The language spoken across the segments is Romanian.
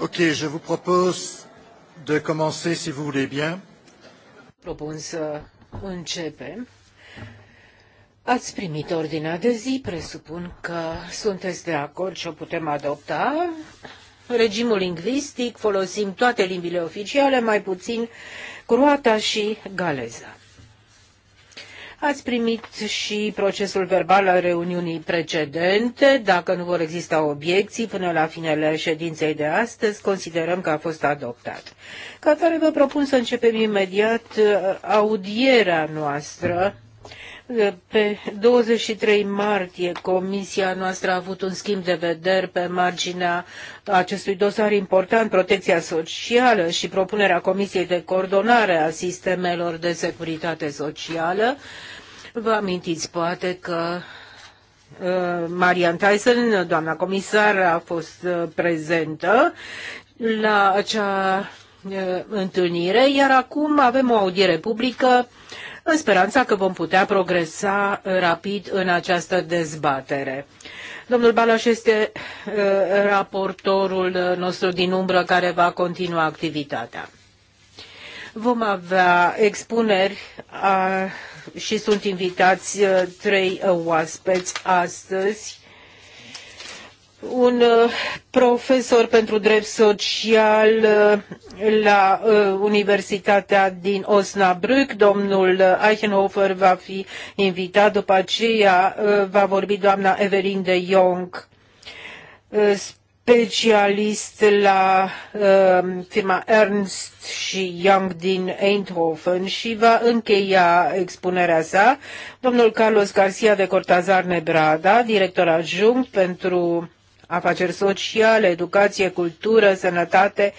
Ok, je vous propose de commencer si vous voulez bien. Propun să începem. Ați primit ordinea de zi, presupun că sunteți de acord și o putem adopta. Regimul lingvistic, folosim toate limbile oficiale, mai puțin croata și galeza. Ați primit și procesul verbal al reuniunii precedente. Dacă nu vor exista obiecții până la finele ședinței de astăzi, considerăm că a fost adoptat. Ca tare vă propun să începem imediat uh, audierea noastră pe 23 martie, comisia noastră a avut un schimb de vederi pe marginea acestui dosar important, protecția socială și propunerea Comisiei de Coordonare a Sistemelor de Securitate Socială. Vă amintiți poate că uh, Marian Tyson, doamna comisar, a fost uh, prezentă la acea uh, întâlnire, iar acum avem o audiere publică în speranța că vom putea progresa uh, rapid în această dezbatere. Domnul Balas este uh, raportorul uh, nostru din umbră care va continua activitatea. Vom avea expuneri a, și sunt invitați trei oaspeți astăzi un uh, profesor pentru drept social uh, la uh, Universitatea din Osnabrück. Domnul Eichenhofer va fi invitat, după aceea va vorbi doamna Evelyn de Jong, specialist la firma Ernst și Young din Eindhoven și va încheia expunerea sa domnul Carlos Garcia de Cortazar Nebrada, director adjunct pentru afaceri sociale, educație, cultură, sănătate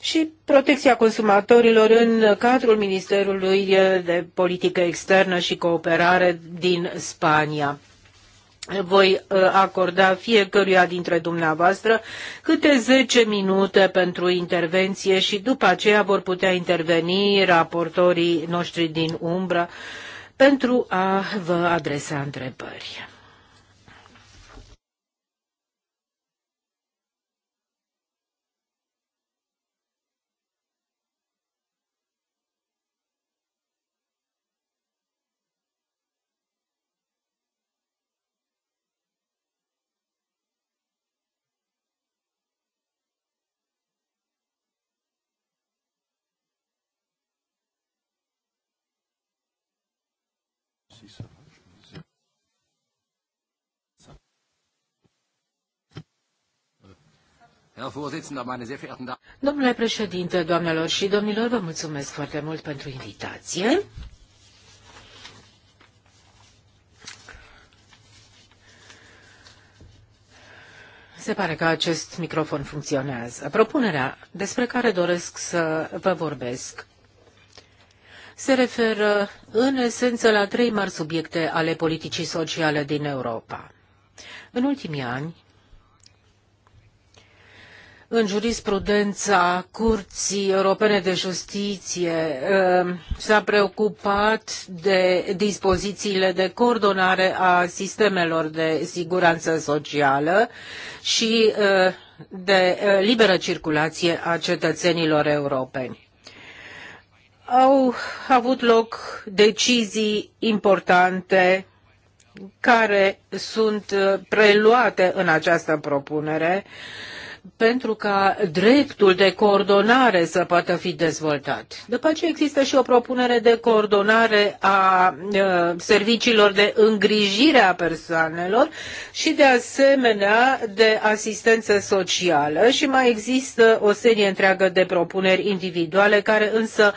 și protecția consumatorilor în cadrul Ministerului de Politică Externă și Cooperare din Spania. Voi uh, acorda fiecăruia dintre dumneavoastră câte 10 minute pentru intervenție și după aceea vor putea interveni raportorii noștri din umbră pentru a vă adresa întrebări. Domnule președinte, doamnelor și domnilor, vă mulțumesc foarte mult pentru invitație. Se pare că acest microfon funcționează. Propunerea despre care doresc să vă vorbesc se referă în esență la trei mari subiecte ale politicii sociale din Europa. În ultimii ani, în jurisprudența Curții Europene de Justiție ehm, s-a preocupat de dispozițiile de coordonare a sistemelor de siguranță socială și ehm, de ehm, liberă circulație a cetățenilor europeni. Au avut loc decizii importante care sunt preluate în această propunere pentru ca dreptul de coordonare să poată fi dezvoltat. După ce există și o propunere de coordonare a serviciilor de îngrijire a persoanelor și de asemenea de asistență socială și mai există o serie întreagă de propuneri individuale care însă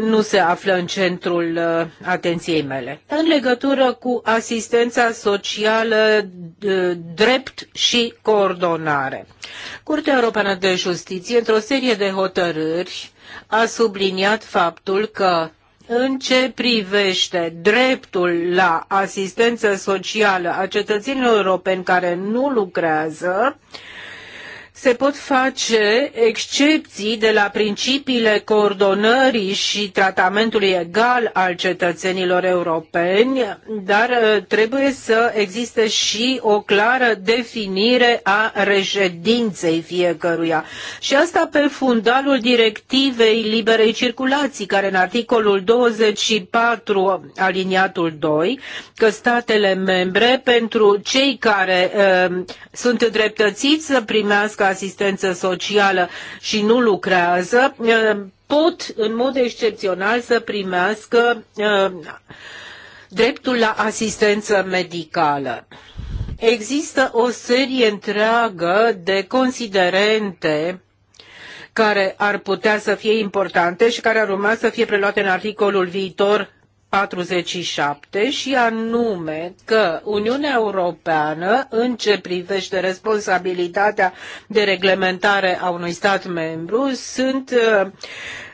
nu se află în centrul atenției mele. În legătură cu asistența socială, drept și coordonare. Curtea Europeană de Justiție, într-o serie de hotărâri, a subliniat faptul că în ce privește dreptul la asistență socială a cetățenilor europeni care nu lucrează, se pot face excepții de la principiile coordonării și tratamentului egal al cetățenilor europeni, dar uh, trebuie să existe și o clară definire a reședinței fiecăruia. Și asta pe fundalul directivei liberei circulații, care în articolul 24 aliniatul 2, că statele membre pentru cei care uh, sunt îndreptățiți să primească asistență socială și nu lucrează, pot în mod excepțional să primească dreptul la asistență medicală. Există o serie întreagă de considerente care ar putea să fie importante și care ar urma să fie preluate în articolul viitor 47 și anume că Uniunea Europeană, în ce privește responsabilitatea de reglementare a unui stat membru, sunt uh,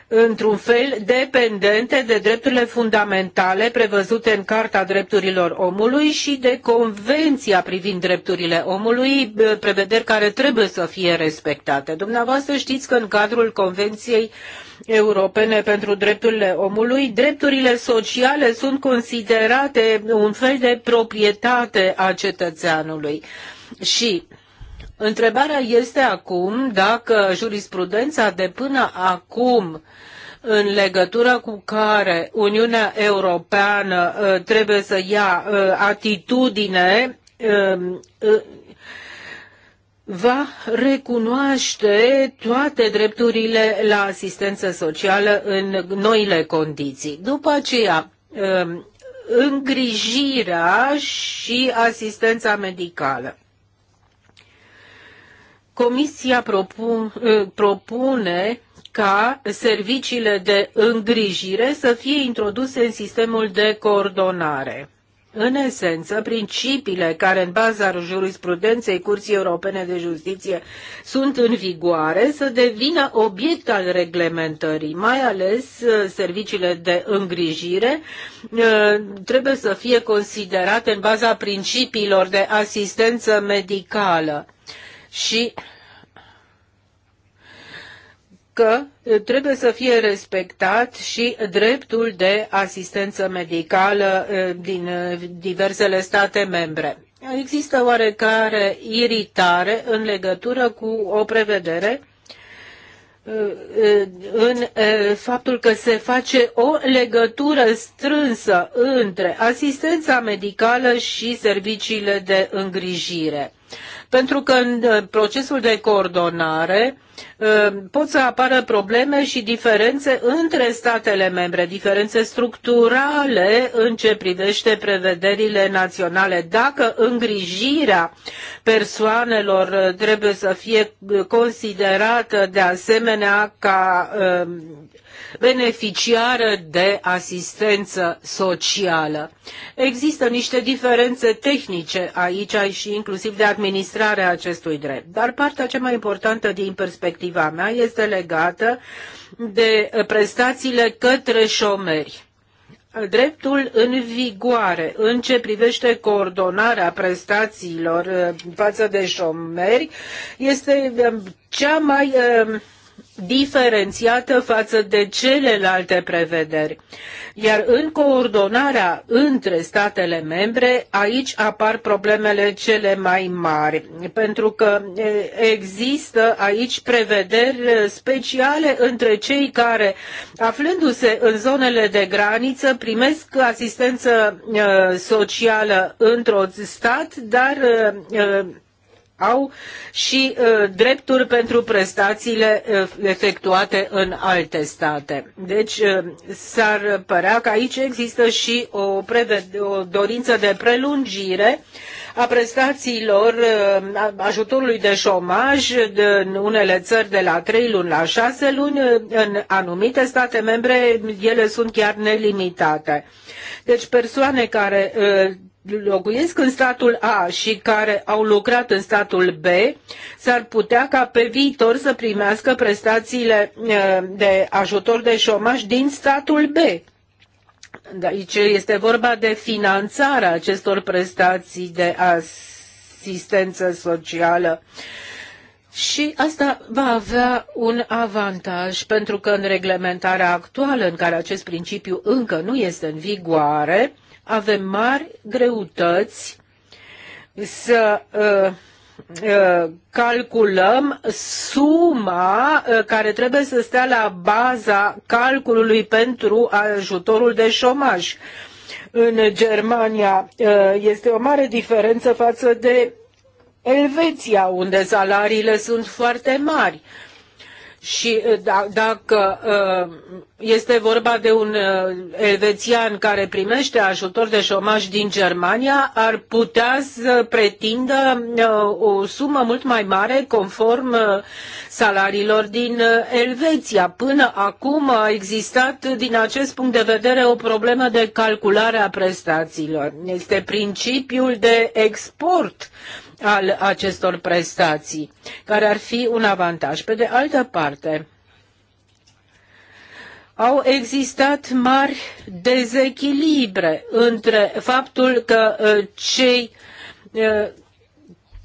într-un fel dependente de drepturile fundamentale prevăzute în Carta Drepturilor Omului și de Convenția privind drepturile omului, uh, prevederi care trebuie să fie respectate. Dumneavoastră știți că în cadrul Convenției uh, Europene pentru Drepturile Omului, drepturile sociale sunt considerate un fel de proprietate a cetățeanului. Și întrebarea este acum dacă jurisprudența de până acum în legătură cu care Uniunea Europeană uh, trebuie să ia uh, atitudine um, uh, va recunoaște toate drepturile la asistență socială în noile condiții. După aceea, um, îngrijirea și asistența medicală. Comisia propun, uh, propune ca serviciile de îngrijire să fie introduse în sistemul de coordonare. În esență, principiile care în baza jurisprudenței Curții Europene de Justiție sunt în vigoare să devină obiect al reglementării, mai ales uh, serviciile de îngrijire uh, trebuie să fie considerate în baza principiilor de asistență medicală și că uh, trebuie să fie respectat și dreptul de asistență medicală uh, din uh, diversele state membre. Există oarecare iritare în legătură cu o prevedere în faptul că se face o legătură strânsă între asistența medicală și serviciile de îngrijire pentru că în uh, procesul de coordonare uh, pot să apară probleme și diferențe între statele membre, diferențe structurale în ce privește prevederile naționale. Dacă îngrijirea persoanelor uh, trebuie să fie considerată de asemenea ca beneficiară de asistență socială. Există niște diferențe tehnice aici și inclusiv de a acestui drept, dar partea cea mai importantă din perspectiva mea este legată de prestațiile către șomeri dreptul în vigoare în ce privește coordonarea prestațiilor uh, față de șomeri este um, cea mai um, diferențiată față de celelalte prevederi. Iar în coordonarea între statele membre, aici apar problemele cele mai mari, pentru că există aici prevederi speciale între cei care, aflându-se în zonele de graniță, primesc asistență socială într-un stat, dar au și uh, drepturi pentru prestațiile uh, efectuate în alte state. Deci uh, s-ar părea că aici există și o, o dorință de prelungire a prestațiilor uh, ajutorului de șomaj de, în unele țări de la 3 luni la 6 luni, în anumite state membre ele sunt chiar nelimitate. Deci persoane care uh, locuiesc în statul A și care au lucrat în statul B, s-ar putea ca pe viitor să primească prestațiile eh, de ajutor de șomaj din statul B. aici este vorba de finanțarea acestor prestații de asistență socială. Și asta va avea un avantaj, pentru că în reglementarea actuală, în care acest principiu încă nu este în vigoare, avem mari greutăți să uh, uh calculăm suma uh, care trebuie să stea la baza calculului pentru ajutorul de șomaj. În Germania uh, este o mare diferență față de Elveția, unde salariile sunt foarte mari și eh, da, dacă eh, este vorba de un eh, elvețian care primește ajutor de șomaj din Germania, ar putea să pretindă o sumă mult mai mare conform salariilor din Elveția. Până acum a existat din acest punct de vedere o problemă de calculare a prestațiilor. Este principiul de export al acestor prestații, care ar fi un avantaj. Pe de altă parte, au existat mari dezechilibre între faptul că uh, cei uh,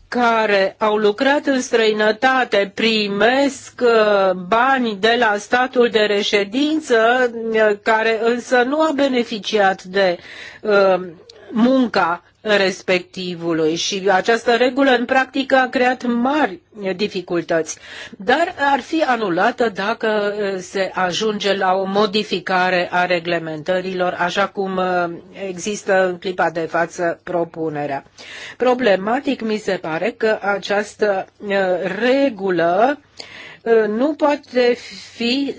care au lucrat în străinătate primesc uh, bani de la statul de reședință, care însă nu a beneficiat de munca respectivului și această regulă în practică a creat mari dificultăți, dar ar fi anulată dacă uh, se ajunge la o modificare a reglementărilor, așa cum uh, există în clipa de față propunerea. Problematic mi se pare că această uh, regulă Uh, nu poate fi,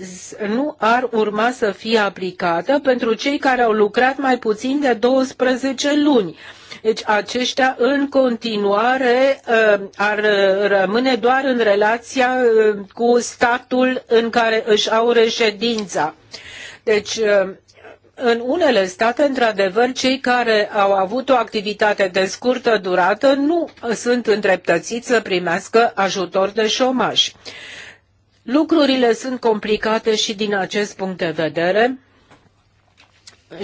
nu ar urma să fie aplicată pentru cei care au lucrat mai puțin de 12 luni. Deci aceștia în continuare uh, ar rămâne doar în relația uh, cu statul în care își au reședința. Deci în unele state, într-adevăr, cei care au avut o activitate de scurtă durată nu sunt îndreptățiți să primească ajutor de șomaj. Lucrurile sunt complicate și din acest punct de vedere.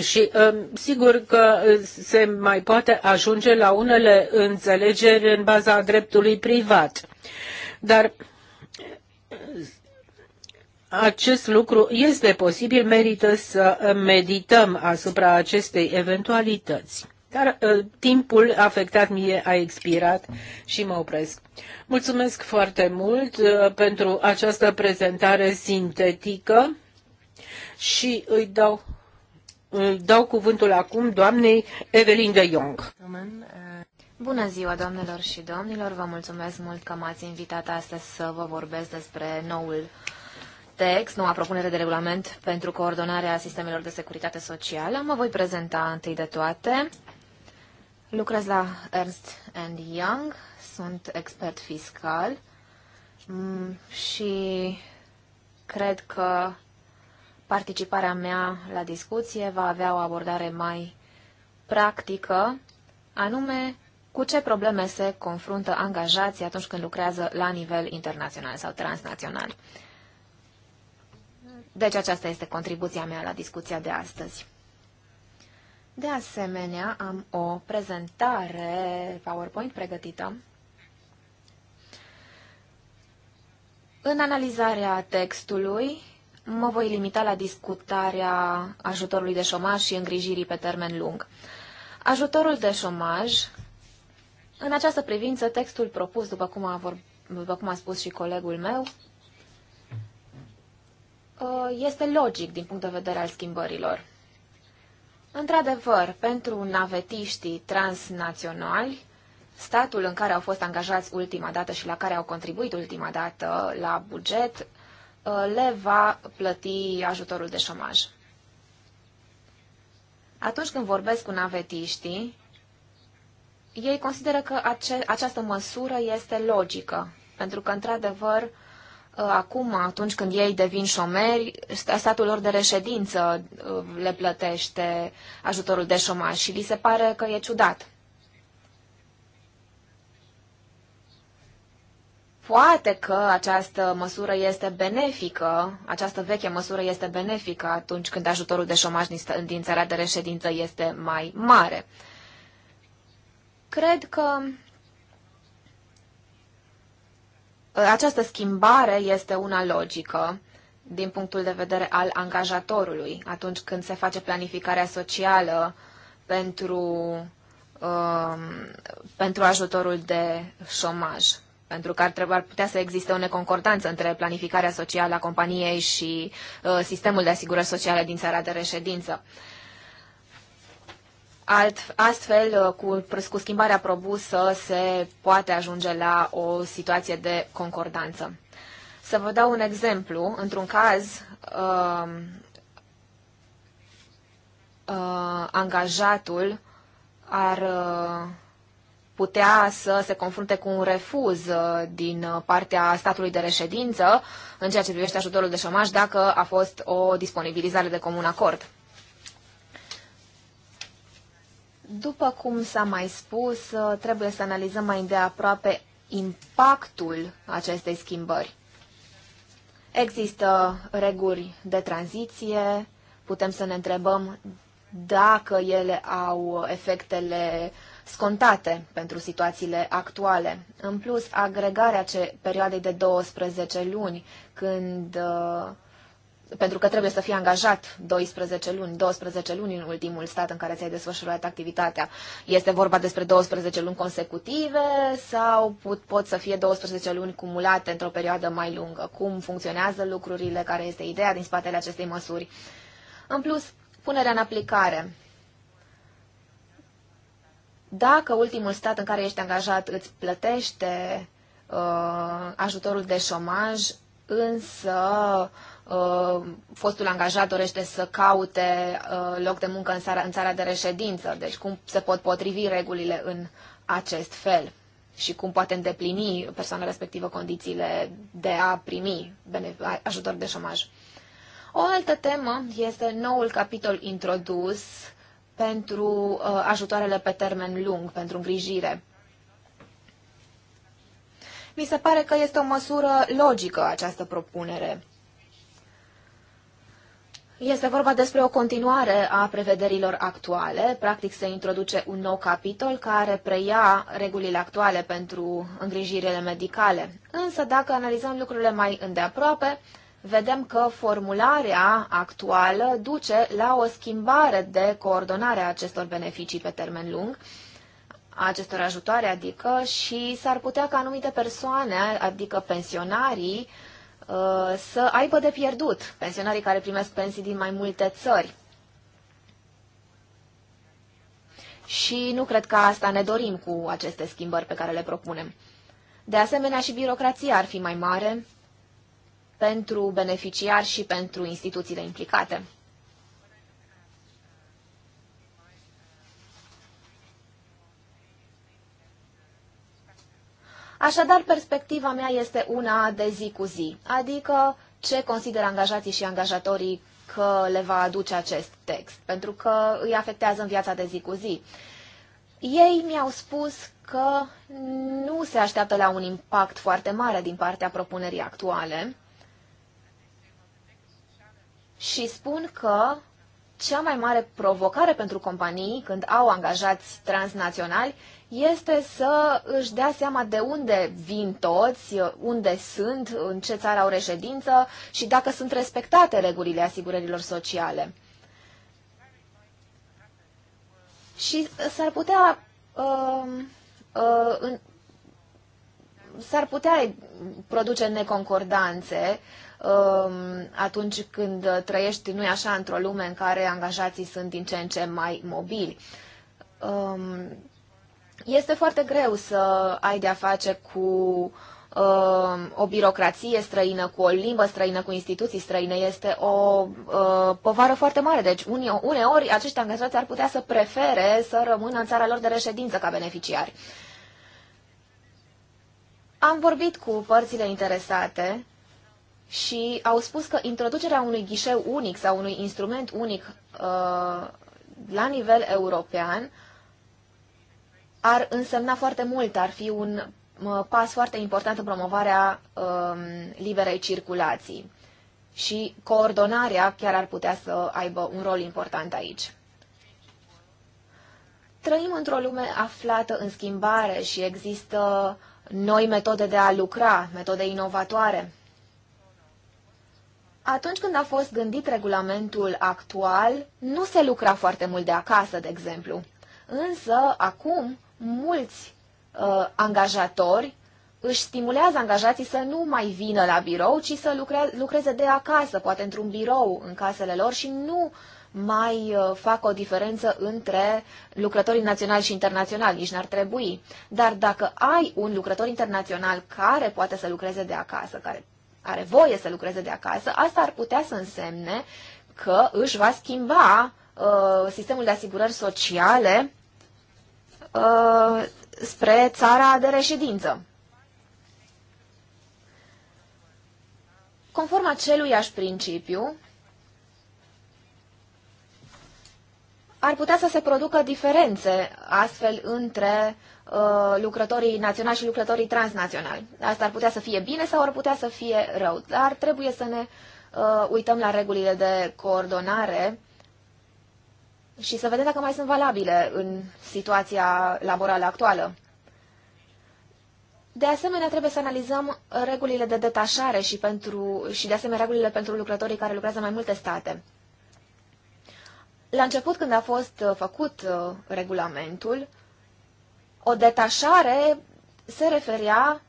Și um, sigur că se mai poate ajunge la unele înțelegeri în baza dreptului privat. Dar acest lucru este posibil, merită să medităm asupra acestei eventualități. Dar uh, timpul afectat mie a expirat și mă opresc. Mulțumesc foarte mult uh, pentru această prezentare sintetică și îi dau, îi dau cuvântul acum doamnei Evelyn de Jong. Bună ziua, doamnelor și domnilor! Vă mulțumesc mult că m-ați invitat astăzi să vă vorbesc despre noul text, noua propunere de regulament pentru coordonarea sistemelor de securitate socială. Mă voi prezenta întâi de toate Lucrez la Ernst and Young, sunt expert fiscal mm, și cred că participarea mea la discuție va avea o abordare mai practică, anume cu ce probleme se confruntă angajații atunci când lucrează la nivel internațional sau transnațional. Deci aceasta este contribuția mea la discuția de astăzi. De asemenea, am o prezentare PowerPoint pregătită. În analizarea textului, mă voi limita la discutarea ajutorului de șomaj și îngrijirii pe termen lung. Ajutorul de șomaj, în această privință, textul propus, după cum a, vor, după cum a spus și colegul meu, ă, este logic din punct de vedere al schimbărilor. Într-adevăr, pentru navetiștii transnaționali, statul în care au fost angajați ultima dată și la care au contribuit ultima dată la buget, uh, le va plăti ajutorul de șomaj. Atunci când vorbesc cu navetiștii, ei consideră că ace- această măsură este logică, pentru că, într-adevăr, Uh, acum, atunci când ei devin șomeri, statul lor de reședință uh, le plătește ajutorul de șomaj și li se pare că e ciudat. Poate că această măsură este benefică, această veche măsură este benefică atunci când ajutorul de șomaj din țara de reședință este mai mare. Cred că Această schimbare este una logică din punctul de vedere al angajatorului atunci când se face planificarea socială pentru, uh, pentru ajutorul de șomaj. Pentru că ar, trebui, ar putea să existe o neconcordanță între planificarea socială a companiei și uh, sistemul de asigurări sociale din țara de reședință. Uh, Alt, astfel, uh, cu, cu schimbarea propusă, se poate ajunge la o situație de concordanță. Să vă dau un exemplu. Într-un caz, uh, uh, angajatul ar uh, putea să se confrunte cu un refuz uh, din uh, partea statului de reședință în ceea ce privește ajutorul de șomaj dacă a fost o disponibilizare de comun acord. După cum s-a mai spus, uh, trebuie să analizăm mai îndeaproape impactul acestei schimbări. Există reguli de tranziție, putem să ne întrebăm dacă ele au efectele scontate pentru situațiile actuale. În plus, agregarea ce, perioadei de 12 luni, când uh, pentru că trebuie să fii angajat 12 luni, 12 luni în ultimul stat în care ți-ai desfășurat activitatea. Este vorba despre 12 luni consecutive sau pot, pot să fie 12 luni cumulate într-o perioadă mai lungă? Cum funcționează lucrurile? Care este ideea din spatele acestei măsuri? În plus, punerea în aplicare. Dacă ultimul stat în care ești angajat îți plătește uh, ajutorul de șomaj, însă uh, Uh, fostul angajat dorește să caute uh, loc de muncă în țara, în țara de reședință. Deci cum se pot potrivi regulile în acest fel și cum poate îndeplini persoana respectivă condițiile de a primi ajutor de șomaj. O altă temă este noul capitol introdus pentru uh, ajutoarele pe termen lung, pentru îngrijire. Mi se pare că este o măsură logică această propunere este vorba despre o continuare a prevederilor actuale. Practic se introduce un nou capitol care preia regulile actuale pentru îngrijirile medicale. Însă, dacă analizăm lucrurile mai îndeaproape, vedem că formularea actuală duce la o schimbare de coordonare a acestor beneficii pe termen lung, a acestor ajutoare, adică, și s-ar putea ca anumite persoane, adică pensionarii, Uh, să aibă de pierdut pensionarii care primesc pensii din mai multe țări. Și nu cred că asta ne dorim cu aceste schimbări pe care le propunem. De asemenea, și birocrația ar fi mai mare pentru beneficiari și pentru instituțiile implicate. Așadar, perspectiva mea este una de zi cu zi, adică ce consideră angajații și angajatorii că le va aduce acest text, pentru că îi afectează în viața de zi cu zi. Ei mi-au spus că nu se așteaptă la un impact foarte mare din partea propunerii actuale și spun că cea mai mare provocare pentru companii când au angajați transnaționali este să își dea seama de unde vin toți, unde sunt, în ce țară au reședință și dacă sunt respectate regulile asigurărilor sociale. Și s-ar putea um, uh, uh, s-ar putea produce neconcordanțe Um, atunci când trăiești, nu așa, într-o lume în care angajații sunt din ce în ce mai mobili. Um, este foarte greu să ai de-a face cu um, o birocrație străină, cu o limbă străină, cu instituții străine. Este o uh, povară foarte mare. Deci uneori acești angajați ar putea să prefere să rămână în țara lor de reședință ca beneficiari. Am vorbit cu părțile interesate și au spus că introducerea unui ghișeu unic sau unui instrument unic uh, la nivel european ar însemna foarte mult, ar fi un uh, pas foarte important în promovarea uh, liberei circulații și coordonarea chiar ar putea să aibă un rol important aici. Trăim într-o lume aflată în schimbare și există noi metode de a lucra, metode inovatoare atunci când a fost gândit regulamentul actual, nu se lucra foarte mult de acasă, de exemplu. Însă, acum, mulți uh, angajatori își stimulează angajații să nu mai vină la birou, ci să lucre- lucreze de acasă, poate într-un birou în casele lor și nu mai uh, fac o diferență între lucrătorii naționali și internaționali, nici n-ar trebui. Dar dacă ai un lucrător internațional care poate să lucreze de acasă, care are voie să lucreze de acasă, asta ar putea să însemne că își va schimba uh, sistemul de asigurări sociale uh, spre țara de reședință. Conform aceluiași principiu, ar putea să se producă diferențe astfel între uh, lucrătorii naționali și lucrătorii transnaționali. Asta ar putea să fie bine sau ar putea să fie rău, dar trebuie să ne uh, uităm la regulile de coordonare și să vedem dacă mai sunt valabile în situația laborală actuală. De asemenea, trebuie să analizăm regulile de detașare și, pentru, și de asemenea regulile pentru lucrătorii care lucrează în mai multe state. La început, când a fost uh, făcut uh, regulamentul, o detașare se referea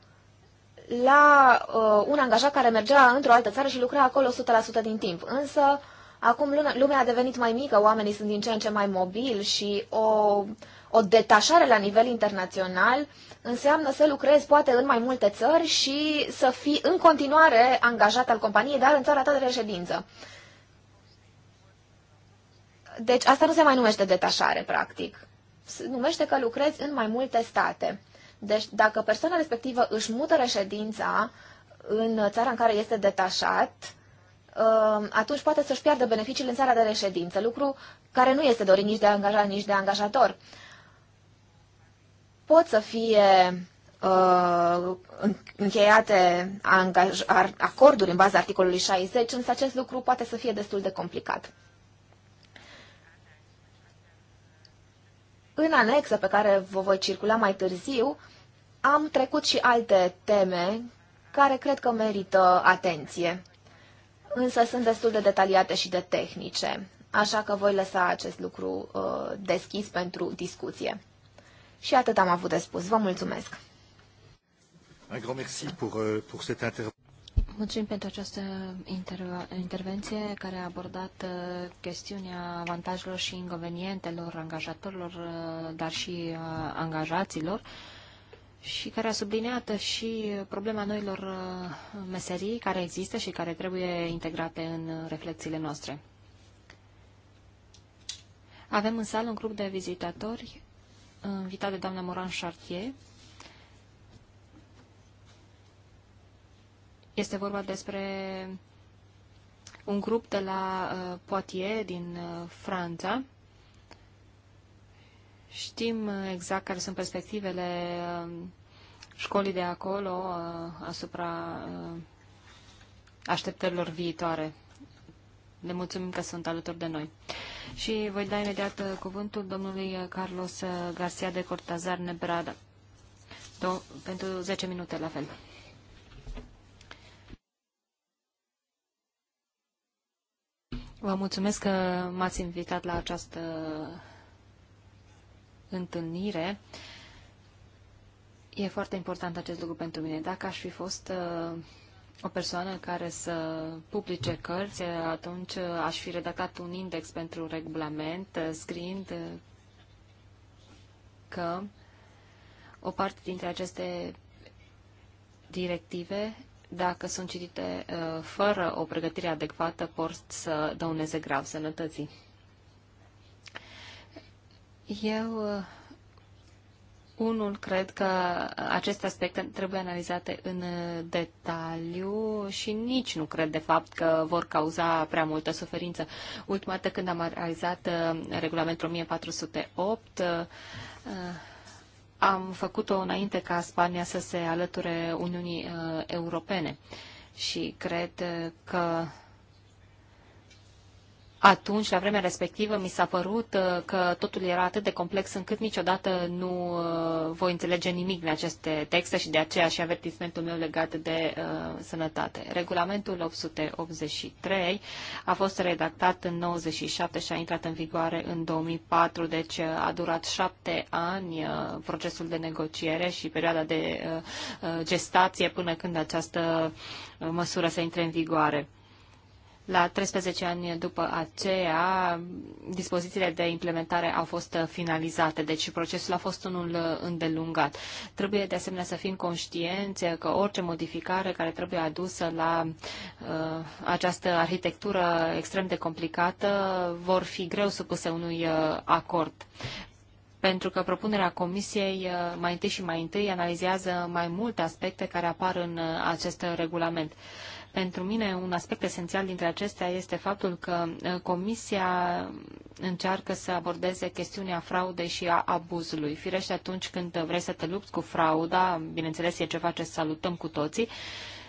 la uh, un angajat care mergea într-o altă țară și lucra acolo 100% din timp. Însă, acum lumea a devenit mai mică, oamenii sunt din ce în ce mai mobili și o, o detașare la nivel internațional înseamnă să lucrezi poate în mai multe țări și să fii în continuare angajat al companiei, dar în țara ta de reședință. Deci asta nu se mai numește detașare, practic. Se numește că lucrezi în mai multe state. Deci dacă persoana respectivă își mută reședința în țara în care este detașat, um, atunci poate să-și piardă beneficiile în țara de reședință, lucru care nu este dorit nici de angajat, nici de angajator. Pot să fie uh, încheiate acorduri în baza articolului 60, însă acest lucru poate să fie destul de complicat. În anexă pe care vă voi circula mai târziu, am trecut și alte teme care cred că merită atenție, însă sunt destul de detaliate și de tehnice, așa că voi lăsa acest lucru uh, deschis pentru discuție. Și atât am avut de spus. Vă mulțumesc! Un grand merci pour, euh, pour cette Mulțumim pentru această inter intervenție care a abordat uh, chestiunea avantajelor și inconvenientelor angajatorilor, uh, dar și uh, angajaților și care a subliniat și problema noilor meserii care există și care trebuie integrate în reflexiile noastre. Avem în sală un grup de vizitatori invitat de doamna Moran Chartier, Este vorba despre un grup de la uh, Poitiers, din uh, Franța. Știm uh, exact care sunt perspectivele uh, școlii de acolo uh, asupra uh, așteptărilor viitoare. Le mulțumim că sunt alături de noi. Și voi da imediat uh, cuvântul domnului uh, Carlos Garcia de Cortazar Nebrada. Do pentru 10 minute la fel. Vă mulțumesc că m-ați invitat la această întâlnire. E foarte important acest lucru pentru mine. Dacă aș fi fost uh, o persoană care să publice cărți, uh, atunci uh, aș fi redactat un index pentru regulament, scriind că o parte dintre aceste directive dacă sunt citite uh, fără o pregătire adecvată, pot să dăuneze grav sănătății. Eu uh, unul, cred că aceste aspecte trebuie analizate în detaliu și nici nu cred de fapt că vor cauza prea multă suferință. Ultima dată când am realizat uh, regulamentul 1408, am făcut-o înainte ca Spania să se alăture Uniunii uh, Europene și cred uh, că atunci, la vremea respectivă, mi s-a părut uh, că totul era atât de complex încât niciodată nu uh, voi înțelege nimic din aceste texte și de aceea și avertismentul meu legat de uh, sănătate. Regulamentul 883 a fost redactat în 97 și a intrat în vigoare în 2004, deci uh, a durat șapte ani uh, procesul de negociere și perioada de uh, gestație până când această măsură să intre în vigoare. La 13 ani după aceea, dispozițiile de implementare au fost finalizate, deci procesul a fost unul îndelungat. Trebuie de asemenea să fim conștienți că orice modificare care trebuie adusă la uh, această arhitectură extrem de complicată vor fi greu supuse unui uh, acord pentru că propunerea Comisiei uh, mai întâi și mai întâi analizează mai multe aspecte care apar în uh, acest regulament. Pentru mine, un aspect esențial dintre acestea este faptul că Comisia încearcă să abordeze chestiunea fraudei și a abuzului. Firește, atunci când vrei să te lupți cu frauda, bineînțeles, e ceva ce salutăm cu toții,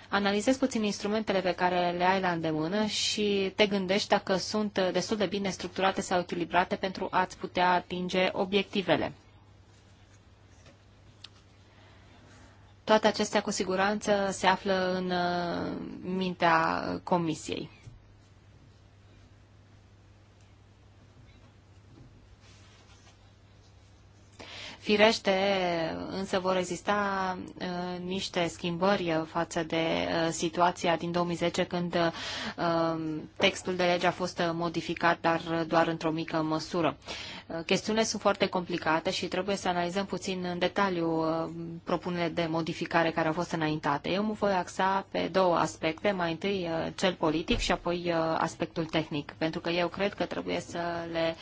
analizezi puțin instrumentele pe care le ai la îndemână și te gândești dacă sunt destul de bine structurate sau echilibrate pentru a-ți putea atinge obiectivele. Toate acestea cu siguranță se află în uh, mintea comisiei. Firește, însă vor exista uh, niște schimbări uh, față de uh, situația din 2010 când uh, textul de lege a fost uh, modificat, dar doar într-o mică măsură. Uh, Uh, chestiunile sunt foarte complicate și trebuie să analizăm puțin în detaliu uh, propunerile de modificare care au fost înaintate. Eu mă voi axa pe două aspecte, mai întâi uh, cel politic și apoi aspectul tehnic, pentru că eu cred că trebuie să le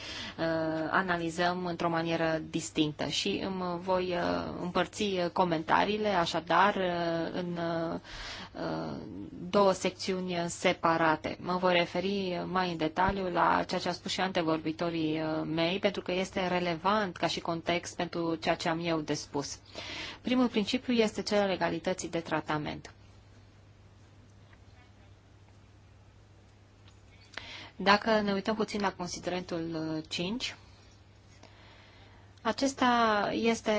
analizăm într-o manieră distinctă și îmi voi împărți comentariile așadar în două secțiuni separate. Mă voi referi mai în detaliu la ceea ce a spus și antevorbitorii mei, pentru că este relevant ca și context pentru ceea ce am eu de spus. Primul principiu este cel al egalității de tratament. Dacă ne uităm puțin la considerentul 5, uh, acesta este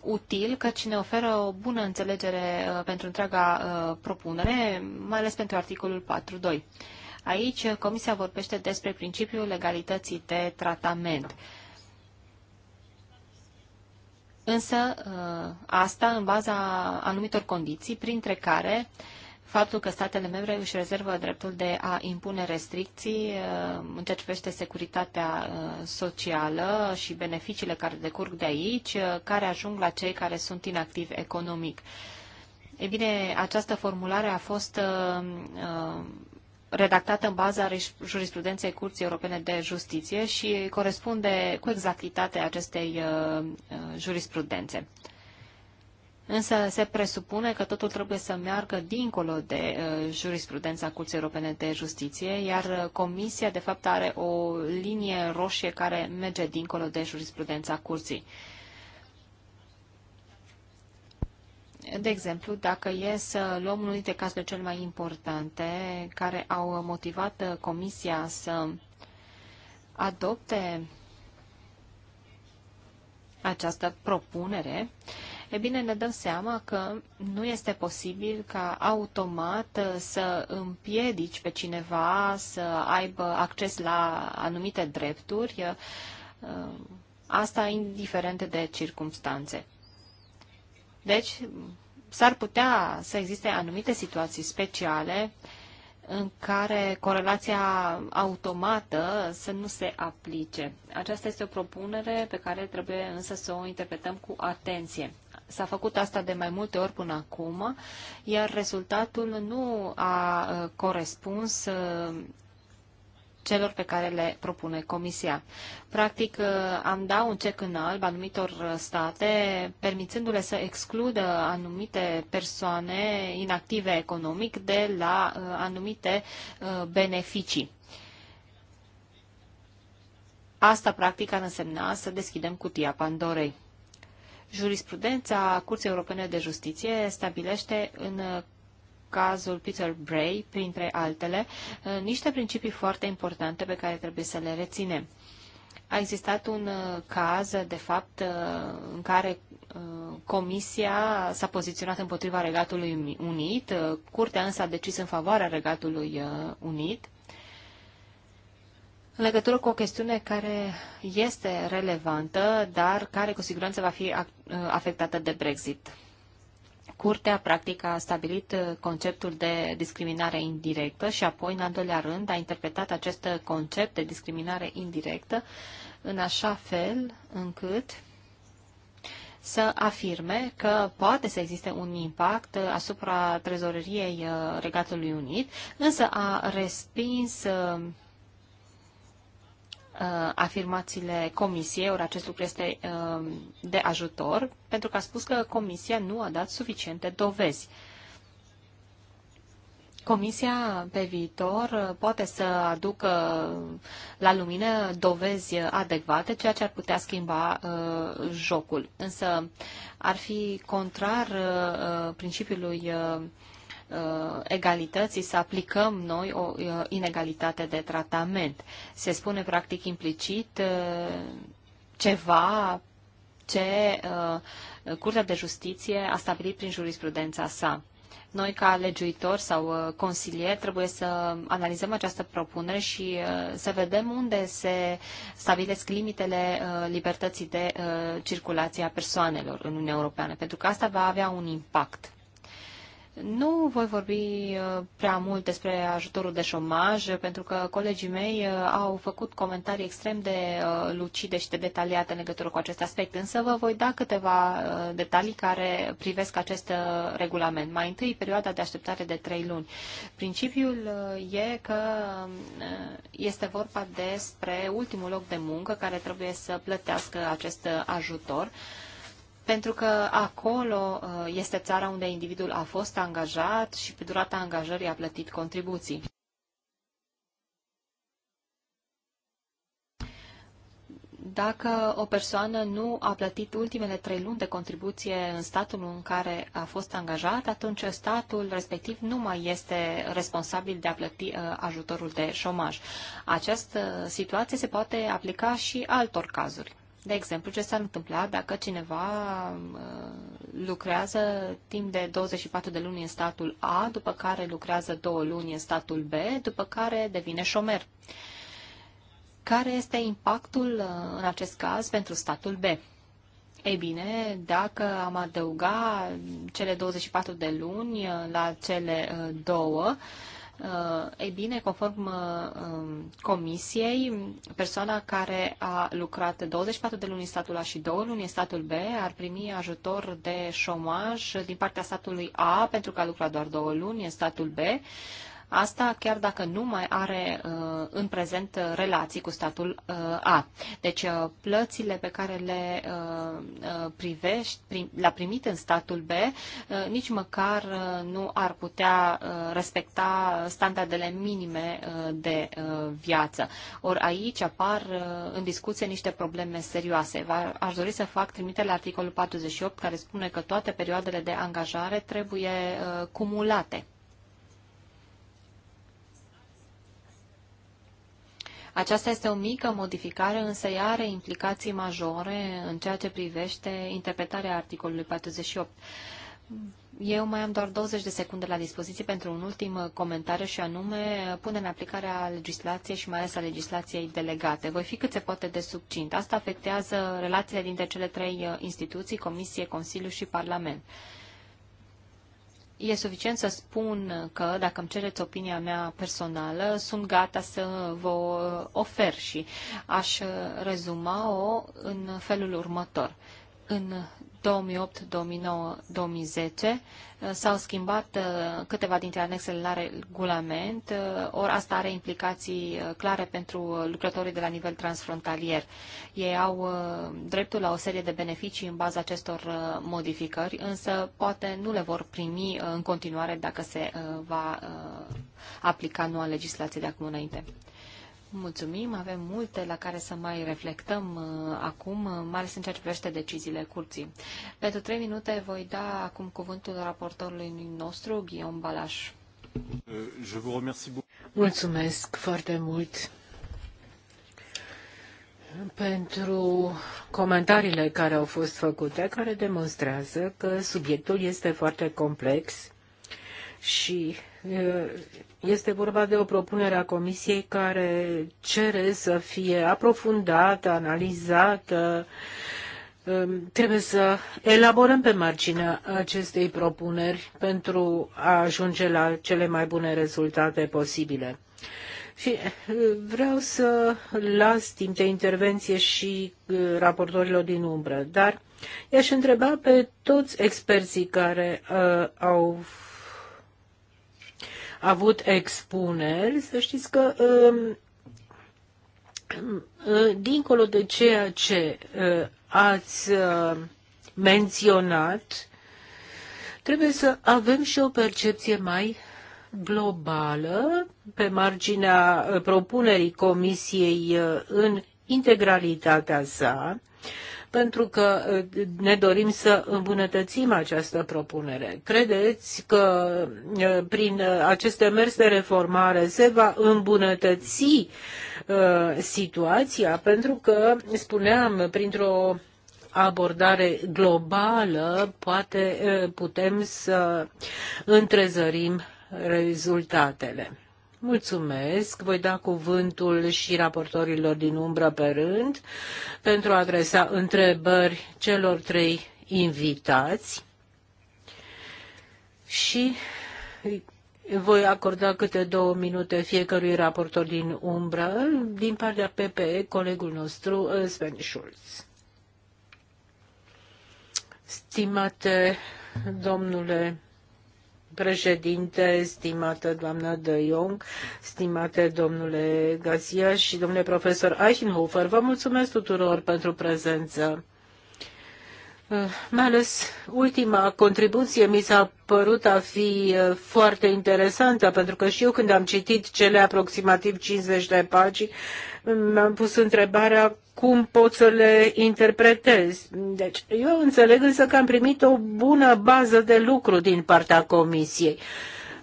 util căci ne oferă o bună înțelegere uh, pentru întreaga uh, propunere, mai ales pentru articolul Aici uh, Comisia vorbește despre principiul legalității de tratament. Însă uh, asta în baza anumitor condiții, printre care faptul că statele membre își rezervă dreptul de a impune restricții uh, în ceea ce privește securitatea socială și beneficiile care decurg de aici, care ajung la cei care sunt inactivi economic. E bine, această formulare a fost redactată în baza jurisprudenței Curții Europene de Justiție și corespunde cu exactitate acestei uh, uh, jurisprudențe. Însă se presupune că totul trebuie să meargă dincolo de uh, jurisprudența Curții Europene de Justiție, iar Comisia, de fapt, are o linie roșie care merge dincolo de jurisprudența Curții. Uh, De exemplu, dacă e să luăm unul dintre cazurile cel mai importante care au motivat Comisia să adopte această propunere, e bine, ne dăm seama că nu este posibil ca automat să împiedici pe cineva să aibă acces la anumite drepturi, ă, asta indiferent de circumstanțe. Deci, s-ar putea să existe anumite situații speciale în care corelația automată să nu se aplice. Aceasta este o propunere pe care trebuie însă să o interpretăm cu atenție. S-a făcut asta de mai multe ori până acum, iar rezultatul nu a uh, corespuns uh, celor pe care le propune Comisia. Practic, uh, am da un cec în alb anumitor uh, state, permițându-le să excludă anumite persoane inactive economic de la uh, anumite beneficii. Asta, practic, ar însemna să deschidem cutia Pandorei. Jurisprudența Curții Europene de Justiție stabilește în cazul Peter Bray, printre altele, uh, niște principii foarte importante pe care trebuie să le reținem. A existat un uh, caz, de fapt, uh, în care Comisia s-a poziționat împotriva Regatului Unit, Curtea însă a decis în favoarea Regatului Unit, în legătură cu o chestiune care este relevantă, dar care cu siguranță va fi afectată de Brexit. Curtea, practic, a stabilit uh, conceptul de discriminare indirectă și apoi, în al doilea rând, a interpretat acest concept de discriminare indirectă în așa fel încât să afirme că poate să existe un impact uh, asupra trezoreriei uh, Regatului Unit, însă a respins uh, afirmațiile comisiei, ori acest lucru este uh, de ajutor, pentru că a spus că comisia nu a dat suficiente dovezi. Comisia pe viitor poate să aducă la lumină dovezi adecvate, ceea ce ar putea schimba uh, jocul. Însă ar fi contrar uh, uh principiului uh, Uh, egalității să aplicăm noi o uh, inegalitate de tratament. Se spune practic implicit uh, ceva ce Curtea de Justiție a stabilit prin jurisprudența sa. Noi, ca legiuitori sau consilieri, trebuie să analizăm această propunere și să vedem unde se stabilesc limitele libertății de circulație a persoanelor în Uniunea Europeană, pentru că asta va avea un impact. Nu voi vorbi uh, prea mult despre ajutorul de șomaj, pentru că colegii mei uh, au făcut comentarii extrem de uh, lucide și de detaliate în legătură cu acest aspect, însă vă voi da câteva detalii care privesc acest regulament. Mai întâi, perioada de așteptare de trei luni. Principiul e că este vorba despre ultimul loc de muncă care trebuie să plătească acest ajutor pentru că acolo uh, este țara unde individul a fost angajat și pe durata angajării a plătit contribuții. Dacă o persoană nu a plătit ultimele trei luni de contribuție în statul în care a fost angajat, atunci statul respectiv nu mai este responsabil de a plăti uh, ajutorul de șomaj. Această situație se poate aplica și altor cazuri. De exemplu, ce s-ar întâmpla dacă cineva uh, lucrează timp de 24 de luni în statul A, după care lucrează două luni în statul B, după care devine șomer. Care este impactul uh, în acest caz pentru statul B? Ei bine, dacă am adăuga cele 24 de luni uh, la cele două, Uh, ei bine, conform uh, um, comisiei, persoana care a lucrat 24 de luni în statul A și 2 luni în statul B ar primi ajutor de șomaj din partea statului A pentru că a lucrat doar 2 luni în statul B Asta chiar dacă nu mai are uh, în prezent uh, relații cu statul uh, A. Deci plățile pe care le privești, le-a primit în statul B, nici măcar nu ar putea respecta standardele minime de viață. Ori aici apar în discuție niște probleme serioase. Aș dori să fac trimitere la articolul 48 care spune că toate perioadele de angajare trebuie cumulate. Aceasta este o mică modificare, însă ea are implicații majore în ceea ce privește interpretarea articolului 48. Eu mai am doar 20 de secunde la dispoziție pentru un ultim comentariu și anume pune în aplicare a legislației și mai ales a legislației delegate. Voi fi cât se poate de subcint. Asta afectează relațiile dintre cele trei instituții, Comisie, Consiliu și Parlament. E suficient să spun că, dacă îmi cereți opinia mea personală, sunt gata să vă ofer și aș rezuma-o în felul următor. În 2008, 2009, 2010 s-au schimbat uh, câteva dintre anexele la regulament, uh, ori asta are implicații uh, clare pentru lucrătorii de la nivel transfrontalier. Ei au dreptul la o serie de beneficii în baza acestor modificări, însă poate nu le vor primi în continuare dacă se va aplica noua legislație de acum înainte. Mulțumim, avem multe la care să mai reflectăm uh, acum, uh, mai ales în ceea ce privește deciziile curții. Pentru trei minute voi da acum cuvântul raportorului nostru, Guillaume Balaș. Mulțumesc foarte mult pentru comentariile care au fost făcute, care demonstrează că subiectul este foarte complex și uh, este vorba de o propunere a Comisiei care cere să fie aprofundată, analizată. Trebuie să elaborăm pe marginea acestei propuneri pentru a ajunge la cele mai bune rezultate posibile. Și eh, vreau să las timp de intervenție și eh, raportorilor din umbră, dar i-aș întreba pe toți experții care uh, au avut expuneri, să știți că um, um, dincolo de ceea ce uh, ați uh, menționat, trebuie să avem și o percepție mai globală pe marginea uh, propunerii Comisiei în integralitatea sa pentru că uh, ne dorim să îmbunătățim această propunere. Credeți că uh, prin uh, aceste mers de reformare se va îmbunătăți situația? Pentru că, spuneam, printr-o abordare globală, poate putem să întrezărim rezultatele. Mulțumesc. Voi da cuvântul și raportorilor din umbră pe rând pentru a adresa întrebări celor trei invitați și voi acorda câte două minute fiecărui raportor din umbră din partea PPE, colegul nostru uh, Sven Schulz. Stimate domnule președinte, stimată doamnă de Jong, stimate domnule Gazia și domnule profesor Eichenhofer, vă mulțumesc tuturor pentru prezență mai ales ultima contribuție mi s-a părut a fi foarte interesantă, pentru că și eu când am citit cele aproximativ 50 de pagini, mi-am pus întrebarea cum pot să le interpretez. Deci, eu înțeleg însă că am primit o bună bază de lucru din partea comisiei.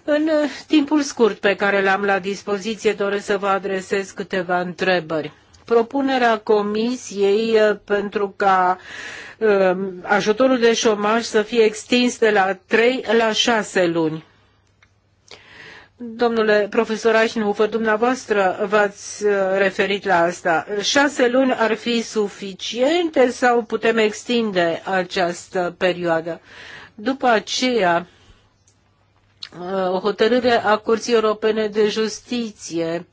În timpul scurt pe care l-am la dispoziție, doresc să vă adresez câteva întrebări propunerea Comisiei pentru ca Um, ajutorul de șomaj să fie extins de la 3 la 6 luni. Domnule profesor Aișnufer, dumneavoastră v-ați uh, referit la asta. Șase luni ar fi suficiente sau putem extinde această perioadă? După aceea, uh, o hotărâre a Curții Europene de Justiție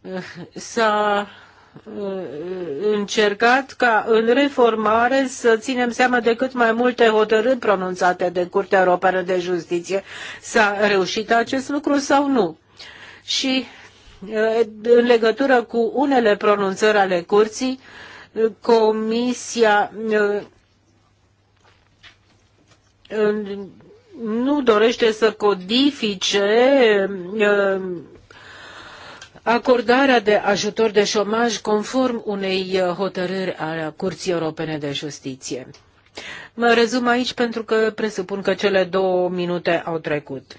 uh, s-a Uh, încercat ca în reformare să ținem seama de cât mai multe hotărâri pronunțate de Curtea Europeană de Justiție. S-a reușit acest lucru sau nu? Și uh, în legătură cu unele pronunțări ale curții, uh, Comisia nu dorește să codifice acordarea de ajutor de șomaj conform unei uh, hotărâri a Curții Europene de Justiție. Mă rezum aici pentru că presupun că cele două minute au trecut.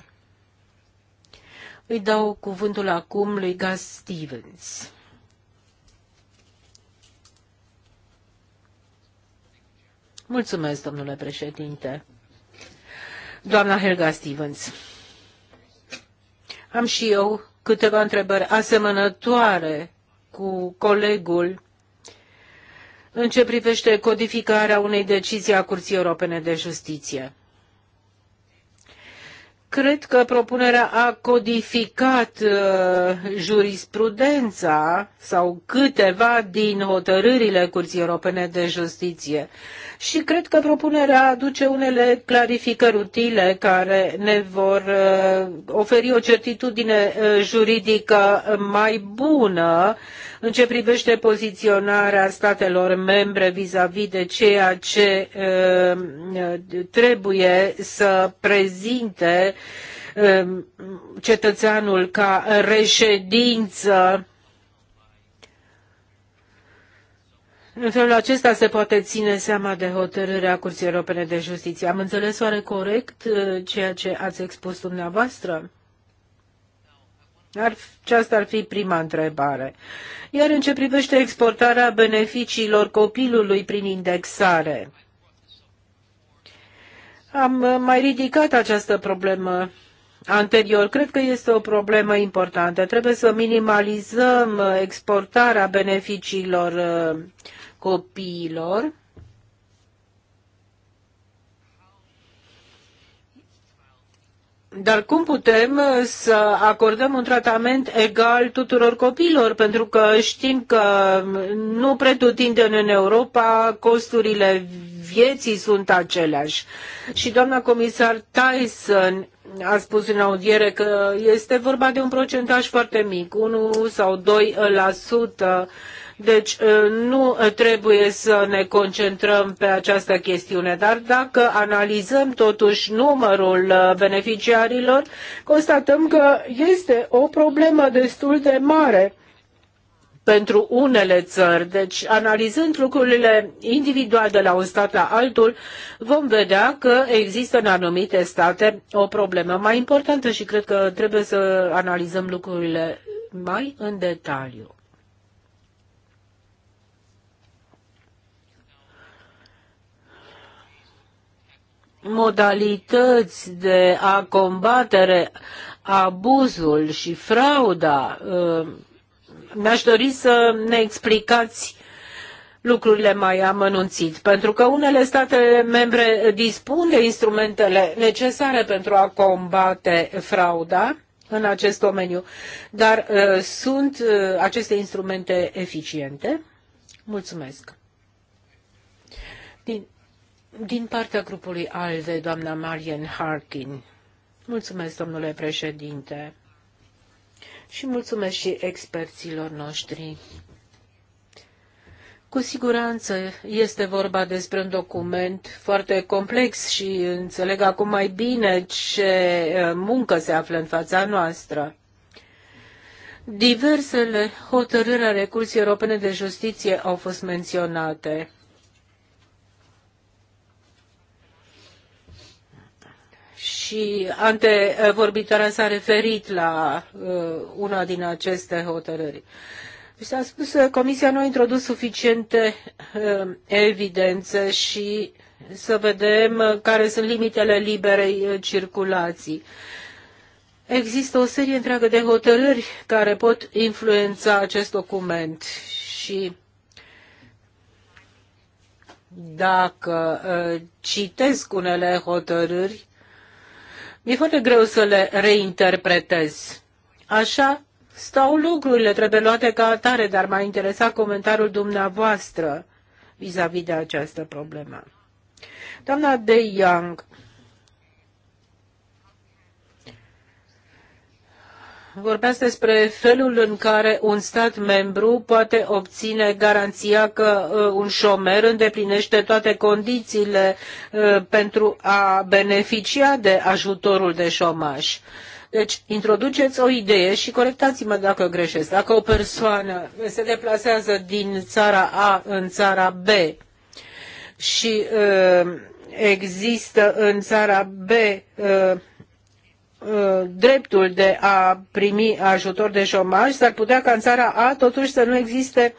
Îi dau cuvântul acum lui Gus Stevens. Mulțumesc, domnule președinte. Doamna Helga Stevens, am și eu câteva întrebări asemănătoare cu colegul în ce privește codificarea unei decizii a Curții Europene de Justiție. Cred că propunerea a codificat uh, jurisprudența sau câteva din hotărârile Curții Europene de Justiție și cred că propunerea aduce unele clarificări utile care ne vor uh, oferi o certitudine uh, juridică mai bună uh, în ce privește poziționarea statelor membre vis-a-vis de ceea ce uh, trebuie să prezinte um, cetățeanul ca reședință În felul acesta se poate ține seama de hotărârea Curții Europene de Justiție. Am înțeles oare corect uh, ceea ce ați expus dumneavoastră? aceasta ar fi prima întrebare. Iar în ce privește exportarea beneficiilor copilului prin indexare, am mai ridicat această problemă anterior. Cred că este o problemă importantă. Trebuie să minimalizăm exportarea beneficiilor uh, copiilor Dar cum putem uh, să acordăm un tratament egal tuturor copiilor? Pentru că știm că um, nu pretutindeni în Europa costurile vieții sunt aceleași. Și doamna comisar Tyson a spus în audiere că este vorba de un procentaj foarte mic, 1 sau 2% deci ă, nu trebuie să ne concentrăm pe această chestiune, dar dacă analizăm totuși numărul ă, beneficiarilor, constatăm că este o problemă destul de mare pentru unele țări. Deci, analizând lucrurile individual de la un stat la altul, vom vedea că există în anumite state o problemă mai importantă și cred că trebuie să analizăm lucrurile mai în detaliu. modalități de a combatere abuzul și frauda. Uh, mi-aș dori să ne explicați lucrurile mai amănunțit, pentru că unele state membre dispun de instrumentele necesare pentru a combate frauda în acest domeniu, dar uh, sunt uh, aceste instrumente eficiente? Mulțumesc. Din din partea grupului ALDE, doamna Marian Harkin. Mulțumesc, domnule președinte. Și mulțumesc și experților noștri. Cu siguranță este vorba despre un document foarte complex și înțeleg acum mai bine ce eh, muncă se află în fața noastră. Diversele hotărâri ale Curții Europene de Justiție au fost menționate. și antevorbitoarea s-a referit la uh, una din aceste hotărâri. Deci s-a spus că Comisia nu a introdus suficiente uh, evidențe și să vedem uh, care sunt limitele liberei circulații. Există o serie întreagă de hotărâri care pot influența acest document și dacă citesc unele hotărâri, mi-e foarte greu să le reinterpretez. Așa stau lucrurile, trebuie luate ca atare, dar m-a interesat comentariul dumneavoastră vis-a-vis -vis de această problemă. Doamna De Young vorbeați despre felul în care un stat membru poate obține garanția că uh, un șomer îndeplinește toate condițiile uh, pentru a beneficia de ajutorul de șomaj. Deci, introduceți o idee și corectați-mă dacă greșesc. Dacă o persoană se deplasează din țara A în țara B și uh, există în țara B Uh, dreptul de a primi ajutor de șomaj, s-ar putea ca în țara A totuși să nu existe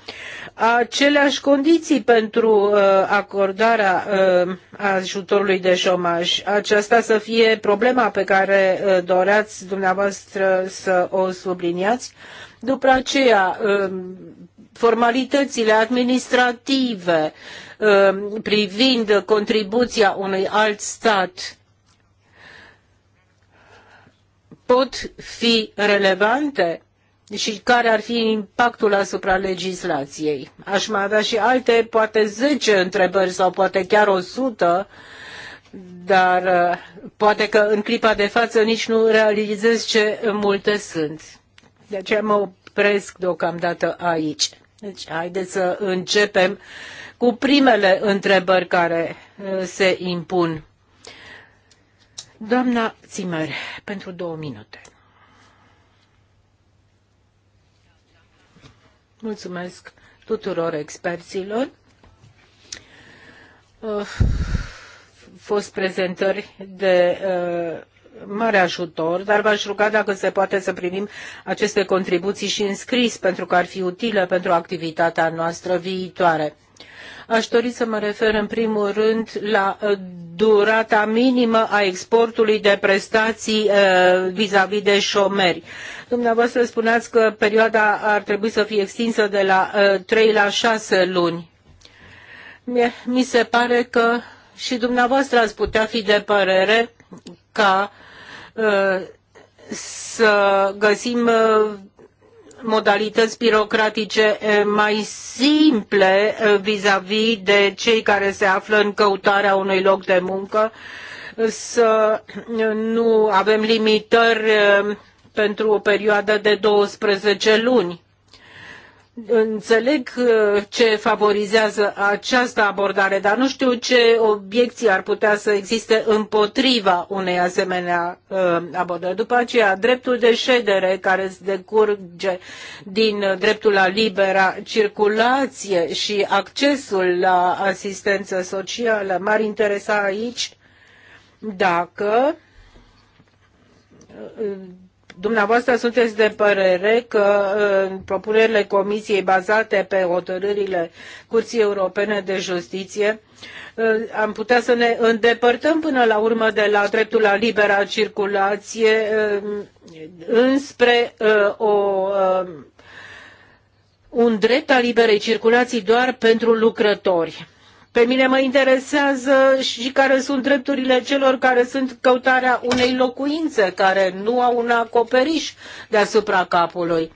aceleași condiții pentru uh, acordarea uh, ajutorului de șomaj. Aceasta să fie problema pe care doreați dumneavoastră să o subliniați. După aceea, um, formalitățile administrative um, privind contribuția unui alt stat pot fi relevante și care ar fi impactul asupra legislației. Aș mai avea și alte, poate 10 întrebări sau poate chiar 100, dar uh, poate că în clipa de față nici nu realizez ce multe sunt. De aceea mă opresc deocamdată aici. Deci, haideți să începem cu primele întrebări care uh, se impun. Doamna Zimmer, pentru două minute. Mulțumesc tuturor experților. Uh, fost prezentări de uh, mare ajutor, dar v-aș ruga dacă se poate să primim aceste contribuții și înscris, pentru că ar fi utile pentru activitatea noastră viitoare. Aș dori să mă refer în primul rând la uh, durata minimă a exportului de prestații uh, vis-a-vis de șomeri. Dumneavoastră spuneați că perioada ar trebui să fie extinsă de la 3 uh, la 6 luni. Mi se pare că și dumneavoastră ați putea fi de părere ca să găsim modalități birocratice eh, mai simple eh, vis-a-vis -vis de cei care se află în căutarea unui loc de muncă, eh, să nu avem limitări pentru o perioadă de 12 luni. Înțeleg uh, ce favorizează această abordare, dar nu știu ce obiecții ar putea să existe împotriva unei asemenea uh, abordări. După aceea, dreptul de ședere care se decurge din dreptul la libera circulație și accesul la asistență socială. M-ar interesa aici dacă uh, Dumneavoastră sunteți de părere că în propunerile Comisiei bazate pe hotărârile Curții Europene de Justiție uh, am putea să ne îndepărtăm până la urmă de la dreptul la libera circulație uh, înspre uh, o un drept al liberei circulații doar pentru lucrători. Pe mine mă interesează și care sunt drepturile celor care sunt căutarea unei locuințe, care nu au un acoperiș deasupra capului.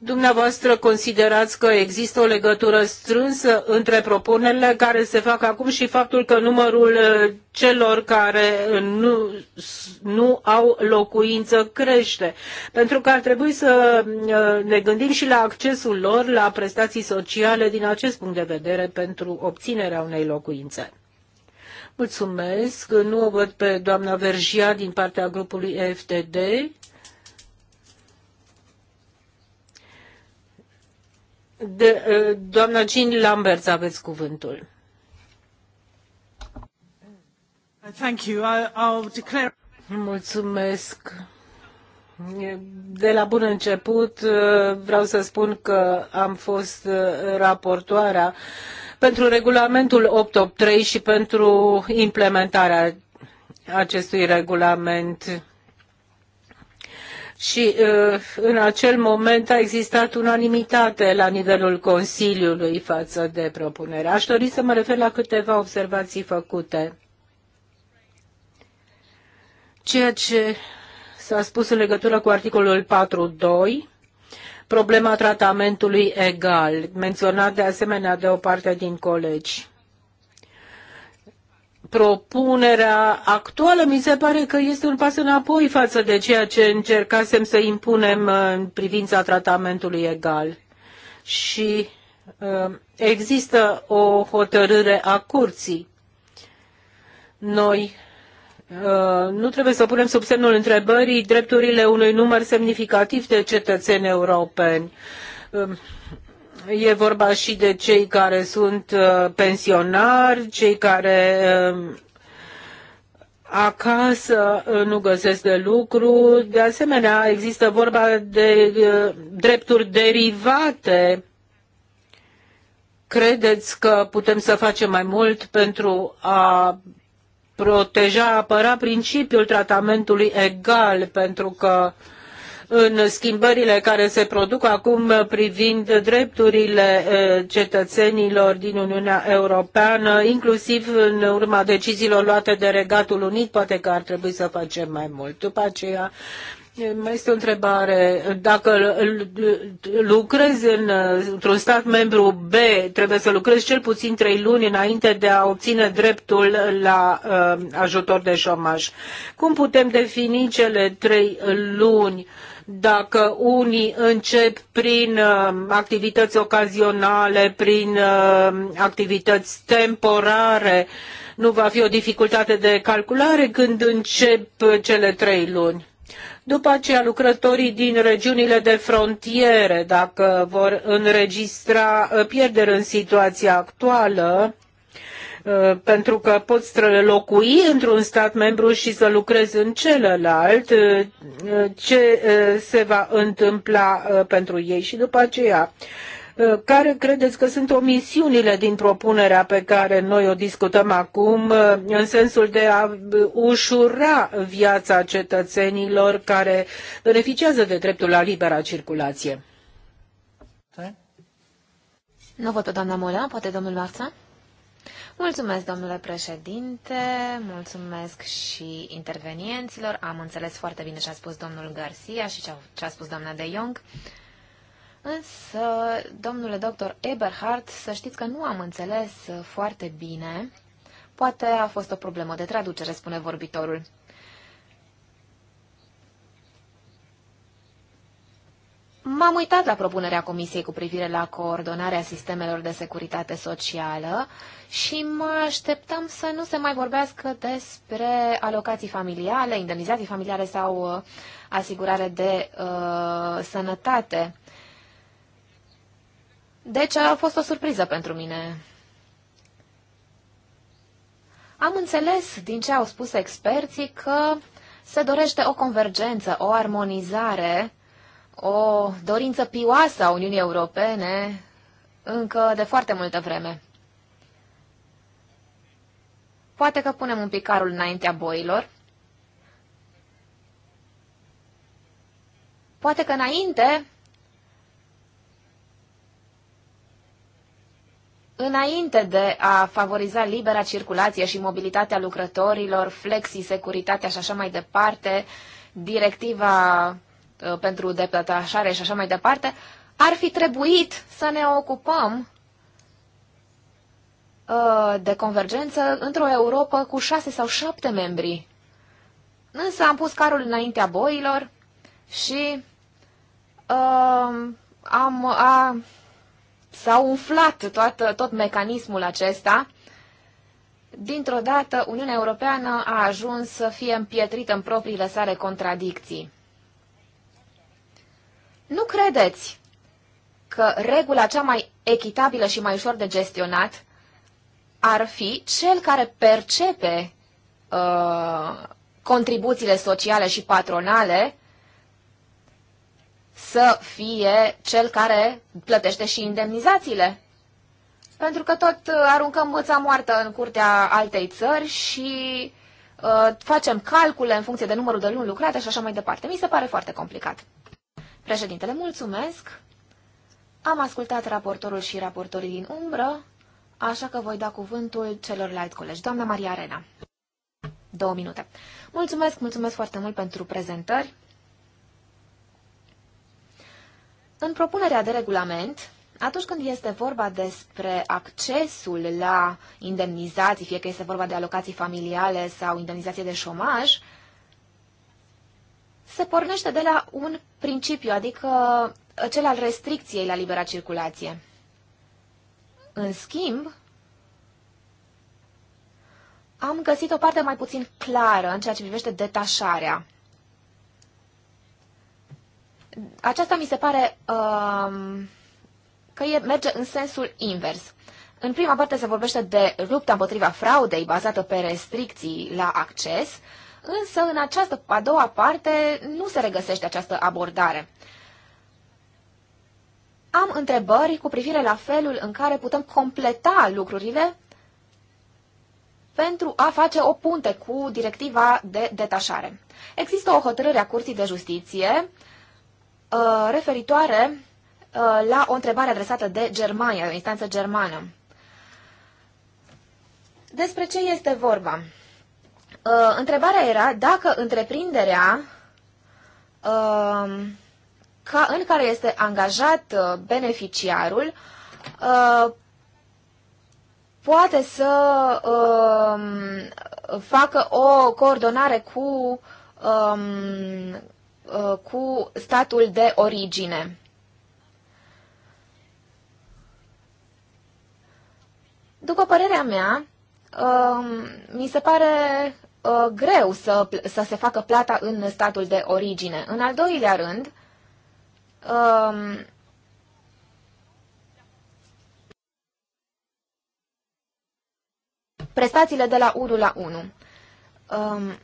Dumneavoastră considerați că există o legătură strânsă între propunerile care se fac acum și faptul că numărul uh, celor care uh, nu, nu au locuință crește. Pentru că ar trebui să uh, ne gândim și la accesul lor la prestații sociale din acest punct de vedere pentru obținerea unei locuințe. Mulțumesc. Nu o văd pe doamna Vergia din partea grupului FDD. De, doamna Jean Lambert, aveți cuvântul. Thank you. I'll declare... Mulțumesc. De la bun început vreau să spun că am fost raportoarea pentru regulamentul 883 și pentru implementarea acestui regulament și uh, în acel moment a existat unanimitate la nivelul Consiliului față de propunere. Aș dori să mă refer la câteva observații făcute. Ceea ce s-a spus în legătură cu articolul 4.2, problema tratamentului egal, menționat de asemenea de o parte din colegi propunerea actuală mi se pare că este un pas înapoi față de ceea ce încercasem să impunem uh, în privința tratamentului egal. Și uh, există o hotărâre a curții. Noi uh, nu trebuie să punem sub semnul întrebării drepturile unui număr semnificativ de cetățeni europeni um, E vorba și de cei care sunt uh, pensionari, cei care uh, acasă uh, nu găsesc de lucru. De asemenea, există vorba de drepturi derivate. Credeți că putem să facem mai mult pentru a proteja, apăra principiul tratamentului egal, pentru că uh, în schimbările care se produc acum privind drepturile cetățenilor din Uniunea Europeană, inclusiv în urma deciziilor luate de Regatul Unit, poate că ar trebui să facem mai mult. După aceea, mai este o întrebare. Dacă lucrezi în, într-un stat membru B, trebuie să lucrezi cel puțin trei luni înainte de a obține dreptul la uh, ajutor de șomaj. Cum putem defini cele trei luni? Uh, dacă unii încep prin uh, activități ocazionale, prin uh, activități temporare, nu va fi o dificultate de calculare când încep cele trei luni. După aceea, lucrătorii din regiunile de frontiere, dacă vor înregistra uh, pierderi în situația actuală, Uh, pentru că poți locui într-un stat membru și să lucrezi în celălalt, uh, uh, ce se va întâmpla pentru ei și după aceea care credeți că sunt omisiunile din propunerea pe care noi o discutăm acum în sensul de a ușura viața cetățenilor care beneficiază de dreptul la libera circulație? Nu văd pe doamna Mola, poate domnul Marța? Mulțumesc, domnule președinte, mulțumesc și intervenienților. Am înțeles foarte bine ce a spus domnul Garcia și ce a spus doamna de Jong. Însă, domnule doctor Eberhardt să știți că nu am înțeles foarte bine. Poate a fost o problemă de traducere, spune vorbitorul. M-am uitat la propunerea Comisiei cu privire la coordonarea sistemelor de securitate socială și mă așteptam să nu se mai vorbească despre alocații familiale, indemnizații familiale sau uh, asigurare de uh, sănătate. Deci a fost o surpriză pentru mine. Am înțeles din ce au spus experții că se dorește o convergență, o armonizare o dorință pioasă a Uniunii Europene încă de foarte multă vreme. Poate că punem un picarul înaintea boilor. Poate că înainte, înainte de a favoriza libera circulație și mobilitatea lucrătorilor, flexi, securitatea și așa mai departe, directiva Uh, pentru depătașare și așa mai departe, ar fi trebuit să ne ocupăm uh, de convergență într-o Europa cu șase sau șapte membri. Însă am pus carul înaintea boilor și uh, am, a, s-a umflat toată, tot mecanismul acesta. Dintr-o dată, Uniunea Europeană a ajuns să fie împietrită în propriile sale contradicții. Nu credeți că regula cea mai echitabilă și mai ușor de gestionat ar fi cel care percepe uh, contribuțiile sociale și patronale să fie cel care plătește și indemnizațiile. Pentru că tot uh, aruncăm mâța moartă în curtea altei țări și uh, facem calcule în funcție de numărul de luni lucrate și așa mai departe. Mi se pare foarte complicat. Președintele, mulțumesc! Am ascultat raportorul și raportorii din umbră, așa că voi da cuvântul celorlalți colegi. Doamna Maria Arena, două minute. Mulțumesc, mulțumesc foarte mult pentru prezentări. În propunerea de regulament, atunci când este vorba despre accesul la indemnizații, fie că este vorba de alocații familiale sau indemnizație de șomaj, uh, se pornește de la un principiu, adică cel al restricției la libera circulație. În schimb, am găsit o parte mai puțin clară în ceea ce privește detașarea. Aceasta mi se pare um, uh, că e, merge în sensul invers. În prima parte se vorbește de lupta împotriva fraudei bazată pe restricții la acces, uh, însă în această a doua parte nu se regăsește această abordare. Am întrebări cu privire la felul în care putem completa lucrurile pentru a face o punte cu directiva de detașare. Există o hotărâre a Curții de Justiție uh, referitoare uh, la o întrebare adresată de Germania, o instanță germană. Despre ce este vorba? Uh, întrebarea era dacă întreprinderea uh, ca, în care este angajat uh, beneficiarul uh, poate să uh, facă o coordonare cu, uh, uh, cu statul de origine. După părerea mea, Um, mi se pare uh, greu să, să se facă plata în statul de origine. În al doilea rând, um, prestațiile de la 1 la 1. Um,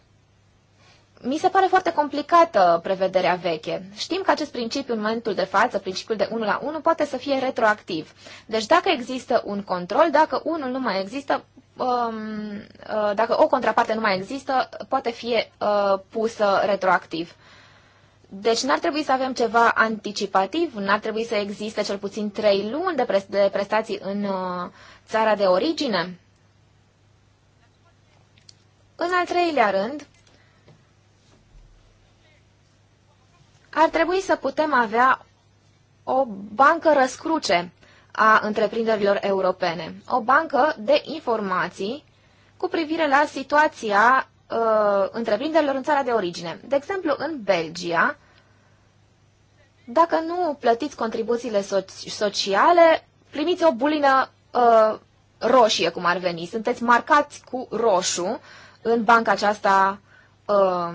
mi se pare foarte complicată prevederea veche. Știm că acest principiu în momentul de față, principiul de 1 la 1, poate să fie retroactiv. Deci dacă există un control, dacă unul nu mai există, Um, uh, dacă o contraparte nu mai există, poate fi uh, pusă retroactiv. Deci n-ar trebui să avem ceva anticipativ, n-ar trebui să existe cel puțin trei luni de, pre- de prestații în uh, țara de origine. În al treilea rând, ar trebui să putem avea o bancă răscruce a întreprinderilor europene. O bancă de informații cu privire la situația uh, întreprinderilor în țara de origine. De exemplu, în Belgia, dacă nu plătiți contribuțiile so- sociale, primiți o bulină uh, roșie, cum ar veni. Sunteți marcați cu roșu în banca aceasta uh,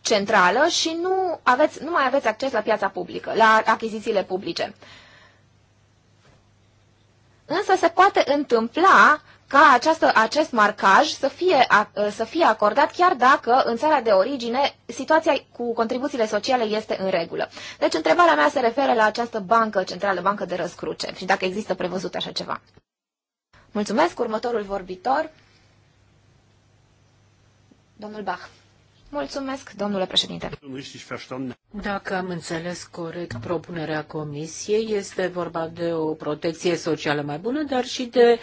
centrală și nu, aveți, nu mai aveți acces la piața publică, la achizițiile publice. Uh, Însă se poate întâmpla ca această, acest marcaj să fie, ă, să fie acordat chiar dacă în țara de origine situația cu contribuțiile sociale este în regulă. Deci întrebarea mea se referă la această bancă centrală, bancă de răscruce și dacă există prevăzut așa ceva. Mulțumesc, următorul vorbitor, domnul Bach. Mulțumesc, domnule președinte. Dacă am înțeles corect propunerea comisiei, este vorba de o protecție socială mai bună, dar și de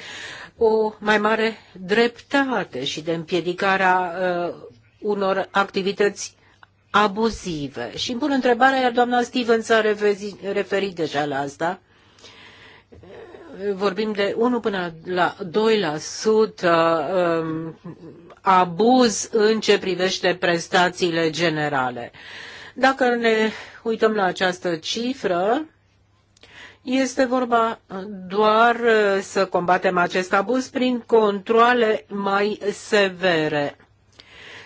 o mai mare dreptate și de împiedicarea uh, unor activități abuzive. Și îmi pun întrebarea, iar doamna Stevens a referit deja la asta. Vorbim de 1 până la 2% abuz în ce privește prestațiile generale. Dacă ne uităm la această cifră, este vorba doar uh, să combatem acest abuz prin controle mai severe.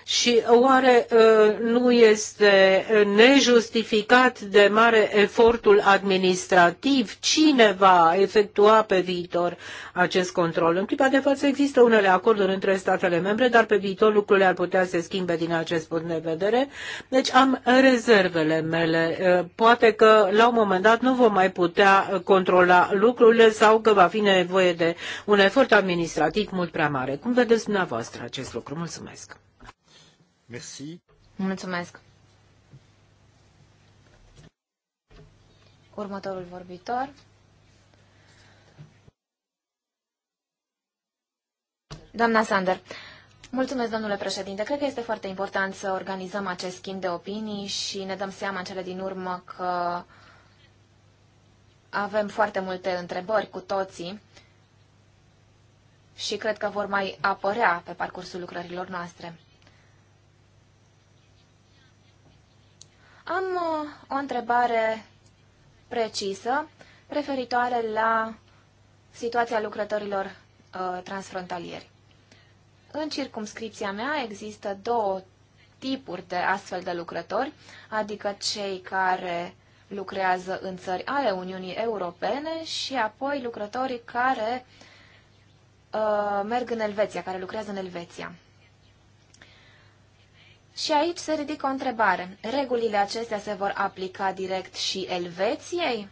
Și oare uh, nu este nejustificat de mare efortul administrativ? Cine va efectua pe viitor acest control? În clipa de față există unele acorduri între statele membre, dar pe viitor lucrurile ar putea să se schimbe din acest punct de vedere. Deci am rezervele mele. Uh, poate că la un moment dat nu vom mai putea controla lucrurile sau că va fi nevoie de un efort administrativ mult prea mare. Cum vedeți dumneavoastră acest lucru? Mulțumesc! Merci. Mulțumesc. Următorul vorbitor. Doamna Sander, mulțumesc, domnule președinte. Cred că este foarte important să organizăm acest schimb de opinii și ne dăm seama în cele din urmă că avem foarte multe întrebări cu toții și cred că vor mai apărea pe parcursul lucrărilor noastre. Am uh, o întrebare precisă referitoare la situația lucrătorilor uh, transfrontalieri. În circumscripția mea există două tipuri de astfel de lucrători, adică cei care lucrează în țări ale Uniunii Europene și apoi lucrătorii care uh, merg în Elveția, care lucrează în Elveția. Și aici se ridică o întrebare. Regulile acestea se vor aplica direct și Elveției?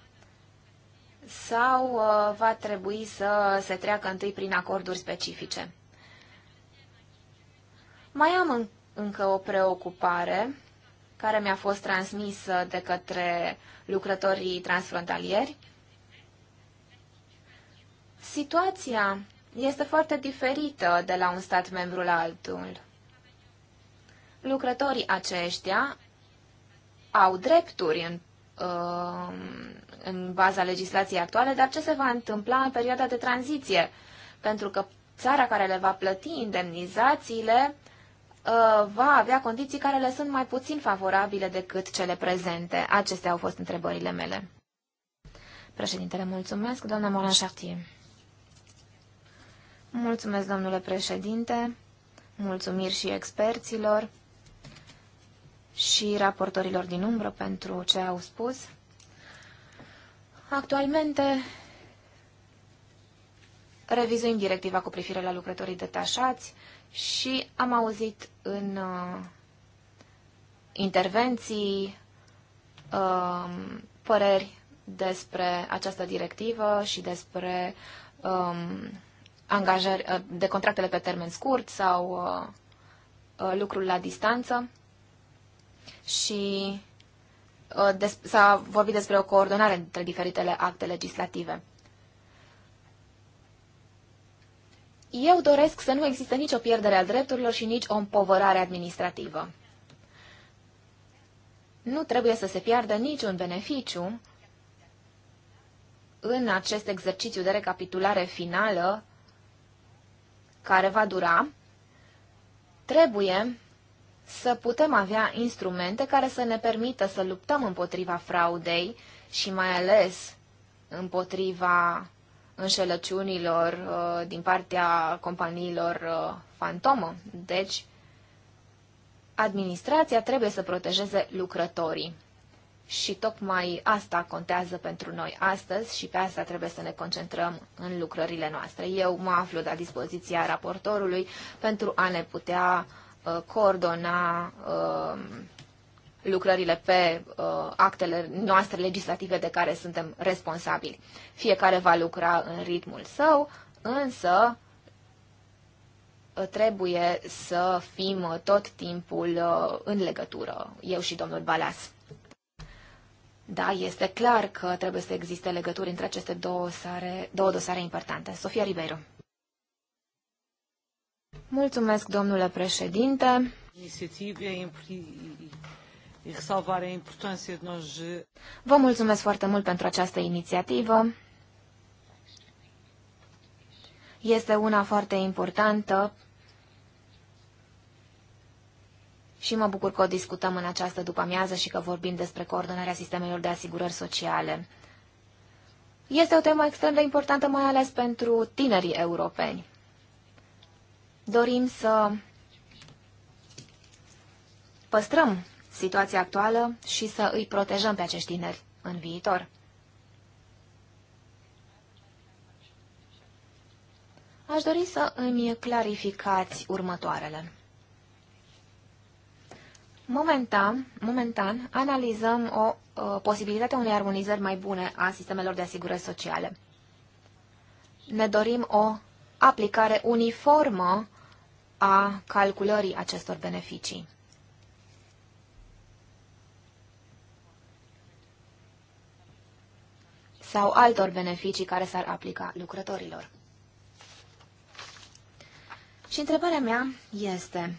Sau uh, va trebui să se treacă întâi prin acorduri specifice? Mai am în, încă o preocupare care mi-a fost transmisă de către lucrătorii transfrontalieri. Situația este foarte diferită de la un stat membru la altul lucrătorii aceștia au drepturi în, uh, în baza legislației actuale, dar ce se va întâmpla în perioada de tranziție? Pentru că țara care le va plăti indemnizațiile uh, va avea condiții care le sunt mai puțin favorabile decât cele prezente. Acestea au fost întrebările mele. Președintele, mulțumesc. Doamna Moran Chartier. Mulțumesc, domnule președinte. Mulțumiri și experților și raportorilor din umbră pentru ce au spus. Actualmente revizuim directiva cu privire la lucrătorii detașați și am auzit în uh, intervenții uh, păreri despre această directivă și despre um, angajări, uh, de contractele pe termen scurt sau uh, uh lucrul la distanță și uh, s-a vorbit despre o coordonare între diferitele acte legislative. Eu doresc să nu există nicio pierdere a drepturilor și nici o împovărare administrativă. Nu trebuie să se piardă niciun beneficiu în acest exercițiu de recapitulare finală care va dura. Trebuie să putem avea instrumente care să ne permită să luptăm împotriva fraudei și mai ales împotriva înșelăciunilor uh, din partea companiilor uh, fantomă. Deci, administrația trebuie să protejeze lucrătorii. Și tocmai asta contează pentru noi astăzi și pe asta trebuie să ne concentrăm în lucrările noastre. Eu mă aflu la dispoziția raportorului pentru a ne putea uh, Uh, coordona uh, lucrările pe uh, actele noastre legislative de care suntem responsabili. Fiecare va lucra în ritmul său, însă trebuie să fim tot timpul în legătură, eu și domnul Balas. Da, este clar că trebuie să existe legături între aceste două, sare, două dosare importante. Sofia Ribeiro. Mulțumesc, domnule președinte. Vă mulțumesc foarte mult pentru această inițiativă. Este una foarte importantă și mă bucur că o discutăm în această după-amiază și că vorbim despre coordonarea sistemelor de asigurări sociale. Este o temă extrem de importantă, mai ales pentru tinerii europeni dorim să păstrăm situația actuală și să îi protejăm pe acești tineri în viitor. Aș dori să îmi clarificați următoarele. Momentan, momentan analizăm o uh, posibilitate unei armonizări mai bune a sistemelor de asigurări sociale. Ne dorim o aplicare uniformă a calculării acestor beneficii. sau altor beneficii care s-ar aplica lucrătorilor. Și întrebarea mea este,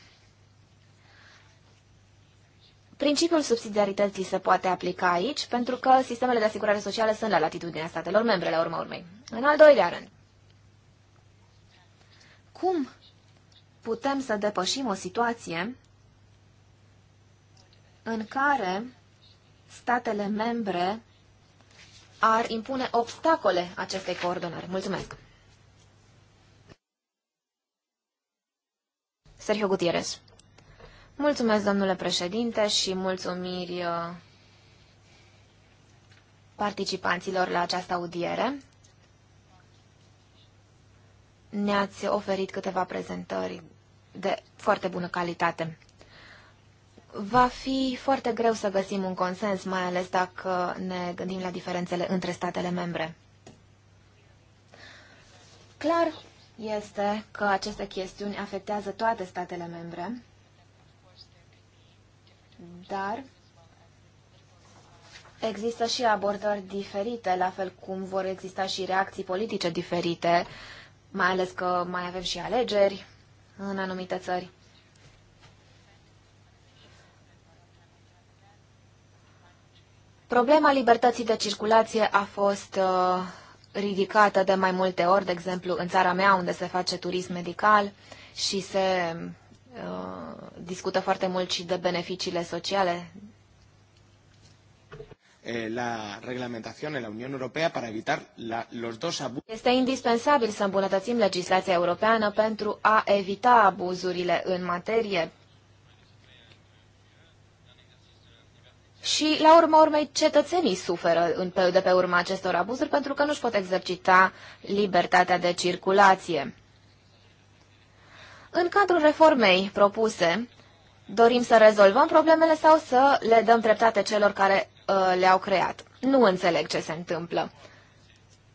principiul subsidiarității se poate aplica aici, pentru că sistemele de asigurare socială sunt la latitudinea statelor membre, la urma urmei. În al doilea rând, cum putem să depășim o situație în care statele membre ar impune obstacole acestei coordonări. Mulțumesc! Sergio Gutierrez. Mulțumesc, domnule președinte, și mulțumiri uh, participanților la această audiere. Ne-ați oferit câteva prezentări de foarte bună calitate. Va fi foarte greu să găsim un consens, mai ales dacă ne gândim la diferențele între statele membre. Clar este că aceste chestiuni afectează toate statele membre, dar există și abordări diferite, la fel cum vor exista și reacții politice diferite, mai ales că mai avem și alegeri în anumite țări. Problema libertății de circulație a fost uh, ridicată de mai multe ori, de exemplu, în țara mea, unde se face turism medical și se uh, discută foarte mult și de beneficiile sociale Eh, la reglementación en la Unión Europea para evitar la, los dos abusos. Este indispensabil să îmbunătățim legislația europeană pentru a evita abuzurile în materie. Și, la urma urmei, cetățenii suferă în, de pe urma acestor abuzuri pentru că nu-și pot exercita libertatea de circulație. În cadrul reformei propuse, dorim să rezolvăm problemele sau să le dăm dreptate celor care Uh, le-au creat. Nu înțeleg ce se întâmplă.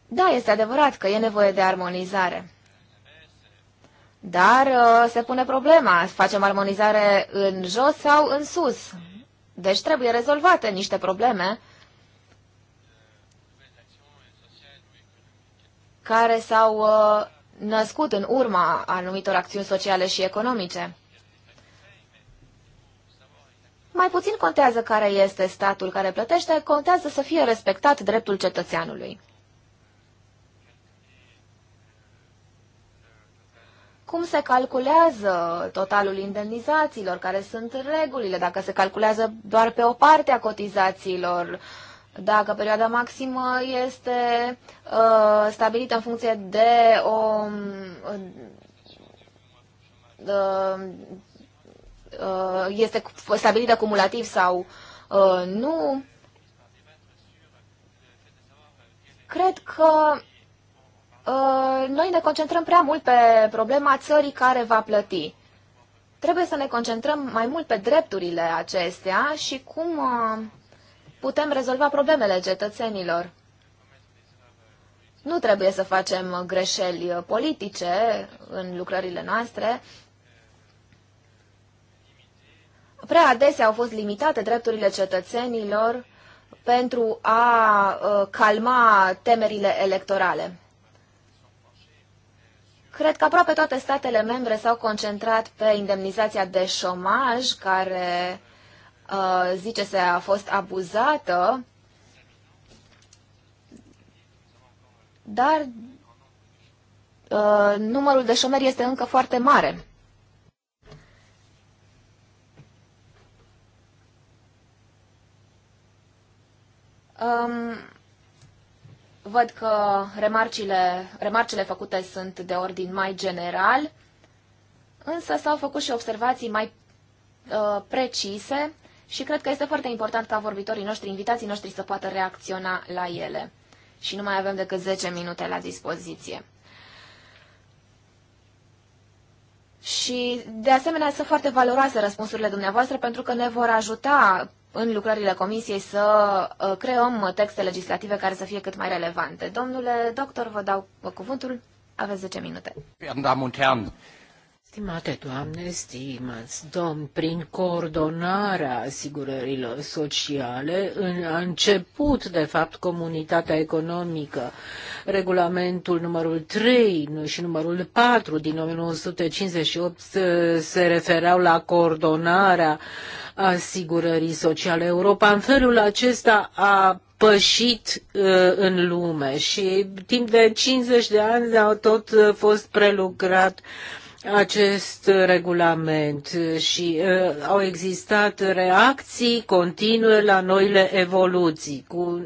Da, este adevărat că e nevoie de armonizare. Dar uh, se pune problema, facem armonizare în jos sau în sus. Deci trebuie rezolvate niște probleme care s-au uh, născut în urma anumitor acțiuni sociale și economice. Mai puțin contează care este statul care plătește, contează să fie respectat dreptul cetățeanului. Cum se calculează totalul indemnizațiilor, care sunt regulile, dacă se calculează doar pe o parte a cotizațiilor, dacă perioada maximă este uh, stabilită în funcție de o uh, uh Uh, este stabilită cumulativ sau uh, nu. Cred că uh, noi ne concentrăm prea mult pe problema țării care va plăti. Trebuie să ne concentrăm mai mult pe drepturile acestea și cum putem rezolva problemele cetățenilor. Nu trebuie să facem greșeli politice în lucrările noastre, prea adesea au fost limitate drepturile cetățenilor pentru a uh, calma temerile electorale. Cred că aproape toate statele membre s-au concentrat pe indemnizația de șomaj, care uh, zice se a fost abuzată, dar uh, numărul de șomeri este încă foarte mare. Um, văd că remarcile, remarcile făcute sunt de ordin mai general, însă s-au făcut și observații mai uh, precise și cred că este foarte important ca vorbitorii noștri, invitații noștri să poată reacționa la ele. Și nu mai avem decât 10 minute la dispoziție. Și, de asemenea, sunt foarte valoroase răspunsurile dumneavoastră pentru că ne vor ajuta în lucrările comisiei să uh, creăm texte legislative care să fie cât mai relevante. Domnule doctor, vă dau cuvântul. Aveți 10 minute. Stimate doamne, stimați domn, prin coordonarea asigurărilor sociale în, a început, de fapt, comunitatea economică. Regulamentul numărul 3 și numărul 4 din 1958 se refereau la coordonarea asigurării sociale. Europa în felul acesta a pășit ă, în lume și timp de 50 de ani au tot ă, fost prelucrat uh, acest regulament și uh, au existat reacții continue la noile evoluții. Cu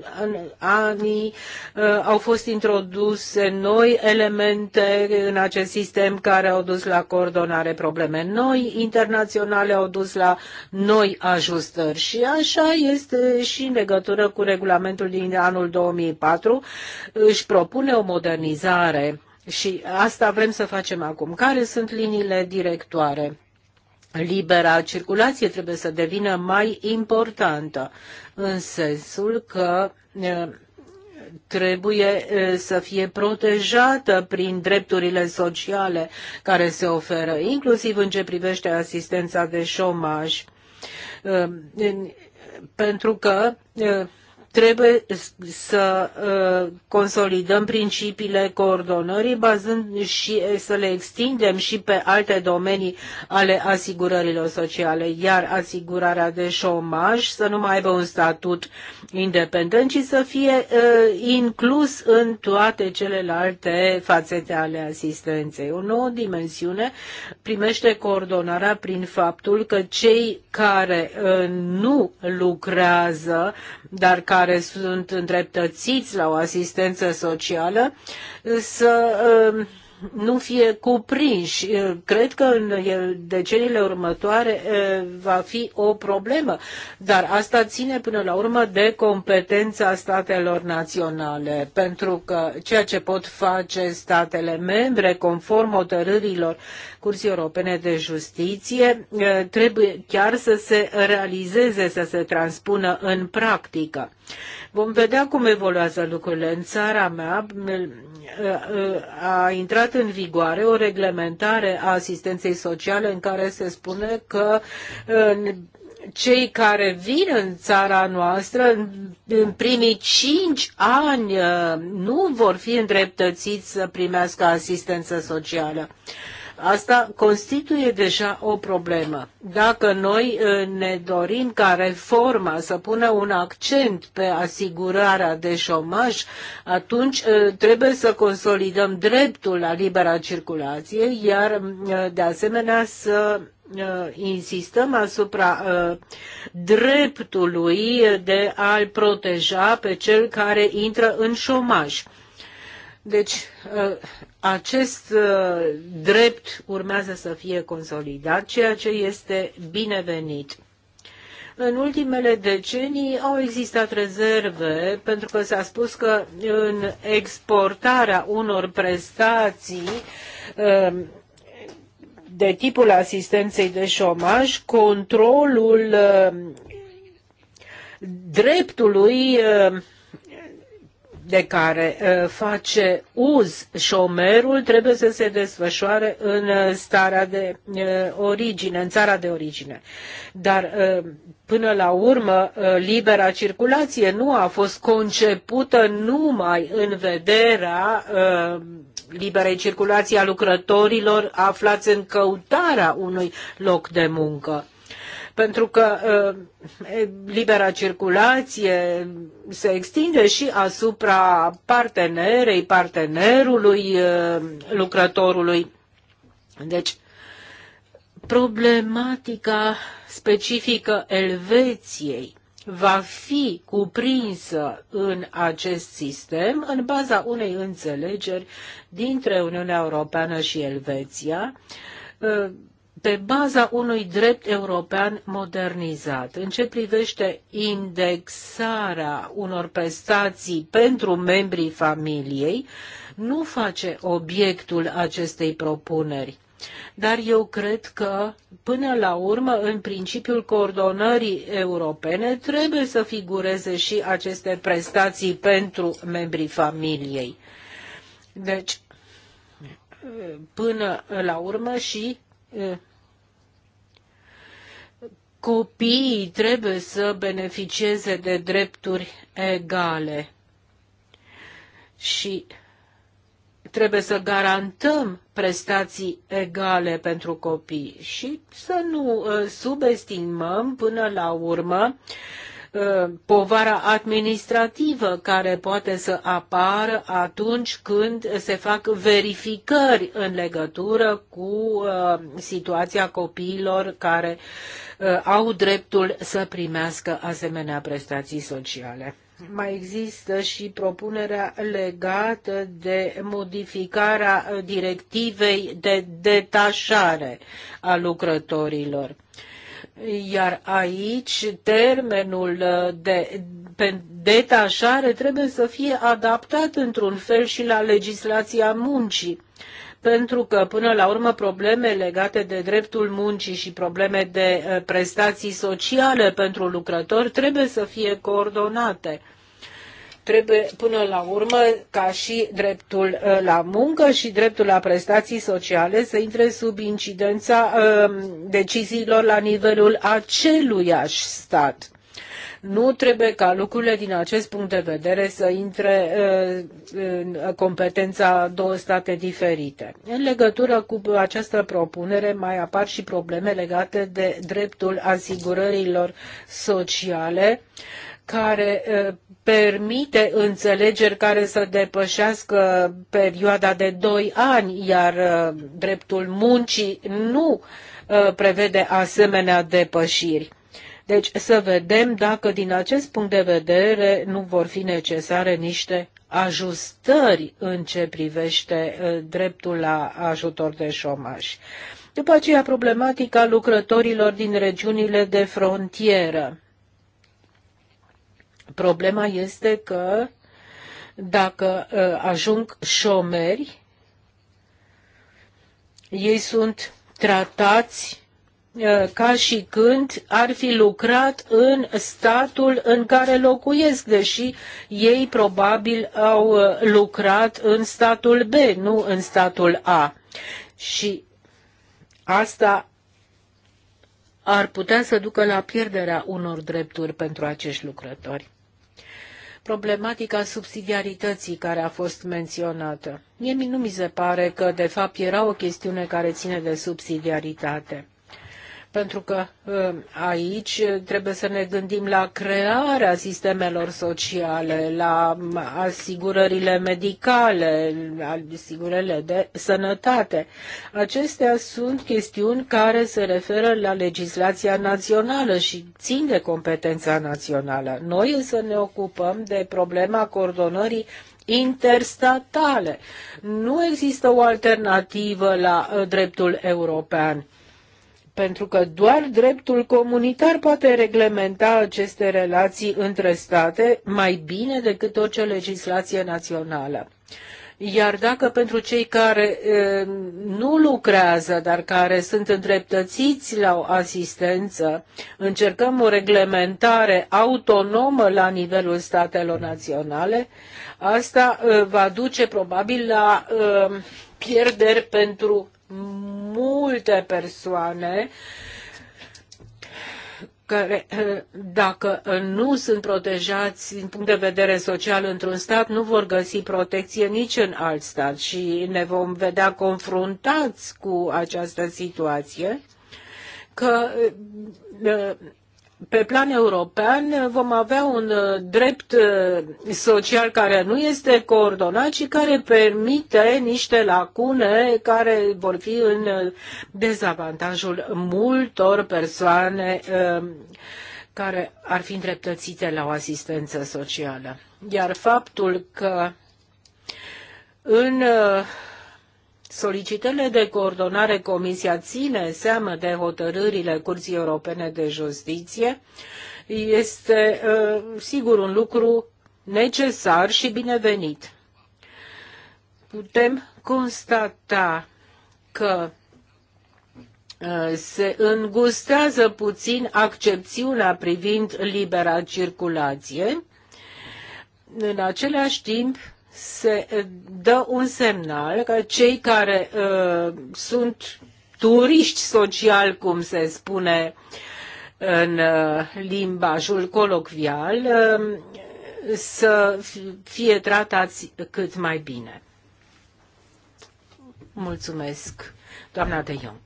anii uh, au fost introduse noi elemente în acest sistem care au dus la coordonare probleme noi, internaționale au dus la noi ajustări și așa este și în legătură cu regulamentul din anul 2004 își propune o modernizare și asta vrem să facem acum. Care sunt liniile directoare? Libera circulație trebuie să devină mai importantă, în sensul că trebuie să fie protejată prin drepturile sociale care se oferă, inclusiv în ce privește asistența de șomaj. Pentru că trebuie să uh, consolidăm principiile coordonării bazând și uh, să le extindem și pe alte domenii ale asigurărilor sociale, iar asigurarea de șomaj să nu mai aibă un statut independent, ci să fie uh, inclus în toate celelalte fațete ale asistenței. O nouă dimensiune primește coordonarea prin faptul că cei care nu lucrează, dar care care sunt îndreptățiți la o asistență socială să uh, nu fie cuprinși. Cred că în deceniile următoare va fi o problemă, dar asta ține până la urmă de competența statelor naționale, pentru că ceea ce pot face statele membre conform hotărârilor Curții Europene de Justiție trebuie chiar să se realizeze, să se transpună în practică. Vom vedea cum evoluează lucrurile. În țara mea, a intrat în vigoare o reglementare a asistenței sociale în care se spune că cei care vin în țara noastră în primii cinci ani uh, nu vor fi îndreptățiți să primească asistență socială. Asta constituie deja o problemă. Dacă noi uh, ne dorim ca reforma să pună un accent pe asigurarea de șomaj, atunci uh, trebuie să consolidăm dreptul la libera circulație, iar uh, de asemenea să insistăm asupra dreptului de a-l proteja pe cel care intră în șomaj. Deci uh, acest uh, drept urmează să fie consolidat, ceea ce este binevenit. În ultimele decenii au existat rezerve pentru că s-a spus că în exportarea unor prestații uh, de tipul asistenței de șomaj, controlul dreptului de care uh, face uz șomerul trebuie să se desfășoare în uh, starea de uh, origine, în țara de origine. Dar până la urmă libera circulație nu a fost concepută numai în vederea liberei circulații a lucrătorilor aflați în căutarea unui loc de muncă pentru că uh, libera circulație se extinde și asupra partenerei, partenerului, uh, lucrătorului. Deci, problematica specifică Elveției va fi cuprinsă în acest sistem în baza unei înțelegeri dintre Uniunea Europeană și Elveția uh, pe baza unui drept european modernizat. În ce privește indexarea unor prestații pentru membrii familiei, nu face obiectul acestei propuneri. Dar eu cred că, până la urmă, în principiul coordonării europene, trebuie să figureze și aceste prestații pentru membrii familiei. Deci, până la urmă și copiii trebuie să beneficieze de drepturi egale. Și trebuie să garantăm prestații egale pentru copii și să nu uh, subestimăm până la urmă uh, Uh, povara administrativă care poate să apară atunci când se fac verificări în legătură cu uh, situația copiilor care uh, au dreptul să primească asemenea prestații sociale. Mai există și propunerea legată de modificarea directivei de detașare a lucrătorilor. Iar aici termenul uh, de detașare trebuie să fie adaptat într-un fel și la legislația muncii pentru că până la urmă probleme legate de dreptul muncii și probleme de uh, prestații sociale pentru lucrători trebuie să fie coordonate. Trebuie până la urmă ca și dreptul uh, la muncă și dreptul la prestații sociale să intre sub incidența uh, deciziilor la nivelul aceluiași stat. Nu trebuie ca lucrurile din acest punct de vedere să intre uh, în competența două state diferite. În legătură cu această propunere mai apar și probleme legate de dreptul asigurărilor sociale care permite înțelegeri care să depășească perioada de 2 ani, iar dreptul muncii nu prevede asemenea depășiri. Deci să vedem dacă din acest punct de vedere nu vor fi necesare niște ajustări în ce privește dreptul la ajutor de șomaj. După aceea problematica lucrătorilor din regiunile de frontieră. Problema este că dacă ă, ajung șomeri, ei sunt tratați ă, ca și când ar fi lucrat în statul în care locuiesc, deși ei probabil au ă, lucrat în statul B, nu în statul A. Și asta ar putea să ducă la pierderea unor drepturi pentru acești lucrători problematica subsidiarității care a fost menționată. Mie nu mi se pare că, de fapt, era o chestiune care ține de subsidiaritate pentru că uh, aici trebuie să ne gândim la crearea sistemelor sociale, la asigurările medicale, la asigurările de sănătate. Acestea sunt chestiuni care se referă la legislația națională și țin de competența națională. Noi să ne ocupăm de problema coordonării interstatale. Nu există o alternativă la uh, dreptul european pentru că doar dreptul comunitar poate reglementa aceste relații între state mai bine decât orice legislație națională. Iar dacă pentru cei care e, nu lucrează, dar care sunt îndreptățiți la o asistență, încercăm o reglementare autonomă la nivelul statelor naționale, asta e, va duce probabil la e, pierderi pentru multe persoane care, dacă nu sunt protejați din punct de vedere social într-un stat, nu vor găsi protecție nici în alt stat și ne vom vedea confruntați cu această situație că pe plan european vom avea un uh, drept uh, social care nu este coordonat și care permite niște lacune care vor fi în uh, dezavantajul multor persoane care ar fi îndreptățite la o asistență socială. Iar faptul că în solicitările de coordonare Comisia ține seamă de hotărârile Curții Europene de Justiție este ă, sigur un lucru necesar și binevenit. Putem constata că ă, se îngustează puțin accepțiunea privind libera circulație. În același timp, se eh, dă un semnal că cei care uh, sunt turiști social, cum se spune în uh, limbajul colocvial, uh, să fie tratați cât mai bine. Mulțumesc, doamna De Jong.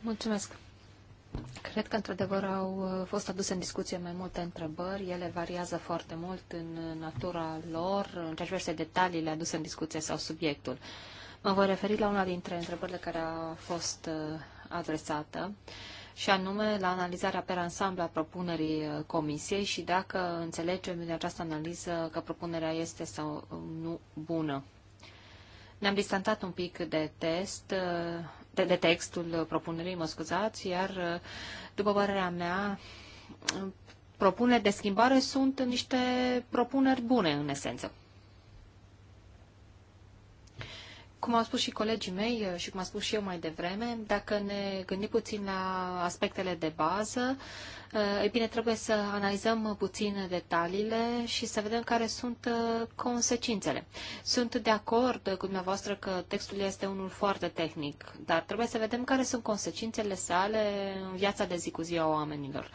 Mulțumesc. Cred că, într-adevăr, au uh, fost aduse în discuție mai multe întrebări. Ele variază foarte mult în uh, natura lor, în ceea ce privește detaliile aduse în discuție sau subiectul. Mă voi referi la una dintre întrebările care a fost uh, adresată și anume la analizarea pe ansamblu a propunerii comisiei și dacă înțelegem din această analiză că propunerea este sau nu bună. Ne-am distanțat un pic de test de textul propunerii, mă scuzați, iar, uh, după părerea mea, propuneri de schimbare sunt niște propuneri bune, în esență. Cum au spus și colegii mei uh, și cum am spus și eu mai devreme, dacă ne gândim puțin la aspectele de bază, uh, e bine, trebuie să analizăm puțin detaliile și să vedem care sunt uh, consecințele. Sunt de acord cu dumneavoastră că textul este unul foarte tehnic, dar trebuie să vedem care sunt consecințele sale în viața de zi cu zi a oamenilor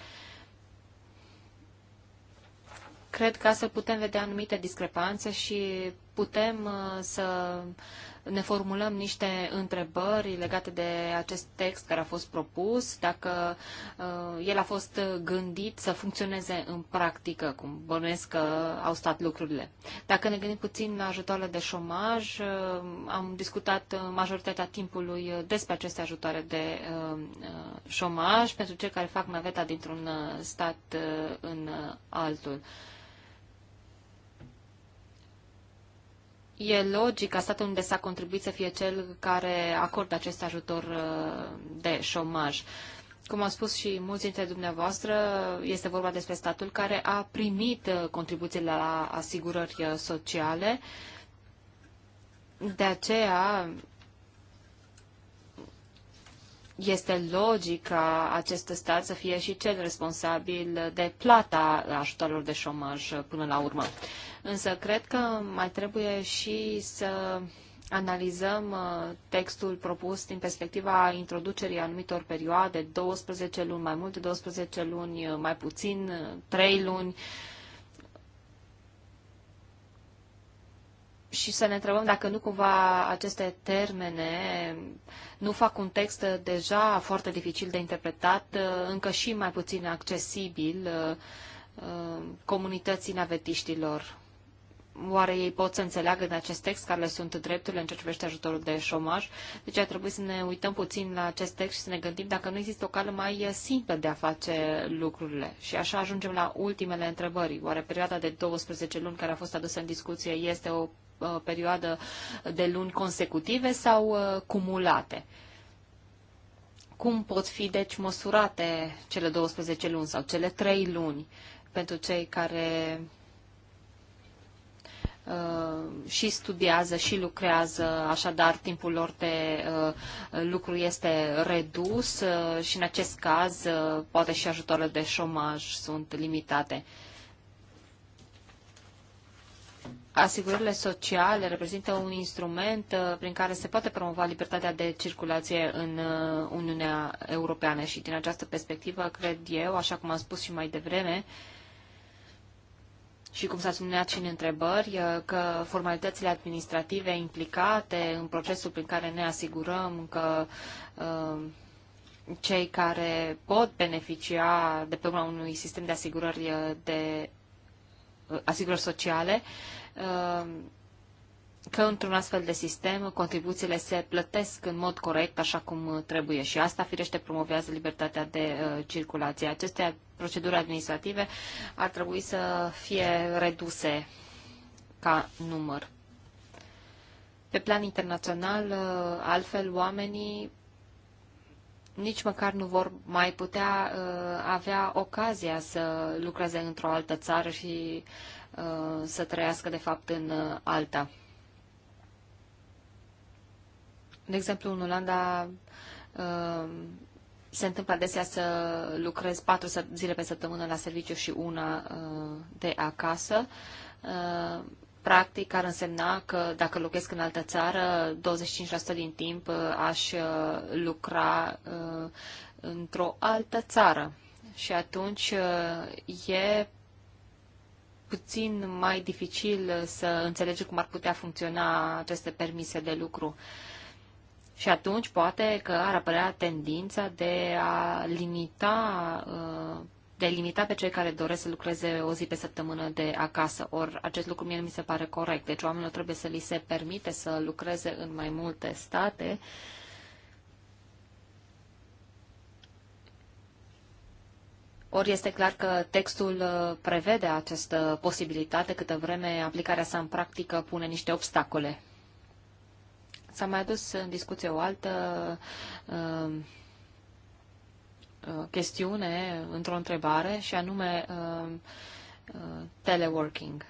cred că astfel putem vedea anumite discrepanțe și putem uh, să ne formulăm niște întrebări legate de acest text care a fost propus, dacă uh, el a fost gândit să funcționeze în practică, cum bănuiesc că au stat lucrurile. Dacă ne gândim puțin la ajutoarele de șomaj, uh, am discutat majoritatea timpului despre aceste ajutoare de șomaj pentru cei care fac naveta dintr-un stat în altul. e logic ca statul unde s-a contribuit să fie cel care acordă acest ajutor uh, de șomaj. Cum au spus și mulți dintre dumneavoastră, este vorba despre statul care a primit uh, contribuțiile la asigurări uh, sociale. De aceea, este logic ca acest stat să fie și cel responsabil de plata ajutorilor de șomaj până la urmă. Însă cred că mai trebuie și să analizăm uh, textul propus din perspectiva introducerii anumitor perioade, 12 luni, mai multe 12 luni, uh, mai puțin, 3 uh, luni, și să ne întrebăm dacă nu cumva aceste termene nu fac un text deja foarte dificil de interpretat, încă și mai puțin accesibil comunității navetiștilor oare ei pot să înțeleagă din acest text care le sunt drepturile în ceea ce privește ajutorul de șomaj? Deci ar trebui să ne uităm puțin la acest text și să ne gândim dacă nu există o cale mai simplă de a face lucrurile. Și așa ajungem la ultimele întrebări. Oare perioada de 12 luni care a fost adusă în discuție este o perioadă de luni consecutive sau uh, cumulate? Cum pot fi, deci, măsurate cele 12 luni sau cele 3 luni pentru cei care Uh, și studiază și lucrează, așadar timpul lor de uh, lucru este redus uh, și în acest caz poate și ajutoarele de șomaj sunt limitate. Asigurările sociale reprezintă un instrument prin care se poate promova libertatea de circulație în Uniunea Europeană și din această perspectivă cred eu, așa cum am spus și mai devreme, uh, și cum s-a subliniat și în întrebări, că formalitățile administrative implicate în procesul prin care ne asigurăm că cei care pot beneficia de pe urma unui sistem de asigurări de asigurări sociale că într-un astfel de sistem contribuțiile se plătesc în mod corect, așa cum trebuie și asta, firește, promovează libertatea de uh, circulație. Aceste proceduri administrative ar trebui să fie reduse ca număr. Pe plan internațional, uh, altfel, oamenii nici măcar nu vor mai putea uh, avea ocazia să lucreze într-o altă țară și uh, să trăiască, de fapt, în uh, alta. De exemplu, în Olanda uh, se întâmplă adesea să lucrez patru zile pe săptămână la serviciu și una uh, de acasă. Uh, practic ar însemna că dacă locuiesc în altă țară, 25% din timp aș lucra într-o altă țară. Și atunci e puțin mai dificil să înțelegi cum ar putea funcționa aceste permise de lucru. Uh, și atunci poate că ar apărea tendința de a limita uh, de a limita pe cei care doresc să lucreze o zi pe săptămână de acasă. Or acest lucru mie nu mi se pare corect. Deci oamenilor trebuie să li se permite să lucreze în mai multe state. Ori este clar că textul uh, prevede această posibilitate, câtă vreme aplicarea sa în practică pune niște obstacole. S-a mai adus în discuție o altă uh, uh, chestiune într-o întrebare și anume uh, teleworking.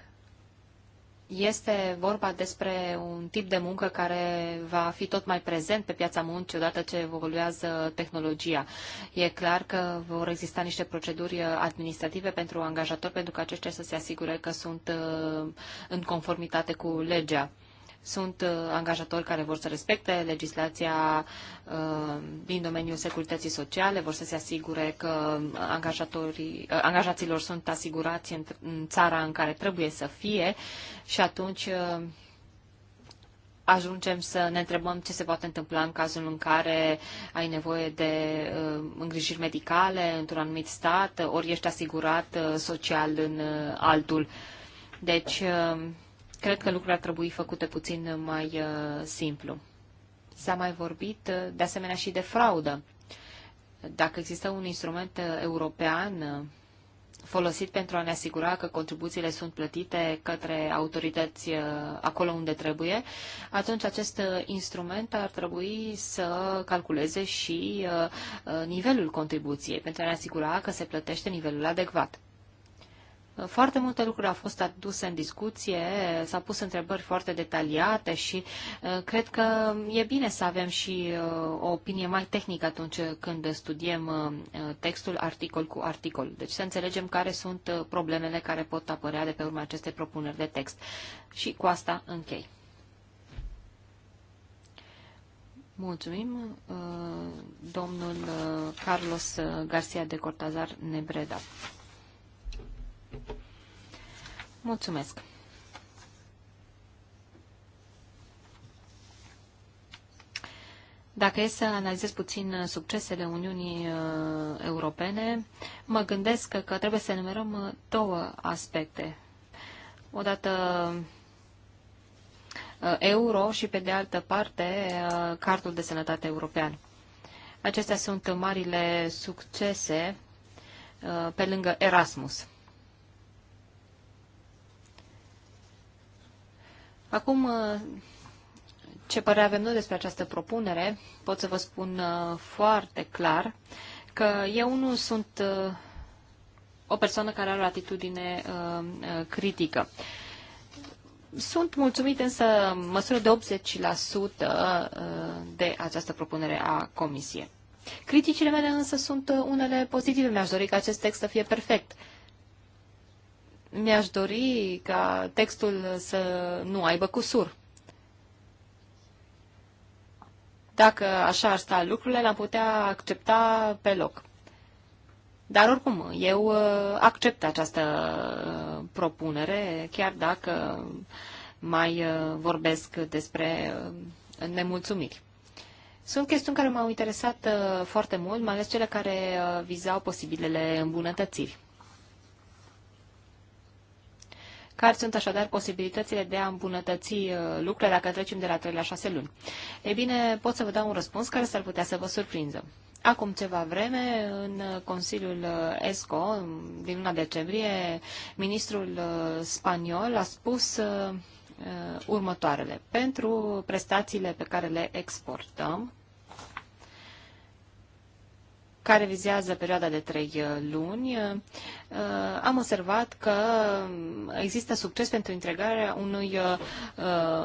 Este vorba despre un tip de muncă care va fi tot mai prezent pe piața muncii odată ce evoluează tehnologia. E clar că vor exista niște proceduri administrative pentru angajatori pentru că aceștia să se asigure că sunt în conformitate cu legea. Sunt uh, angajatori care vor să respecte legislația uh, din domeniul securității sociale, vor să se asigure că uh, angajatorii, angajaților sunt asigurați în țara în care trebuie să fie și atunci ajungem să ne întrebăm ce se poate întâmpla în cazul în care ai nevoie de îngrijiri medicale într-un anumit stat, ori ești asigurat social în altul. Deci, uh, Cred că lucrurile ar trebui făcute puțin mai uh, simplu. S-a mai vorbit uh, de asemenea și de fraudă. Dacă există un instrument uh, european folosit pentru a ne asigura că contribuțiile sunt plătite către autorități acolo unde trebuie, atunci acest instrument ar trebui să calculeze și nivelul contribuției pentru a ne asigura că se plătește nivelul adecvat. Uh, foarte multe lucruri au fost aduse în discuție, s-au pus întrebări foarte detaliate și uh, cred că e bine să avem și uh, o opinie mai tehnică atunci când studiem textul articol cu articol. Deci să înțelegem care sunt problemele care pot apărea de pe urma acestei propuneri de text. Și cu asta închei. Mulțumim, domnul Carlos Garcia de Cortazar Nebreda. Mulțumesc! Dacă e să analizez puțin succesele Uniunii uh, Europene, mă gândesc că trebuie să enumerăm uh, două aspecte. Odată uh, euro și, pe de altă parte, cardul de sănătate european. Acestea sunt marile succese pe lângă Erasmus. Acum, uh, ce părere avem noi despre această propunere, pot să vă spun uh, foarte clar că eu nu sunt uh, o persoană care are o atitudine critică. Sunt mulțumit însă în măsură de 80% de această propunere a Comisiei. Criticile mele însă sunt unele pozitive. Mi-aș dori ca acest text să fie perfect mi-aș dori ca textul să nu aibă cusur. Dacă așa ar sta lucrurile, l-am putea accepta pe loc. Dar oricum, eu uh, accept această uh, propunere, chiar dacă mai uh, vorbesc despre nemulțumiri. Sunt chestiuni care m-au interesat foarte mult, mai ales cele care vizau posibilele îmbunătățiri. Care sunt așadar posibilitățile de a îmbunătăți uh, lucrurile dacă trecem de la 3 la 6 luni? E bine, pot să vă dau un răspuns care s-ar putea să vă surprindă. Acum ceva vreme, în Consiliul uh, ESCO, din luna decembrie, ministrul uh, spaniol a spus următoarele. Pentru prestațiile pe care le exportăm, care vizează perioada de trei uh, luni, uh, uh, am observat că există succes pentru integrarea unui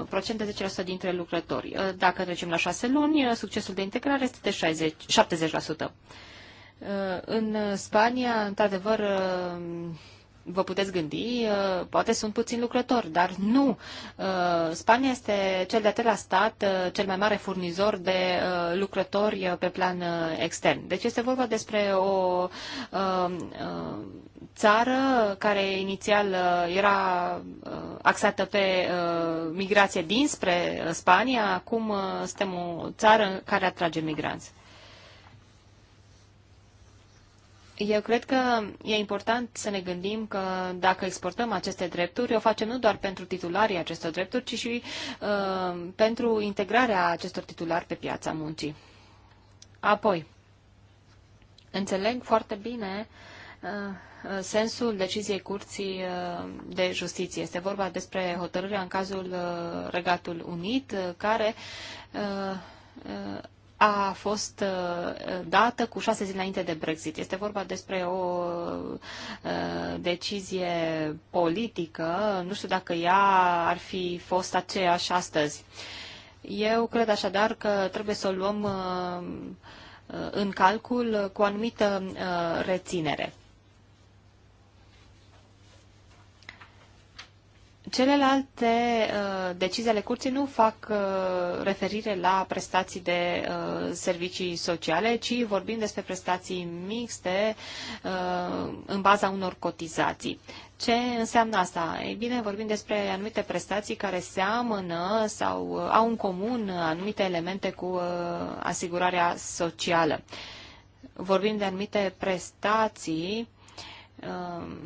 procent de 10% dintre lucrători. Dacă trecem la șase luni, succesul de integrare este de 60, 70%. În Spania, într-adevăr, vă puteți gândi, uh, poate sunt puțini lucrători, dar nu. Uh, Spania este cel de-a treilea stat, uh, cel mai mare furnizor de lucrători pe plan extern. Deci este vorba despre o țară care inițial era axată pe migrație dinspre Spania, acum suntem o țară care atrage migranți. Eu cred că e important să ne gândim că dacă exportăm aceste drepturi, o facem nu doar pentru titularii acestor drepturi, ci și uh, pentru integrarea acestor titulari pe piața muncii. Apoi, înțeleg foarte bine uh, uh sensul deciziei Curții uh, de Justiție. Este vorba despre hotărârea în cazul uh, Regatul Unit, care a fost uh, dată cu șase zile înainte de Brexit. Este vorba despre o uh, decizie politică. Nu știu dacă ea ar fi fost aceeași astăzi. Eu cred așadar că trebuie să o luăm uh, în calcul cu o anumită reținere. Celelalte uh, decizii ale curții nu fac uh, referire la prestații de uh, servicii sociale, ci vorbim despre prestații mixte uh, în baza unor cotizații. Ce înseamnă asta? Ei bine, vorbim despre anumite prestații care seamănă sau uh, au în comun anumite elemente cu uh, asigurarea socială. Vorbim de anumite prestații uh,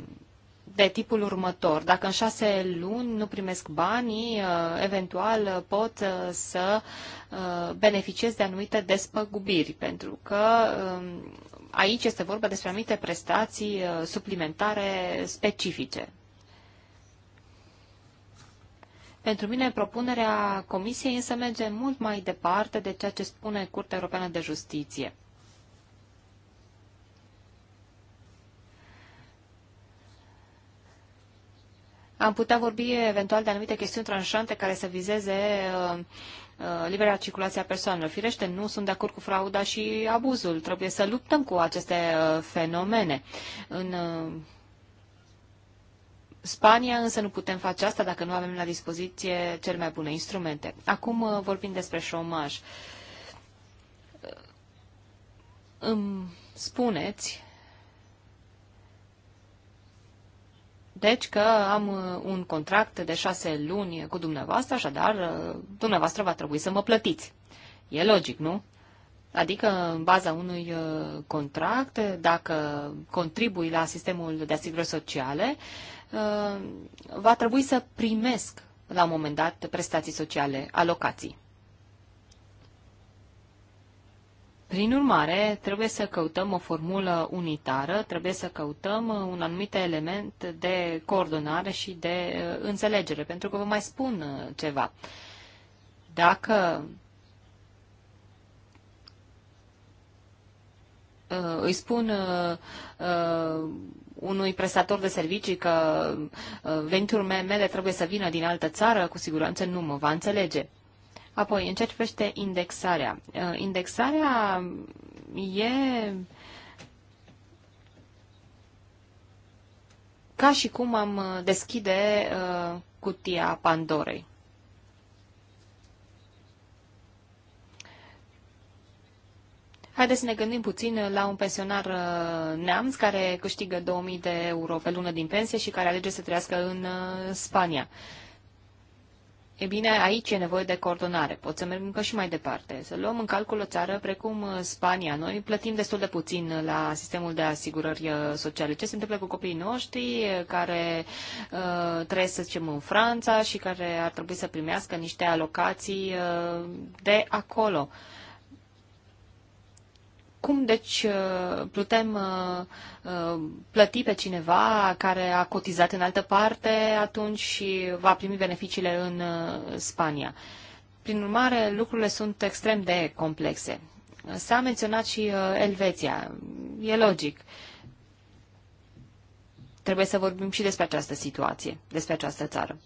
de tipul următor. Dacă în șase luni nu primesc banii, uh, eventual uh, pot uh, să beneficiez de anumite despăgubiri, pentru că um, aici este vorba despre anumite prestații suplimentare specifice. Pentru mine, propunerea Comisiei însă merge mult mai departe de ceea ce spune Curtea Europeană de Justiție. Am putea vorbi eventual de anumite chestiuni tranșante care să vizeze uh, uh, libera circulație a persoanelor. Firește, nu sunt de acord cu frauda și abuzul. Trebuie să luptăm cu aceste uh, fenomene. În Spania însă nu putem face asta dacă nu avem la dispoziție cele mai bune instrumente. Acum vorbim despre șomaj. Îmi spuneți deci că am uh, un contract de șase luni cu dumneavoastră, așadar uh, dumneavoastră va trebui să mă plătiți. E logic, nu? Adică, în baza unui uh, contract, dacă contribui la sistemul de asigurări sociale, va trebui să primesc la un moment dat prestații sociale, alocații. Prin urmare, trebuie să căutăm o formulă unitară, trebuie să căutăm uh, un anumit element de coordonare și de uh, înțelegere, pentru că vă mai spun uh, ceva. Dacă îi spun unui prestator de servicii că veniturile mele trebuie să vină din altă țară, cu siguranță nu mă va înțelege. Apoi, în ce privește indexarea. Uh, indexarea e ca și cum am deschide uh, cutia Pandorei. Haideți să ne gândim puțin la un pensionar uh, neamț care câștigă 2000 de euro pe lună din pensie și care alege să trăiască în Spania. E bine, aici e nevoie de coordonare. Pot să merg încă și mai departe. Să luăm în calcul o țară precum uh, Spania. Noi plătim destul de puțin uh, la sistemul de asigurări uh, sociale. Ce se întâmplă cu copiii noștri care uh, trăiesc, să zicem, în Franța și care ar trebui să primească niște alocații uh, de acolo? Uh, cum, deci, uh, putem uh, uh, plăti pe cineva care a cotizat în altă parte atunci și va primi beneficiile în Spania? Prin urmare, lucrurile sunt extrem de complexe. S-a menționat și Elveția. E logic. Trebuie să vorbim și despre această situație, despre această țară.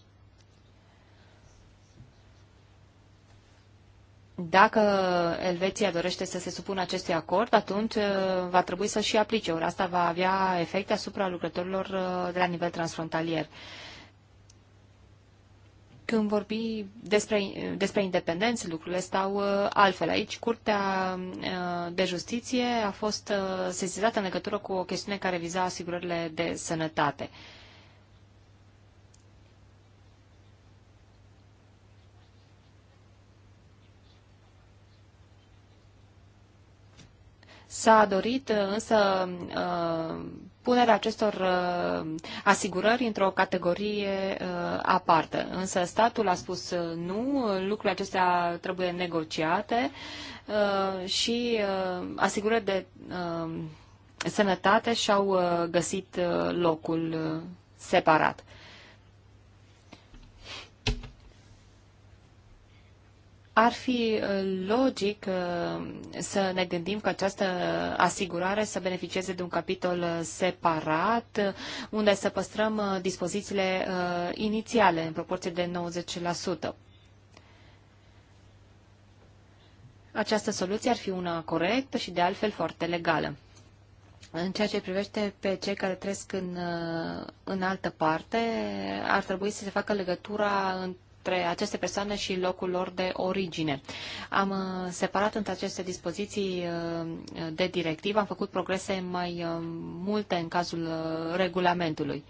Dacă Elveția dorește să se supună acestui acord, atunci uh, va trebui să și aplice, ori asta va avea efecte asupra lucrătorilor uh, de la nivel transfrontalier. Când vorbi despre, despre independență, lucrurile stau uh, altfel. Aici, Curtea de Justiție a fost sesizată în legătură cu o chestiune care viza asigurările de sănătate. Uh, S-a dorit uh, însă uh, punerea acestor uh, asigurări într-o categorie apartă. Însă statul a spus nu, lucrurile acestea trebuie negociate și asigurări de sănătate și-au găsit locul separat. ar fi uh, logic uh, să ne gândim că această asigurare să beneficieze de un capitol uh, separat, unde să păstrăm dispozițiile inițiale în proporție de 90%. Această soluție ar fi una corectă și de altfel foarte legală. În ceea ce privește pe cei care trăiesc în, în altă parte, ar trebui să se facă legătura între despre aceste persoane și locul lor de origine. Am uh, separat între aceste dispoziții uh, de directivă, am făcut progrese mai uh, multe în cazul regulamentului.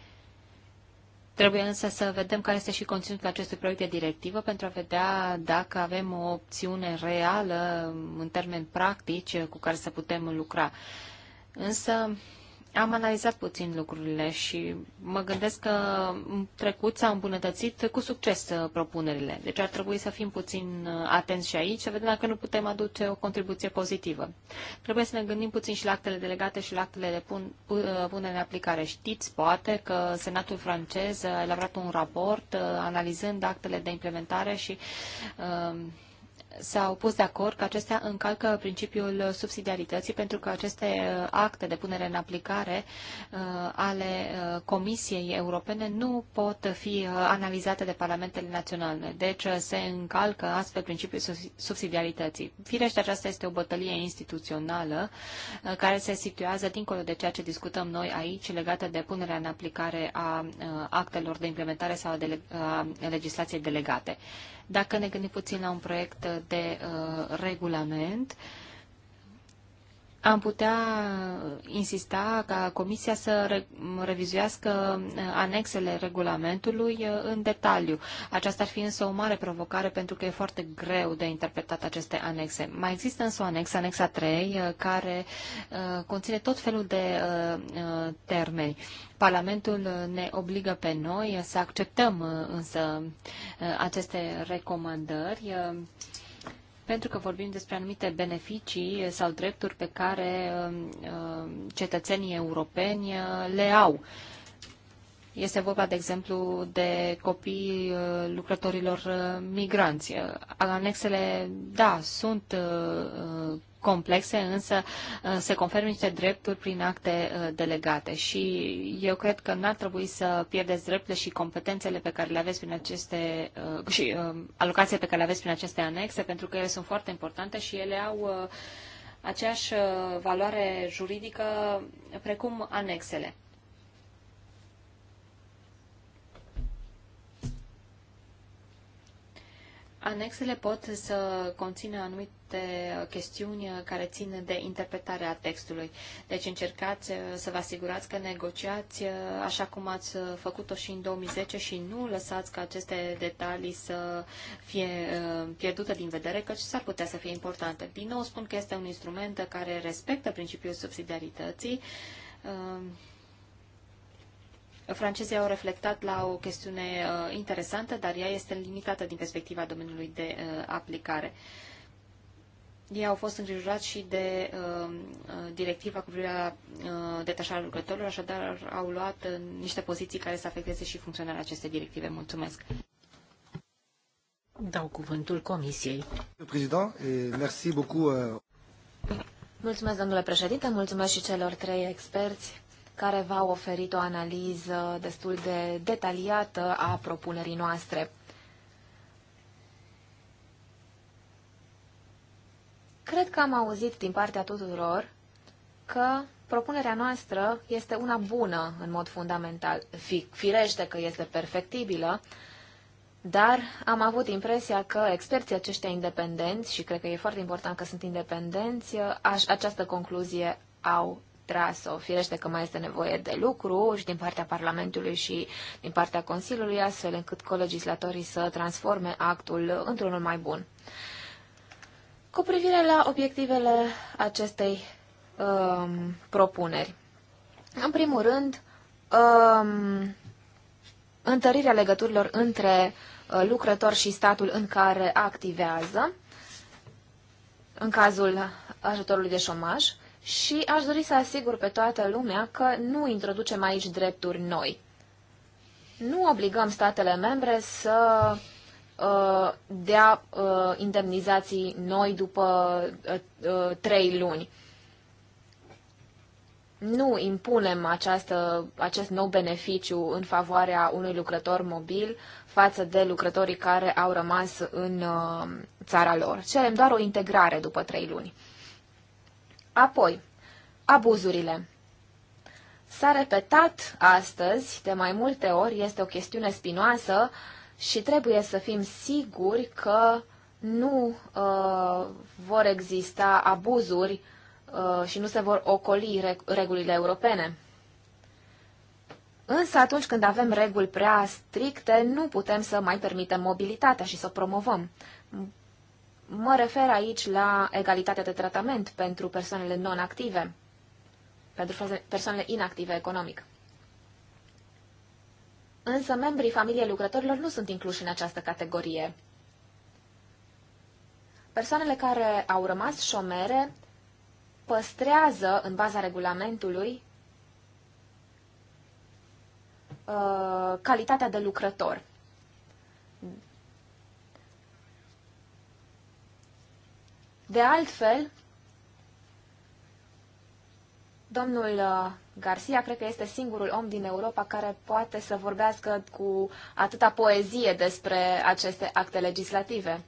Trebuie însă să vedem care este și conținutul acestui proiect de directivă pentru a vedea dacă avem o opțiune reală în termeni practici cu care să putem lucra. Însă am analizat puțin lucrurile și mă gândesc că în trecut s-au îmbunătățit cu succes uh, propunerile. Deci ar trebui să fim puțin uh, atenți și aici, să vedem dacă nu putem aduce o contribuție pozitivă. Trebuie să ne gândim puțin și la actele delegate și la actele de pun, uh, punere în aplicare. Știți, poate, că Senatul francez a elaborat un raport analizând actele de implementare și uh, s-au pus de acord că acestea încalcă principiul subsidiarității pentru că aceste uh, acte de punere în aplicare uh, ale uh, Comisiei Europene nu pot fi analizate de parlamentele naționale. Deci se încalcă astfel principiul subsidiarității. Firește, aceasta este o bătălie instituțională care se situează dincolo de ceea ce discutăm noi aici legată de punerea în aplicare a actelor de implementare sau a, a legislației delegate. Dacă ne gândim puțin la un proiect de uh, regulament, uh, am putea insista ca Comisia să re revizuiască uh, anexele regulamentului uh, în detaliu. Aceasta ar fi însă o mare provocare pentru că e foarte greu de interpretat aceste anexe. Mai există însă o anexă, anexa 3, uh, care conține tot felul de termeni. Parlamentul ne obligă pe noi să acceptăm însă aceste recomandări pentru că vorbim despre anumite beneficii sau drepturi pe care um, um, cetățenii europeni uh, le au. Este vorba, de exemplu, de copii uh, lucrătorilor uh, migranți. Anexele, da, sunt complexe, însă uh, se conferă niște drepturi prin acte uh, delegate și eu cred că n-ar trebui să pierdeți drepturile și competențele pe care le aveți prin aceste uh, și alocațiile pe care le aveți prin aceste anexe, pentru că ele sunt foarte importante și ele au aceeași valoare juridică precum anexele. Anexele pot să conțină anumit alte chestiuni care țin de interpretarea textului. Deci încercați uh, să vă asigurați că negociați uh, așa cum ați uh, făcut-o și în 2010 și nu lăsați ca aceste detalii să fie pierdute din vedere, căci s-ar putea să fie importante. Din nou spun că este un instrument care respectă principiul subsidiarității francezii au reflectat la o chestiune interesantă, dar ea este limitată din perspectiva domeniului de aplicare. Ei au fost îngrijorați și de uh, uh, directiva cu privire la uh, detașarea lucrătorilor, așadar au luat uh, niște poziții care să afecteze și funcționarea acestei directive. Mulțumesc! Dau cuvântul Comisiei. Président, merci beaucoup, uh... Mulțumesc, domnule președinte, mulțumesc și celor trei experți care v-au oferit o analiză destul de detaliată a propunerii noastre. Cred că am auzit din partea tuturor că propunerea noastră este una bună în mod fundamental. firește că este perfectibilă, dar am avut impresia că experții aceștia independenți, și cred că e foarte important că sunt independenți, această concluzie au tras-o. Firește că mai este nevoie de lucru și din partea Parlamentului și din partea Consiliului, astfel încât colegislatorii să transforme actul într-unul mai bun. Cu privire la obiectivele acestei um, propuneri, în primul rând, um, întărirea legăturilor între uh, lucrător și statul în care activează, în cazul ajutorului de șomaj, și aș dori să asigur pe toată lumea că nu introducem aici drepturi noi. Nu obligăm statele membre să Uh, dea uh, indemnizații noi după uh, trei luni. Nu impunem această, acest nou beneficiu în favoarea unui lucrător mobil față de lucrătorii care au rămas în țara lor. Cerem doar o integrare după trei luni. Apoi, abuzurile. S-a repetat astăzi de mai multe ori, este o chestiune spinoasă, uh, și trebuie să fim siguri că nu uh, vor exista abuzuri uh, și nu se vor ocoli reg- regulile europene. Însă atunci când avem reguli prea stricte, nu putem să mai permitem mobilitatea și să o promovăm. Mă refer aici la egalitatea de tratament pentru persoanele non-active, pentru persoanele inactive economic însă membrii familiei lucrătorilor nu sunt incluși în această categorie. Persoanele care au rămas șomere păstrează, în baza regulamentului, uh, calitatea de lucrător. De altfel, Domnul uh, Garcia cred că este singurul om din Europa care poate să vorbească cu atâta poezie despre aceste acte legislative.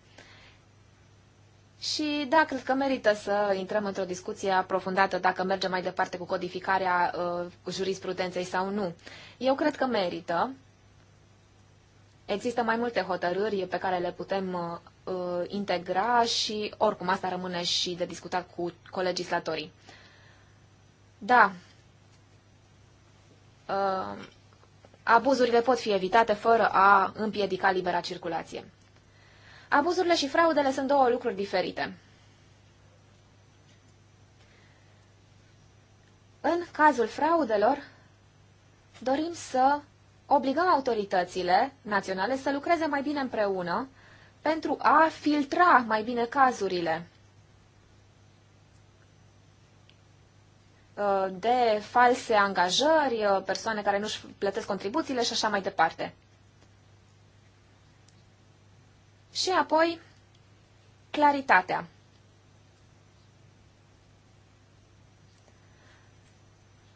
Și da, cred că merită să intrăm într-o discuție aprofundată dacă mergem mai departe cu codificarea uh, jurisprudenței sau nu. Eu cred că merită. Există mai multe hotărâri pe care le putem uh, uh integra și oricum asta rămâne și de discutat cu colegislatorii. Da. Uh, abuzurile pot fi evitate fără a împiedica libera circulație. Abuzurile și fraudele sunt două lucruri diferite. În cazul fraudelor, dorim să obligăm autoritățile naționale să lucreze mai bine împreună pentru a filtra mai bine cazurile. Uh, de false angajări, uh, persoane care nu-și plătesc contribuțiile și așa mai departe. Și apoi, claritatea.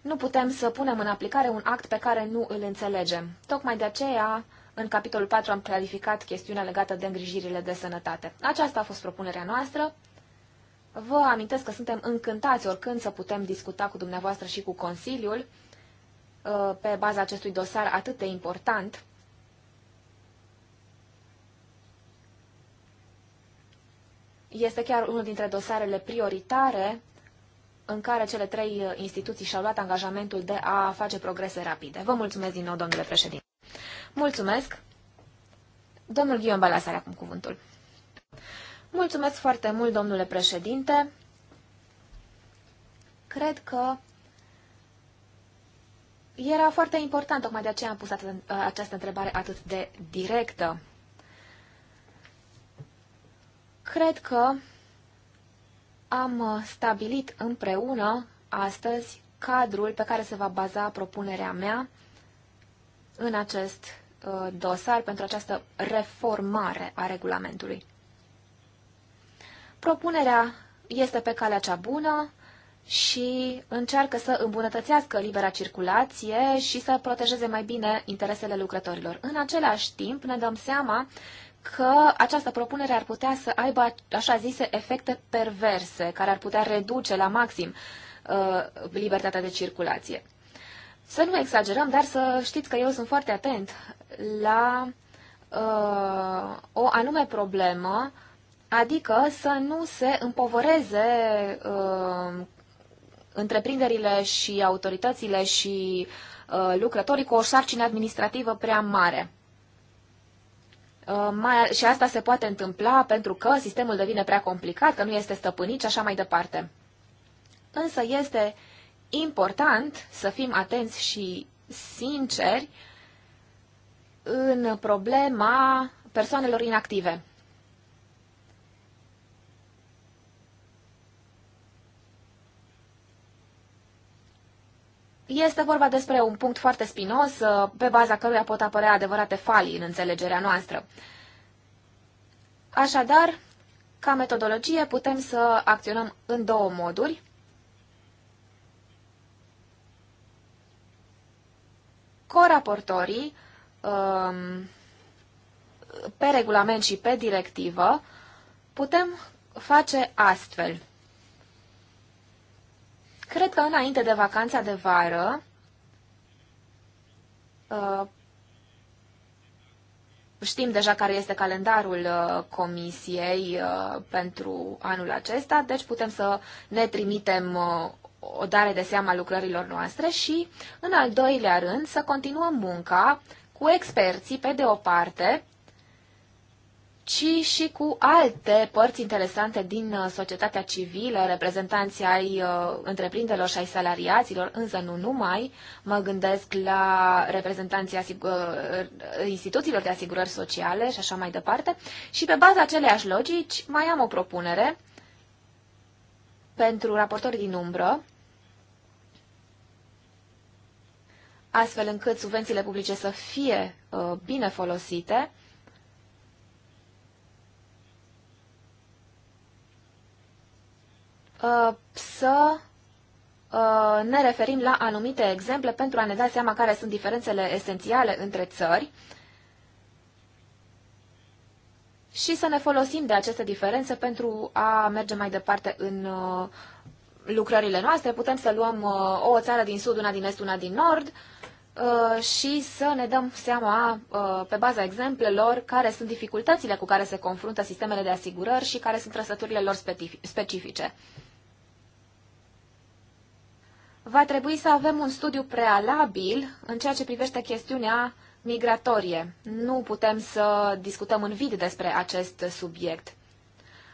Nu putem să punem în aplicare un act pe care nu îl înțelegem. Tocmai de aceea, în capitolul 4 am clarificat chestiunea legată de îngrijirile de sănătate. Aceasta a fost propunerea noastră. Vă amintesc că suntem încântați oricând să putem discuta cu dumneavoastră și cu Consiliul uh, pe baza acestui dosar atât de important. Este chiar unul dintre dosarele prioritare în care cele trei uh, instituții și-au luat angajamentul de a face progrese rapide. Vă mulțumesc din nou, domnule președinte. Mulțumesc. Domnul Ghion Balas acum cuvântul. Mulțumesc foarte mult, domnule președinte. Cred că era foarte important, tocmai de aceea am pus uh, această întrebare atât de directă. Cred că am stabilit împreună astăzi cadrul pe care se va baza propunerea mea în acest uh, dosar pentru această reformare a regulamentului. Propunerea este pe calea cea bună și încearcă să îmbunătățească libera circulație și să protejeze mai bine interesele lucrătorilor. În același timp, ne dăm seama că această propunere ar putea să aibă, așa zise, efecte perverse, care ar putea reduce la maxim uh, libertatea de circulație. Să nu exagerăm, dar să știți că eu sunt foarte atent la uh, o anume problemă uh, Adică să nu se împovăreze uh, întreprinderile și autoritățile și uh, lucrătorii cu o sarcină administrativă prea mare. Uh, mai, și asta se poate întâmpla pentru că sistemul devine prea complicat, că nu este stăpânit și așa mai departe. Însă este important să fim atenți și sinceri în problema persoanelor inactive. Este vorba despre un punct foarte spinos, uh, pe baza căruia pot apărea adevărate falii în înțelegerea noastră. Așadar, ca metodologie putem să acționăm în două moduri. Coraportorii, um, pe regulament și pe directivă, putem face astfel – Cred că înainte de vacanța de vară, uh, știm deja care este calendarul uh, comisiei uh, pentru anul acesta, deci putem să ne trimitem o dare de seama lucrărilor noastre și, în al doilea rând, să continuăm munca cu experții, pe de o parte, ci și cu alte părți interesante din uh, societatea civilă, reprezentanții ai uh, întreprinderilor și ai salariaților, însă nu numai. Mă gândesc la reprezentanții uh, instituțiilor de asigurări sociale și așa mai departe. Și pe baza aceleiași logici mai am o propunere pentru raportori din umbră, astfel încât subvențiile publice să fie uh, bine folosite Uh, să uh, ne referim la anumite exemple pentru a ne da seama care sunt diferențele esențiale între țări și să ne folosim de aceste diferențe pentru a merge mai departe în uh, lucrările noastre. Putem să luăm o țară din sud, una din est, una din nord și să ne dăm seama, pe baza exemplelor, care sunt dificultățile cu care se confruntă sistemele de asigurări și care sunt trăsăturile lor specifice va trebui să avem un studiu prealabil în ceea ce privește chestiunea migratorie. Nu putem să discutăm în vid despre acest subiect.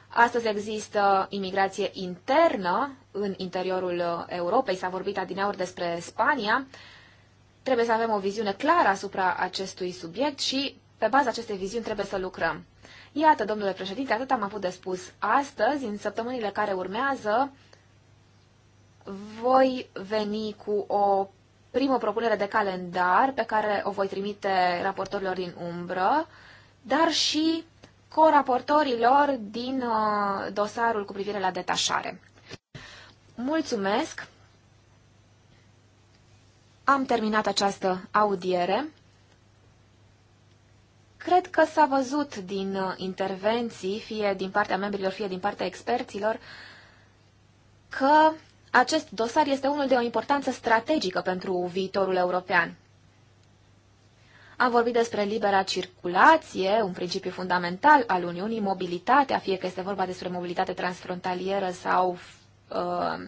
Astăzi există imigrație internă în interiorul Europei, s-a vorbit adineauri despre Spania. Trebuie să avem o viziune clară asupra acestui subiect și pe baza acestei viziuni trebuie să lucrăm. Iată, domnule președinte, atât am avut de spus astăzi, în săptămânile care urmează, voi veni cu o primă propunere de calendar pe care o voi trimite raportorilor din umbră, dar și coraportorilor din uh, dosarul cu privire la detașare. Mulțumesc! Am terminat această audiere. Cred că s-a văzut din uh, intervenții, fie din partea membrilor, fie din partea experților, că acest dosar este unul de o importanță strategică pentru viitorul european. Am vorbit despre libera circulație, un principiu fundamental al Uniunii, mobilitatea, fie că este vorba despre mobilitate transfrontalieră sau uh,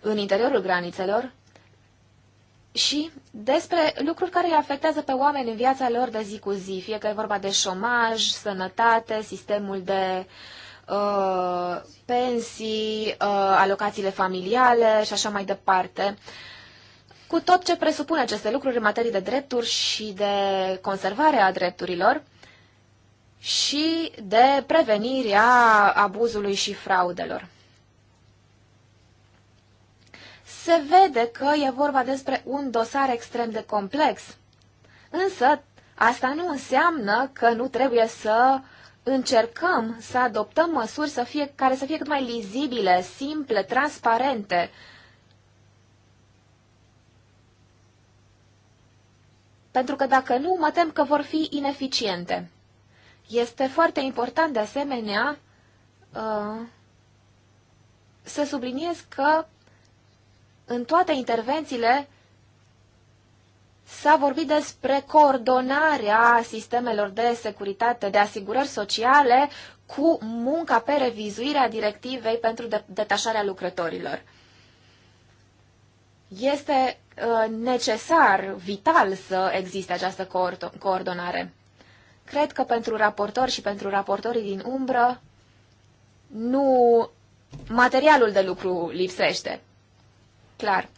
în interiorul granițelor, și despre lucruri care îi afectează pe oameni în viața lor de zi cu zi, fie că e vorba de șomaj, sănătate, sistemul de uh, Uh, pensii, uh, alocațiile familiale și așa mai departe, cu tot ce presupune aceste lucruri în materie de drepturi și de conservare a drepturilor și de prevenirea abuzului și fraudelor. Se vede că e vorba despre un dosar extrem de complex, însă asta nu înseamnă că nu trebuie să uh, încercăm să adoptăm măsuri să fie, care să fie cât mai lizibile, simple, transparente. Pentru că dacă nu, mă tem că vor fi ineficiente. Este foarte important, de asemenea, uh, să subliniez că în toate intervențiile S-a vorbit despre coordonarea sistemelor de securitate, de asigurări sociale cu munca pe revizuirea directivei pentru de- detașarea lucrătorilor. Este uh, necesar, vital să existe această coordonare. Cred că pentru raportori și pentru raportorii din umbră, nu materialul de lucru lipsește. Clar. Uh,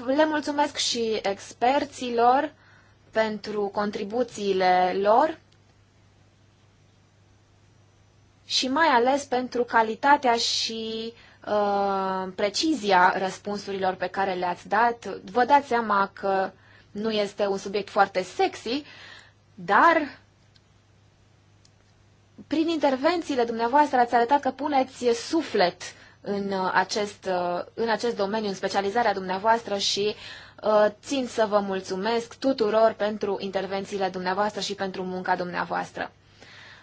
le mulțumesc și experților pentru contribuțiile lor și mai ales pentru calitatea și uh, precizia răspunsurilor pe care le-ați dat. Vă dați seama că nu este un subiect foarte sexy, dar prin intervențiile dumneavoastră ați arătat că puneți suflet în uh, acest, uh, în acest domeniu, în specializarea dumneavoastră și uh, țin să vă mulțumesc tuturor pentru intervențiile dumneavoastră și pentru munca dumneavoastră.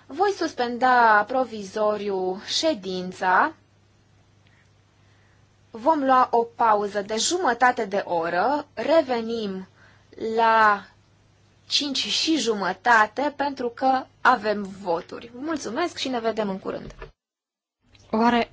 Voi suspenda provizoriu ședința. Vom lua o pauză de jumătate de oră, revenim la 5 și jumătate pentru că avem voturi. Mulțumesc și ne vedem în curând. Oare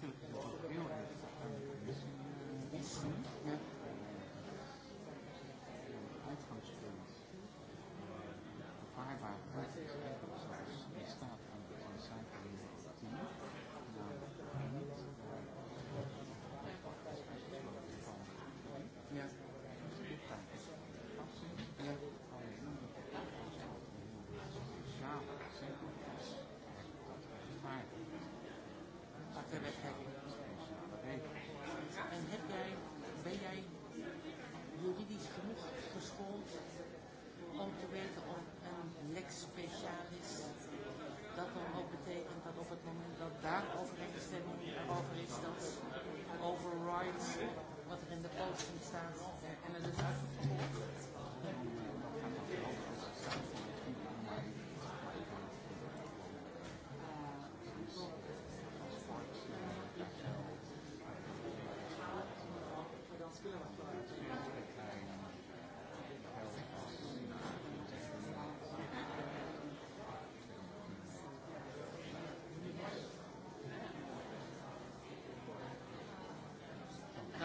Thank you.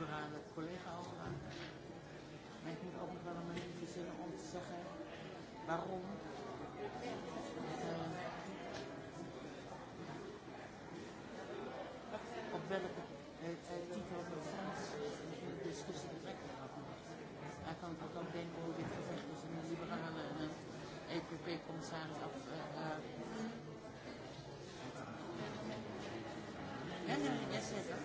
liberale collega al gedaan. Maar ik moet ook nog wel een manier verzinnen om te zeggen waarom. Uh, op welke titel Frans in de discussie betrekking Daar kan ik ook aan denken hoe dit gezegd is liberale en EPP-commissaris eh, Uh, eh, uh, ja, ja,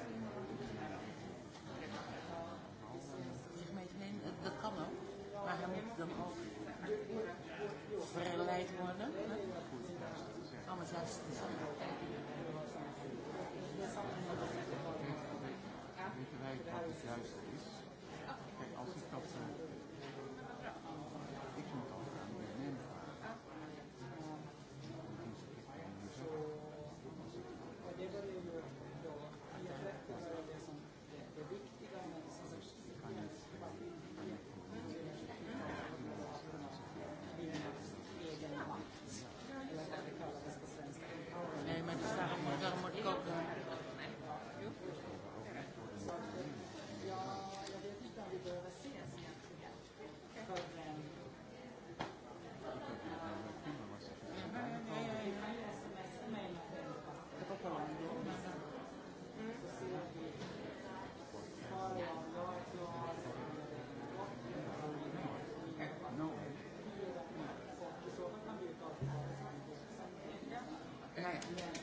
Amen. Yeah.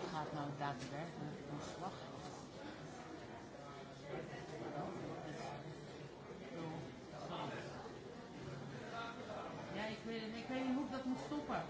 wat gaat nou daadwerkelijk een slag? Ja, ik weet, ik weet niet hoe ik dat moet stoppen.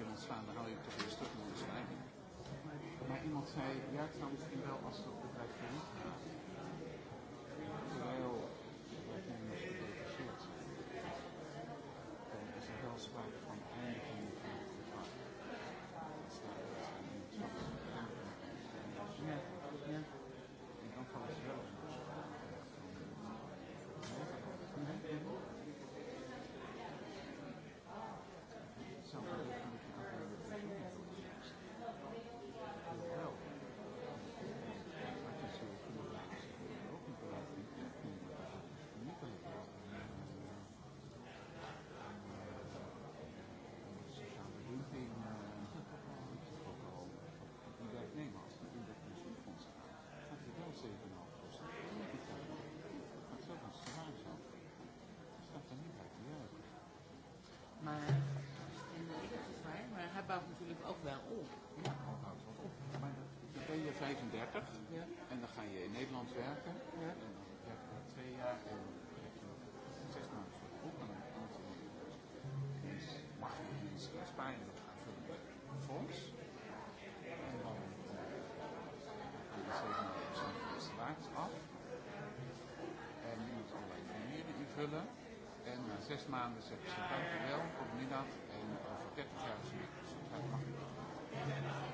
in ontstaan, dan haal je toch weer een stuk meer beschrijving. Maar iemand zei, ja, het zou misschien wel als het op de bedrijf niet gaat. Terwijl werknemers gedetacheerd zijn. Dan is er wel sprake 35 ja. en dan ga je in Nederland werken. Ja. En dan werk je twee jaar en dan krijg je zes maanden voor de boek. En dan mag je in Spanje nog gaan voor een fonds. En dan ga eh, je 37% van de salaris af. En je moet allerlei formulieren invullen. En na zes maanden zeggen ze dankjewel, goedemiddag. En over 30 jaar is het weer. Dus dat mag niet.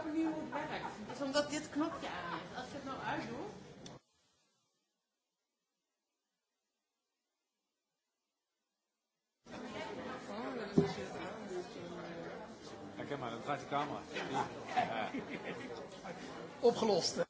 snap niet hoe het werkt. Het is omdat dit knopje aan is. Als je het nou uitdoe... Ja, kijk maar, dan draait de camera. Ja. Opgelost.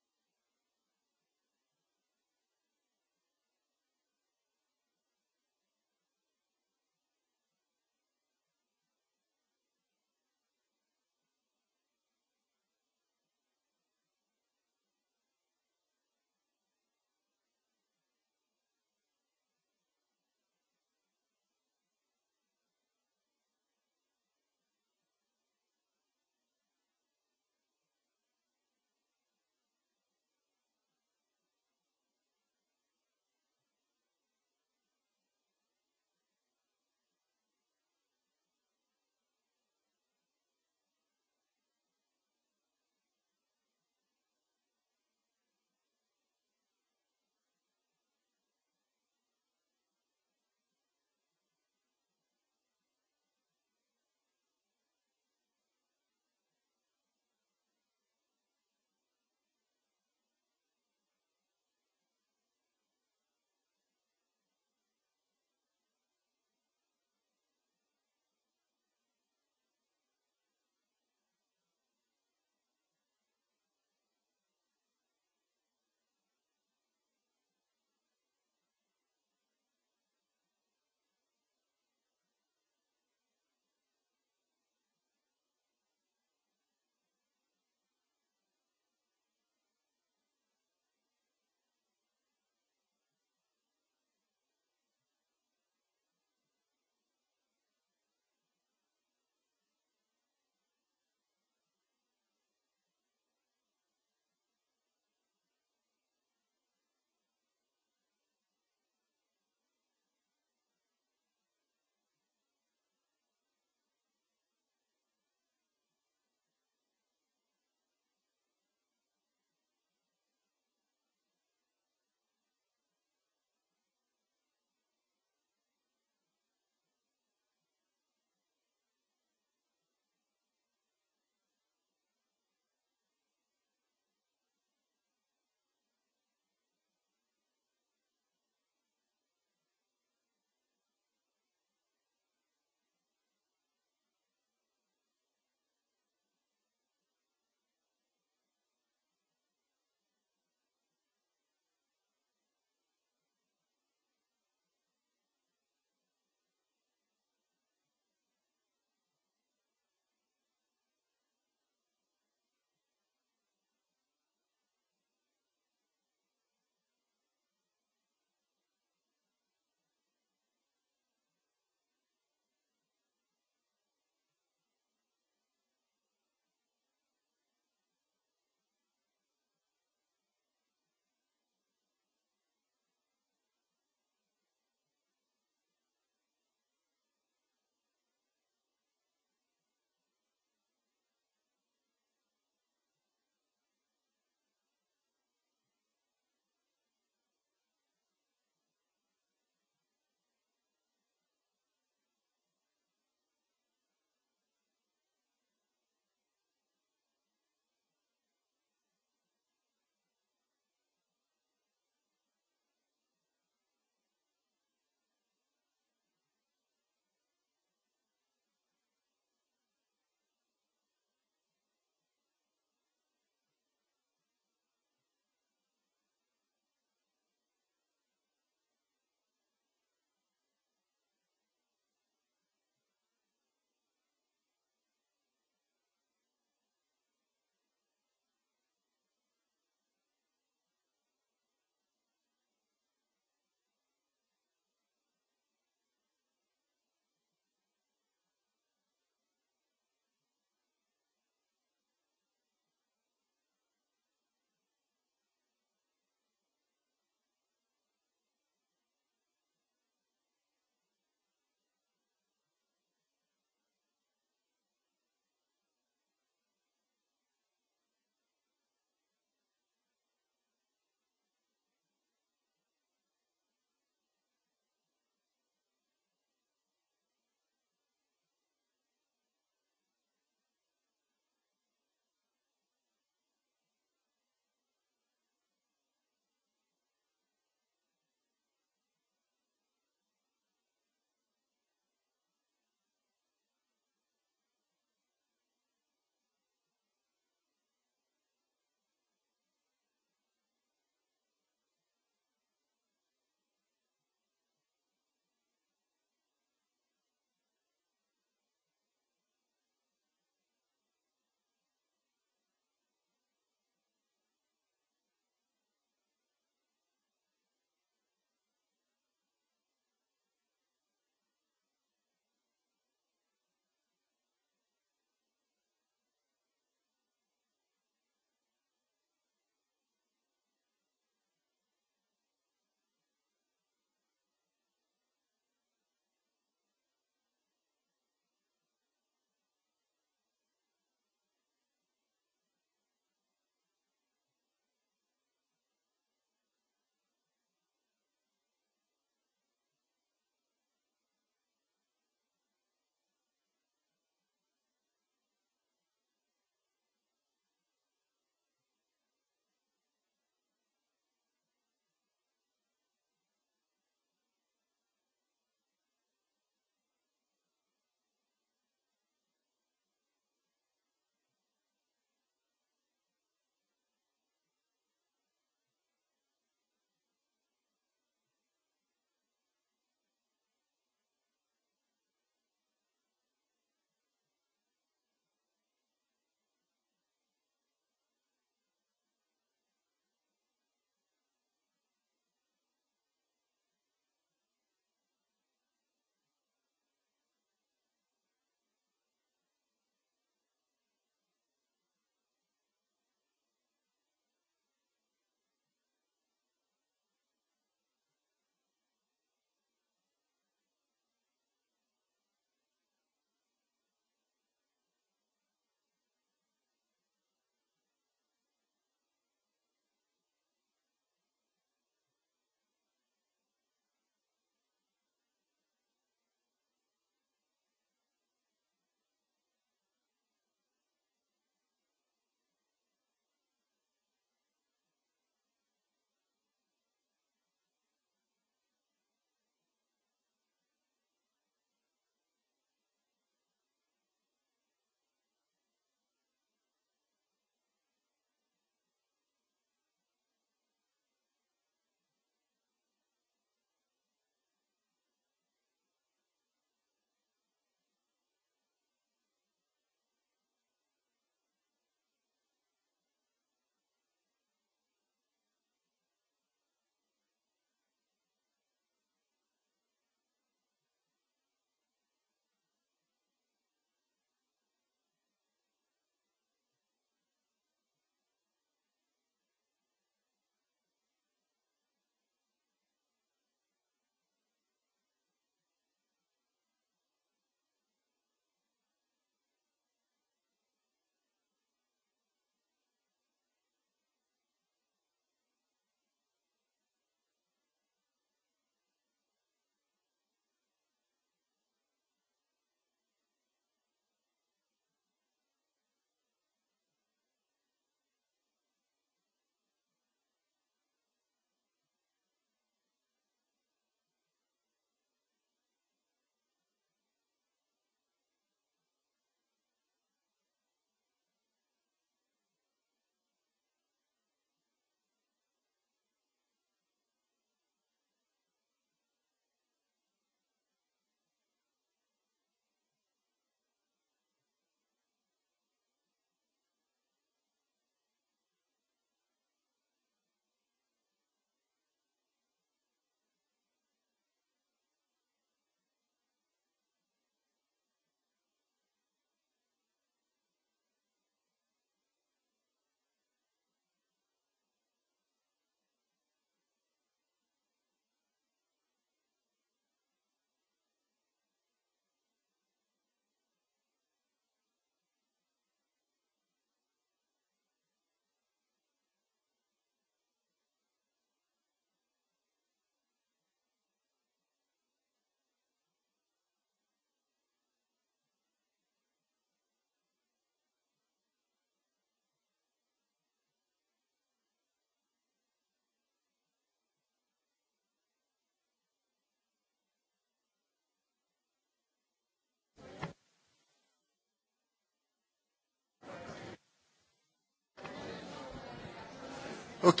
Ok.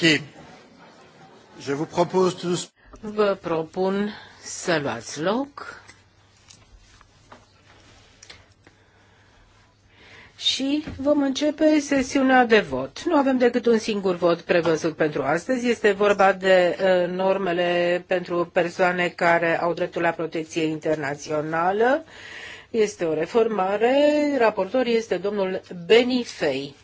Je vous propose tous... Vă propun să luați loc. Și vom începe sesiunea de vot. Nu avem decât un singur vot prevăzut pentru astăzi. Este vorba de uh, normele pentru persoane care au dreptul la protecție internațională. Este o reformare. Raportor este domnul Benifei.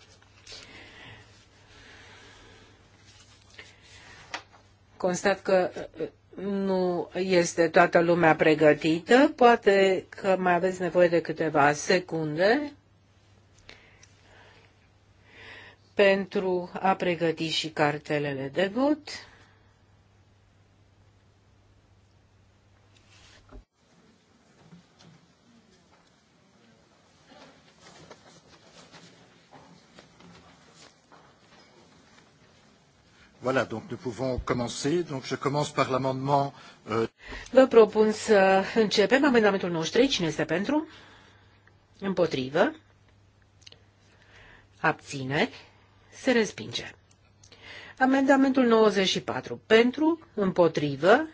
constat că uh, nu este toată lumea pregătită. Poate că mai aveți nevoie de câteva secunde pentru a pregăti și cartelele de vot. Voilà, donc nous pouvons commencer. Donc je commence par l'amendement. Euh, Vă propun să începem amendamentul 93. Cine este pentru? Împotrivă? Abține. Se respinge. Amendamentul 94. Pentru? Împotrivă?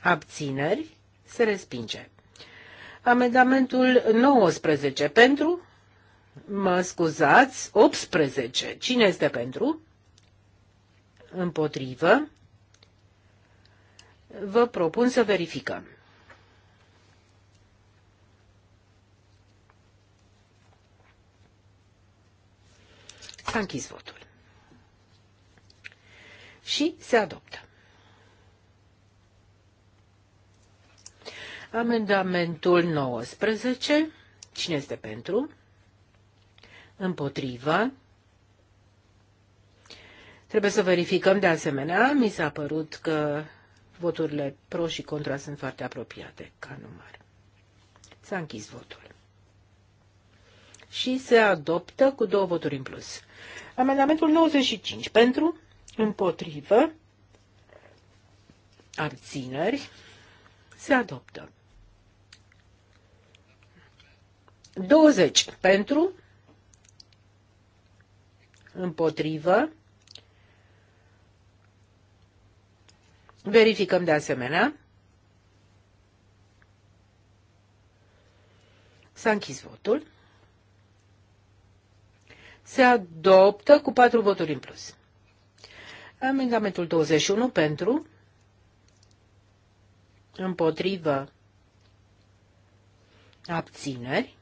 Abțineri? Se respinge. Amendamentul 19. Pentru? Mă scuzați, 18. Cine este pentru? Împotrivă. Vă propun să verificăm. S-a închis votul. Și se adoptă. Amendamentul 19. Cine este pentru? Împotrivă. Trebuie să verificăm de asemenea. Mi s-a părut că voturile pro și contra sunt foarte apropiate ca număr. S-a închis votul. Și se adoptă cu două voturi în plus. Amendamentul 95 pentru, împotrivă, abțineri, se adoptă. 20 pentru, împotrivă, Verificăm de asemenea. S-a închis votul. Se adoptă cu 4 voturi în plus. Amendamentul 21 pentru, împotrivă, abțineri,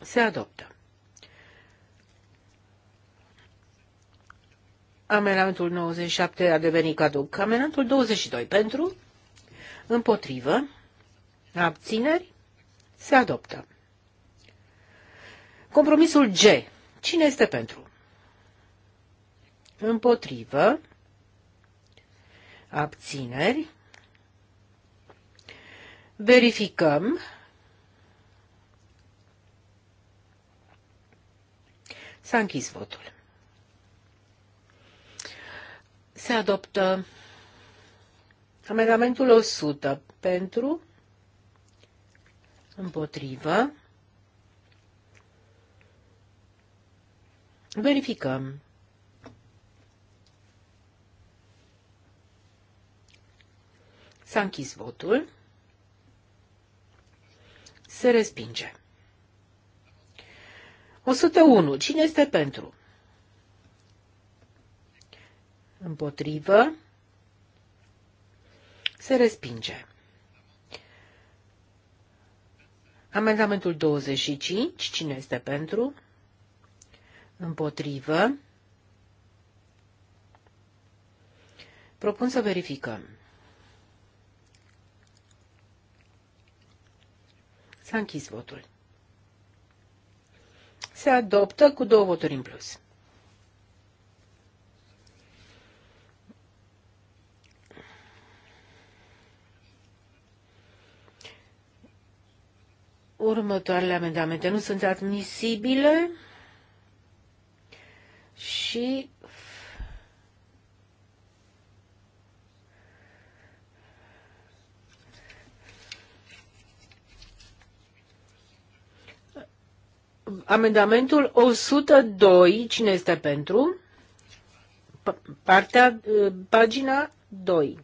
se adoptă. Amendamentul 97 a devenit caduc. Amendamentul 22 pentru, împotrivă, abțineri, se adoptă. Compromisul G. Cine este pentru? Împotrivă, abțineri, verificăm S-a închis votul. Se adoptă amendamentul 100 pentru, împotrivă. Verificăm. S-a închis votul. Se respinge. 101. Cine este pentru? Împotrivă. Se respinge. Amendamentul 25. Cine este pentru? Împotrivă. Propun să verificăm. S-a închis votul. Se adoptă cu două voturi în plus. următoarele amendamente nu sunt admisibile și Amendamentul 102, cine este pentru? partea, eh, pagina 2.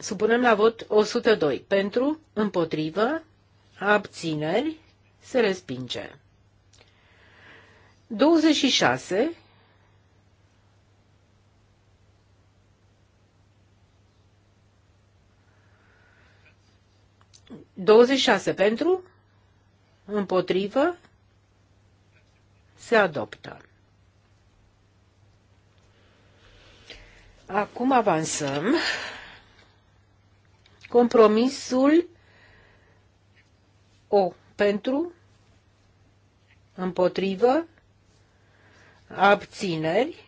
Supunem la vot 102. Pentru, împotrivă, abțineri, se respinge. 26. Douăzeci șase pentru, împotrivă, se adoptă. Acum avansăm Compromisul O pentru, împotrivă, abțineri,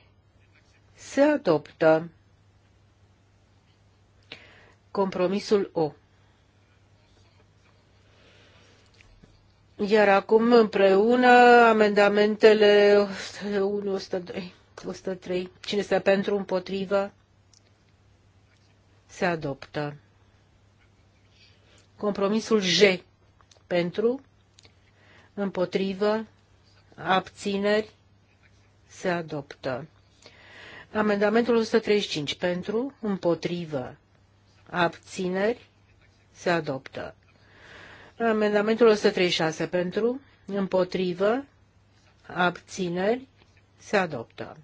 se adoptă. Compromisul O. Iar acum împreună amendamentele 1, 102, 103. Cine este pentru, împotrivă, se adoptă. Compromisul J pentru, împotrivă, abțineri, se adoptă. Amendamentul 135 pentru, împotrivă, abțineri, se adoptă. Amendamentul 136 pentru, împotrivă, abțineri, se adoptă.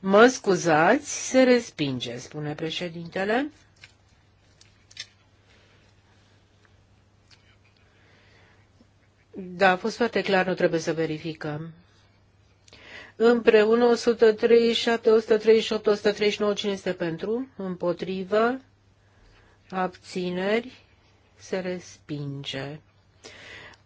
Mă scuzați, se respinge, spune președintele. Da, a fost foarte clar, nu trebuie să verificăm. Împreună 137, 138, 139, cine este pentru? Împotrivă? Abțineri? Se respinge.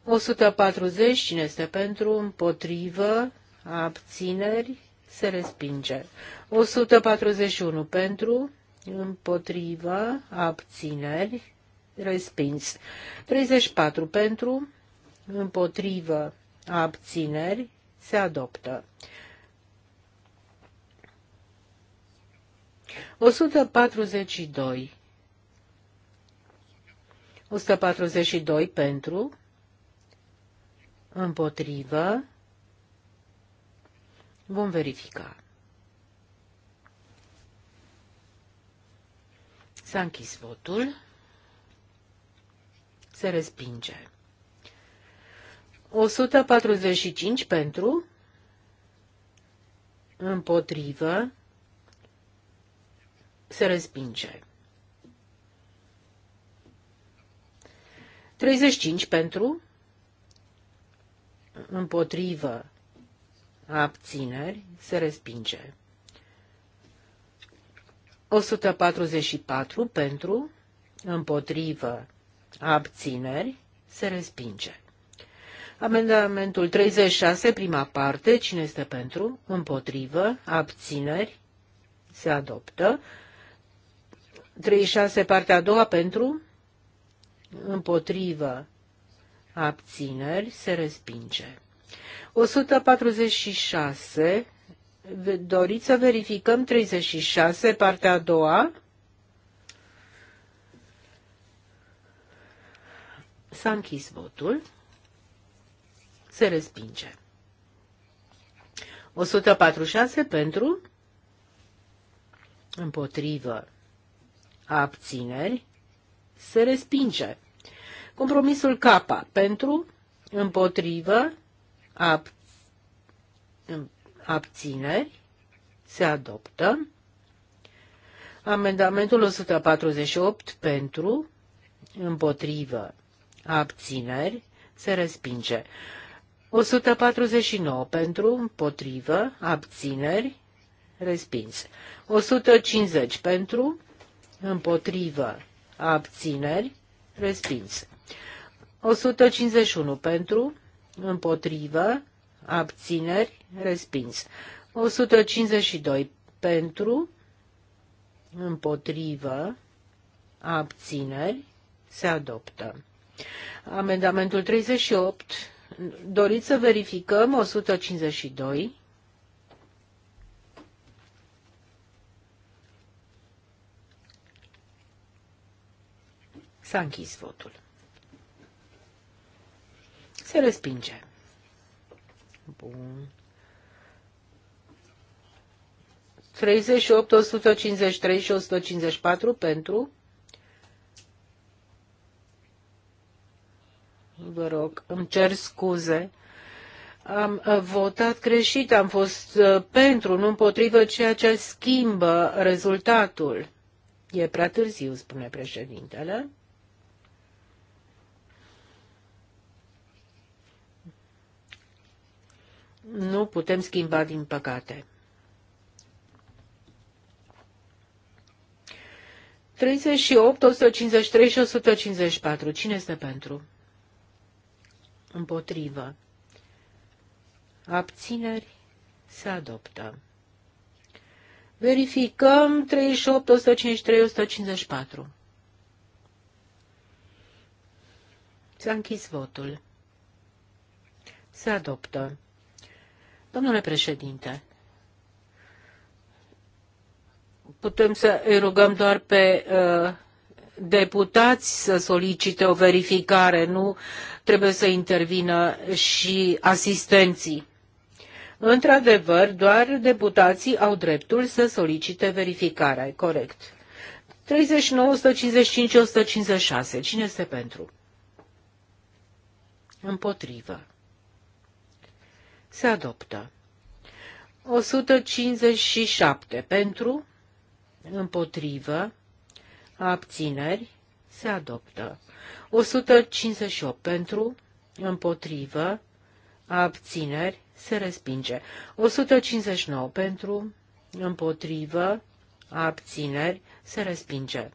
140, cine este pentru? Împotrivă? Abțineri? Se respinge. 141 pentru? Împotrivă? Abțineri? Respins. 34 pentru? împotrivă, abțineri, se adoptă. 142. 142 pentru, împotrivă, vom verifica. S-a închis votul, se respinge. 145 pentru, împotrivă, se respinge. 35 pentru, împotrivă, abțineri, se respinge. 144 pentru, împotrivă, abțineri, se respinge. Amendamentul 36, prima parte, cine este pentru, împotrivă, abțineri, se adoptă. 36, partea a doua, pentru, împotrivă, abțineri, se respinge. 146, doriți să verificăm 36, partea a doua? S-a închis votul se respinge. 146 pentru, împotrivă, abțineri, se respinge. Compromisul K pentru, împotrivă, ab, abțineri, se adoptă. Amendamentul 148 pentru, împotrivă, abțineri, se respinge. 149 pentru, împotrivă, abțineri, respins. 150 pentru, împotrivă, abțineri, respins. 151 pentru, împotrivă, abțineri, respins. 152 pentru, împotrivă, abțineri, se adoptă. Amendamentul 38 Doriți să verificăm 152? S-a închis votul. Se respinge. Bun. 38, 153 și 154 pentru Vă rog, îmi cer scuze. Am uh, votat greșit, am fost uh, pentru, nu împotrivă ceea ce schimbă rezultatul. E prea târziu, spune președintele. Nu putem schimba, din păcate. 38, 153 și 154. Cine este pentru? Împotrivă. Abțineri. Se adoptă. Verificăm 38, 153, 154. S-a închis votul. Se adoptă. Domnule președinte, putem să îi rugăm doar pe uh, deputați să solicite o verificare, nu trebuie să intervină și asistenții. Într-adevăr, doar deputații au dreptul să solicite verificarea, e corect. 39, 155, 156. Cine este pentru? Împotrivă. Se adoptă. 157. Pentru? Împotrivă abțineri, se adoptă. 158 pentru, împotrivă, abțineri, se respinge. 159 pentru, împotrivă, abțineri, se respinge.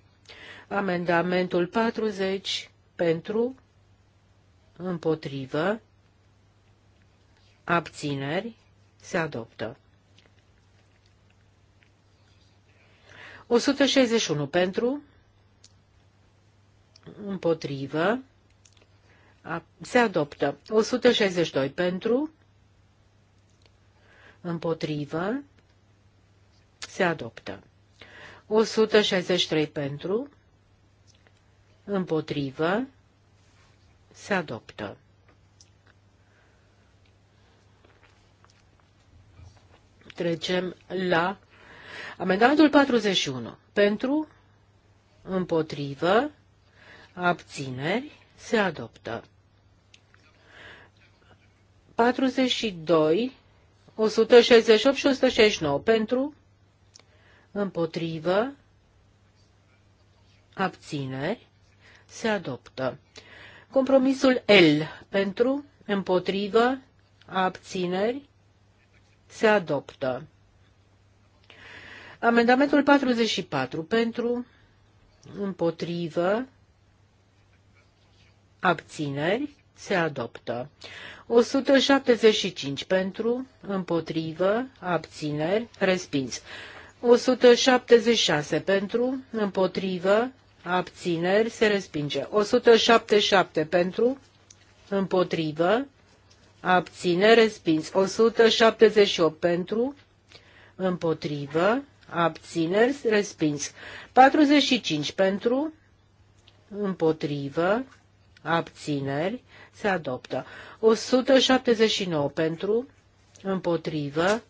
Amendamentul 40 pentru, împotrivă, abțineri, se adoptă. 161 pentru, împotrivă, se adoptă 162 pentru, împotrivă, se adoptă 163 pentru, împotrivă, se adoptă. Trecem la amendamentul 41. Pentru, împotrivă, abțineri, se adoptă. 42, 168 și 169 pentru, împotrivă, abțineri, se adoptă. Compromisul L pentru, împotrivă, abțineri, se adoptă. Amendamentul 44 pentru, împotrivă, abțineri, se adoptă. 175 pentru, împotrivă, abțineri, respins. 176 pentru, împotrivă, abțineri, se respinge. 177 pentru, împotrivă, abțineri, respins. 178 pentru, împotrivă, abțineri, respins. 45 pentru, împotrivă, abțineri, se adoptă. 179 pentru, împotrivă,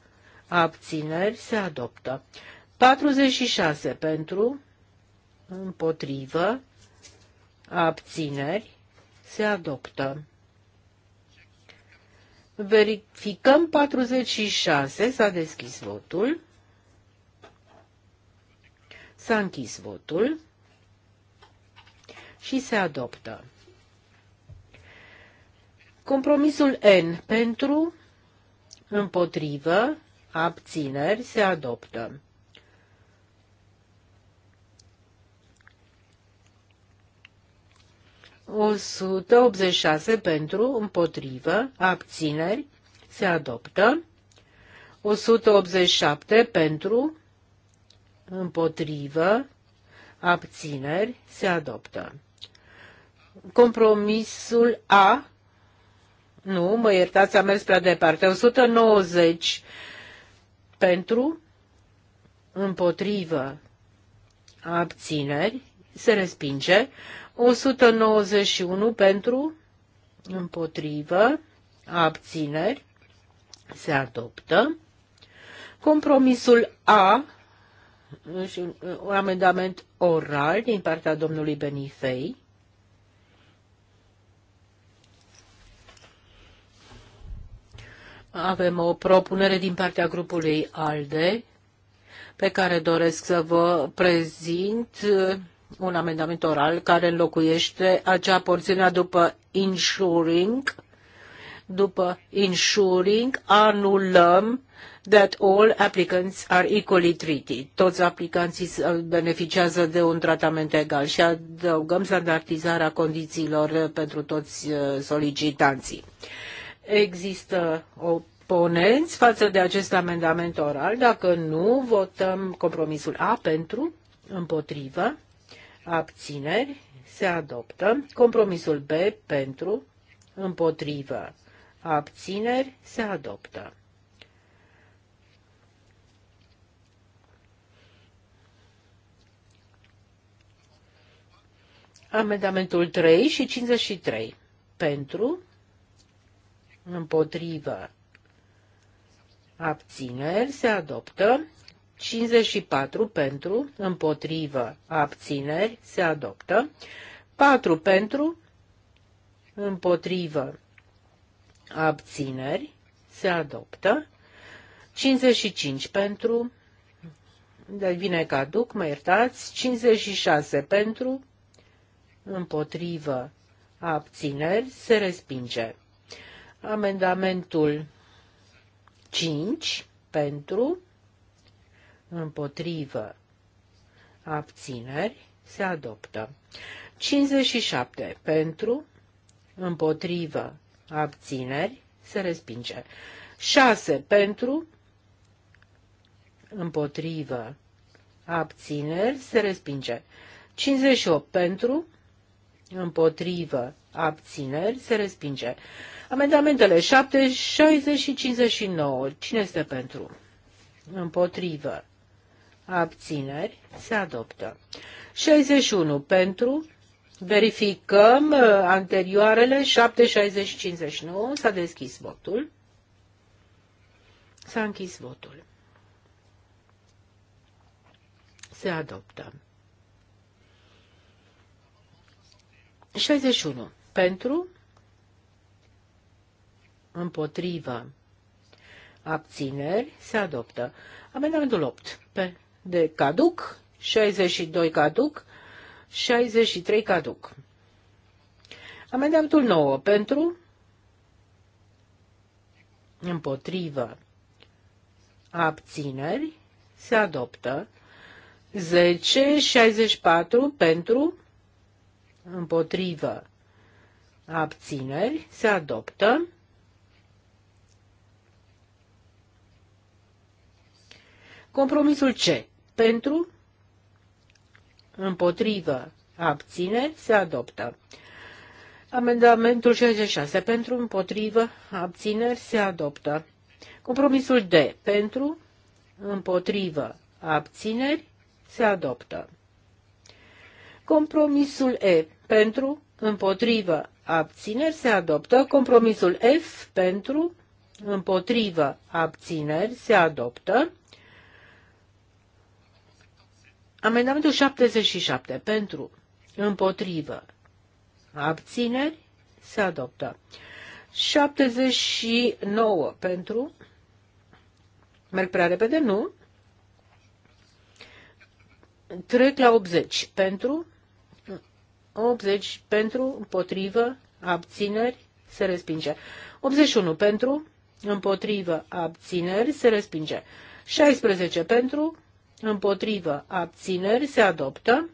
abțineri, se adoptă. 46 pentru, împotrivă, abțineri, se adoptă. Verificăm 46, s-a deschis votul. S-a închis votul și se adoptă. Compromisul N pentru, împotrivă, abțineri se adoptă. O 186 pentru, împotrivă, abțineri, se adoptă. 187 pentru, împotrivă, abțineri, se adoptă. Compromisul A nu, mă iertați, am mers prea departe. 190 pentru, împotrivă, abțineri, se respinge. 191 pentru, împotrivă, abțineri, se adoptă. Compromisul A și un amendament oral din partea domnului Benifei. Avem o propunere din partea grupului ALDE pe care doresc să vă prezint uh, un amendament oral care înlocuiește acea porțiune după insuring, după insuring anulăm that all applicants are equally treated. Toți aplicanții uh, beneficiază de un tratament egal și adăugăm standardizarea condițiilor uh, pentru toți solicitanții. Există oponenți față de acest amendament oral? Dacă nu, votăm compromisul A pentru, împotrivă, abțineri, se adoptă. Compromisul B pentru, împotrivă, abțineri, se adoptă. Amendamentul 3 și 53. Pentru, împotrivă, abțineri, se adoptă. 54 pentru, împotrivă, abțineri, se adoptă. 4 pentru, împotrivă, abțineri, se adoptă. 55 pentru, deci vine caduc, mă iertați, 56 pentru, împotrivă, abțineri, se respinge. Amendamentul 5 pentru, împotrivă, abțineri, se adoptă. 57 pentru, împotrivă, abțineri, se respinge. 6 pentru, împotrivă, abțineri, se respinge. 58 pentru, împotrivă, abțineri, se respinge. Amendamentele 7, 60 și 59. Cine este pentru? Împotrivă. Abțineri. Se adoptă. 61 pentru. Verificăm uh, anterioarele 7, 60 și 59. S-a deschis votul. S-a închis votul. Se adoptă. 61. Pentru, împotrivă, abțineri, se adoptă. Amendamentul 8, pe, de caduc, 62 caduc, 63 caduc. Amendamentul 9, pentru, împotrivă, abțineri, se adoptă. 10, 64 pentru, împotrivă, abțineri, se adoptă. Compromisul C. Pentru, împotrivă, abțineri, se adoptă. Amendamentul 66. Pentru, împotrivă, abțineri, se adoptă. Compromisul D. Pentru, împotrivă, abțineri, se adoptă. Compromisul E. Pentru, împotrivă, abțineri, se adoptă. Compromisul F. Pentru, împotrivă, abțineri, se adoptă. Amendamentul 77 pentru, împotrivă, abțineri, se adoptă. 79 pentru, merg prea repede, nu, trec la 80 pentru, 80 pentru, împotrivă, abțineri, se respinge. 81 pentru, împotrivă, abțineri, se respinge. 16 pentru, împotrivă, abțineri, se adoptă.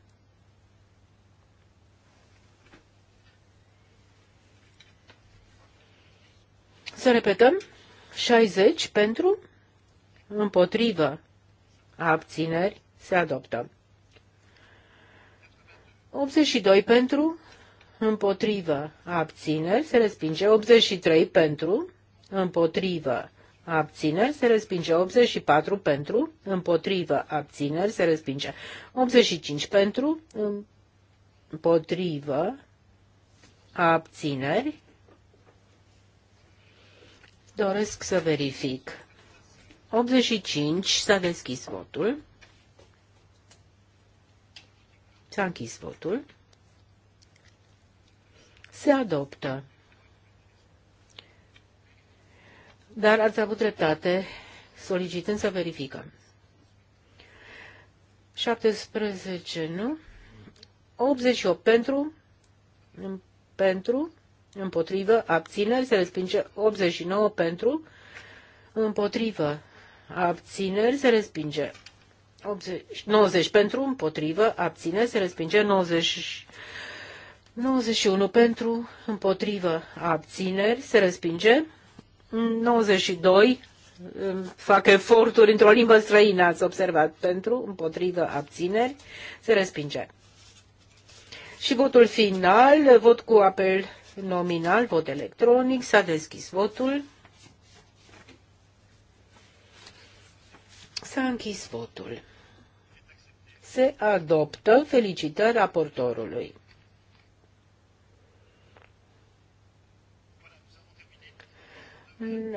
Să repetăm, 60 pentru, împotrivă, abțineri, se adoptă. 82 pentru, împotrivă, abțineri, se respinge. 83 pentru, împotrivă, abțineri se respinge, 84 pentru, împotrivă, abțineri se respinge, 85 pentru, împotrivă, abțineri. Doresc să verific. 85 s-a deschis votul. S-a închis votul. Se adoptă. dar ați avut dreptate solicitând să verificăm. 17, nu? 88 pentru, pentru, împotrivă, abțineri, se respinge 89 pentru, împotrivă, abțineri, se respinge 80, 90 pentru, împotrivă, abțineri, se respinge 90, 91 pentru, împotrivă, abțineri, se respinge 92 fac eforturi într-o limbă străină, ați observat, pentru, împotrivă, abțineri, se respinge. Și votul final, vot cu apel nominal, vot electronic, s-a deschis votul. S-a închis votul. Se adoptă. Felicitări raportorului.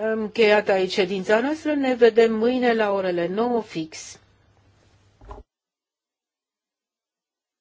Am încheiat aici ședința noastră. Ne vedem mâine la orele 9 fix.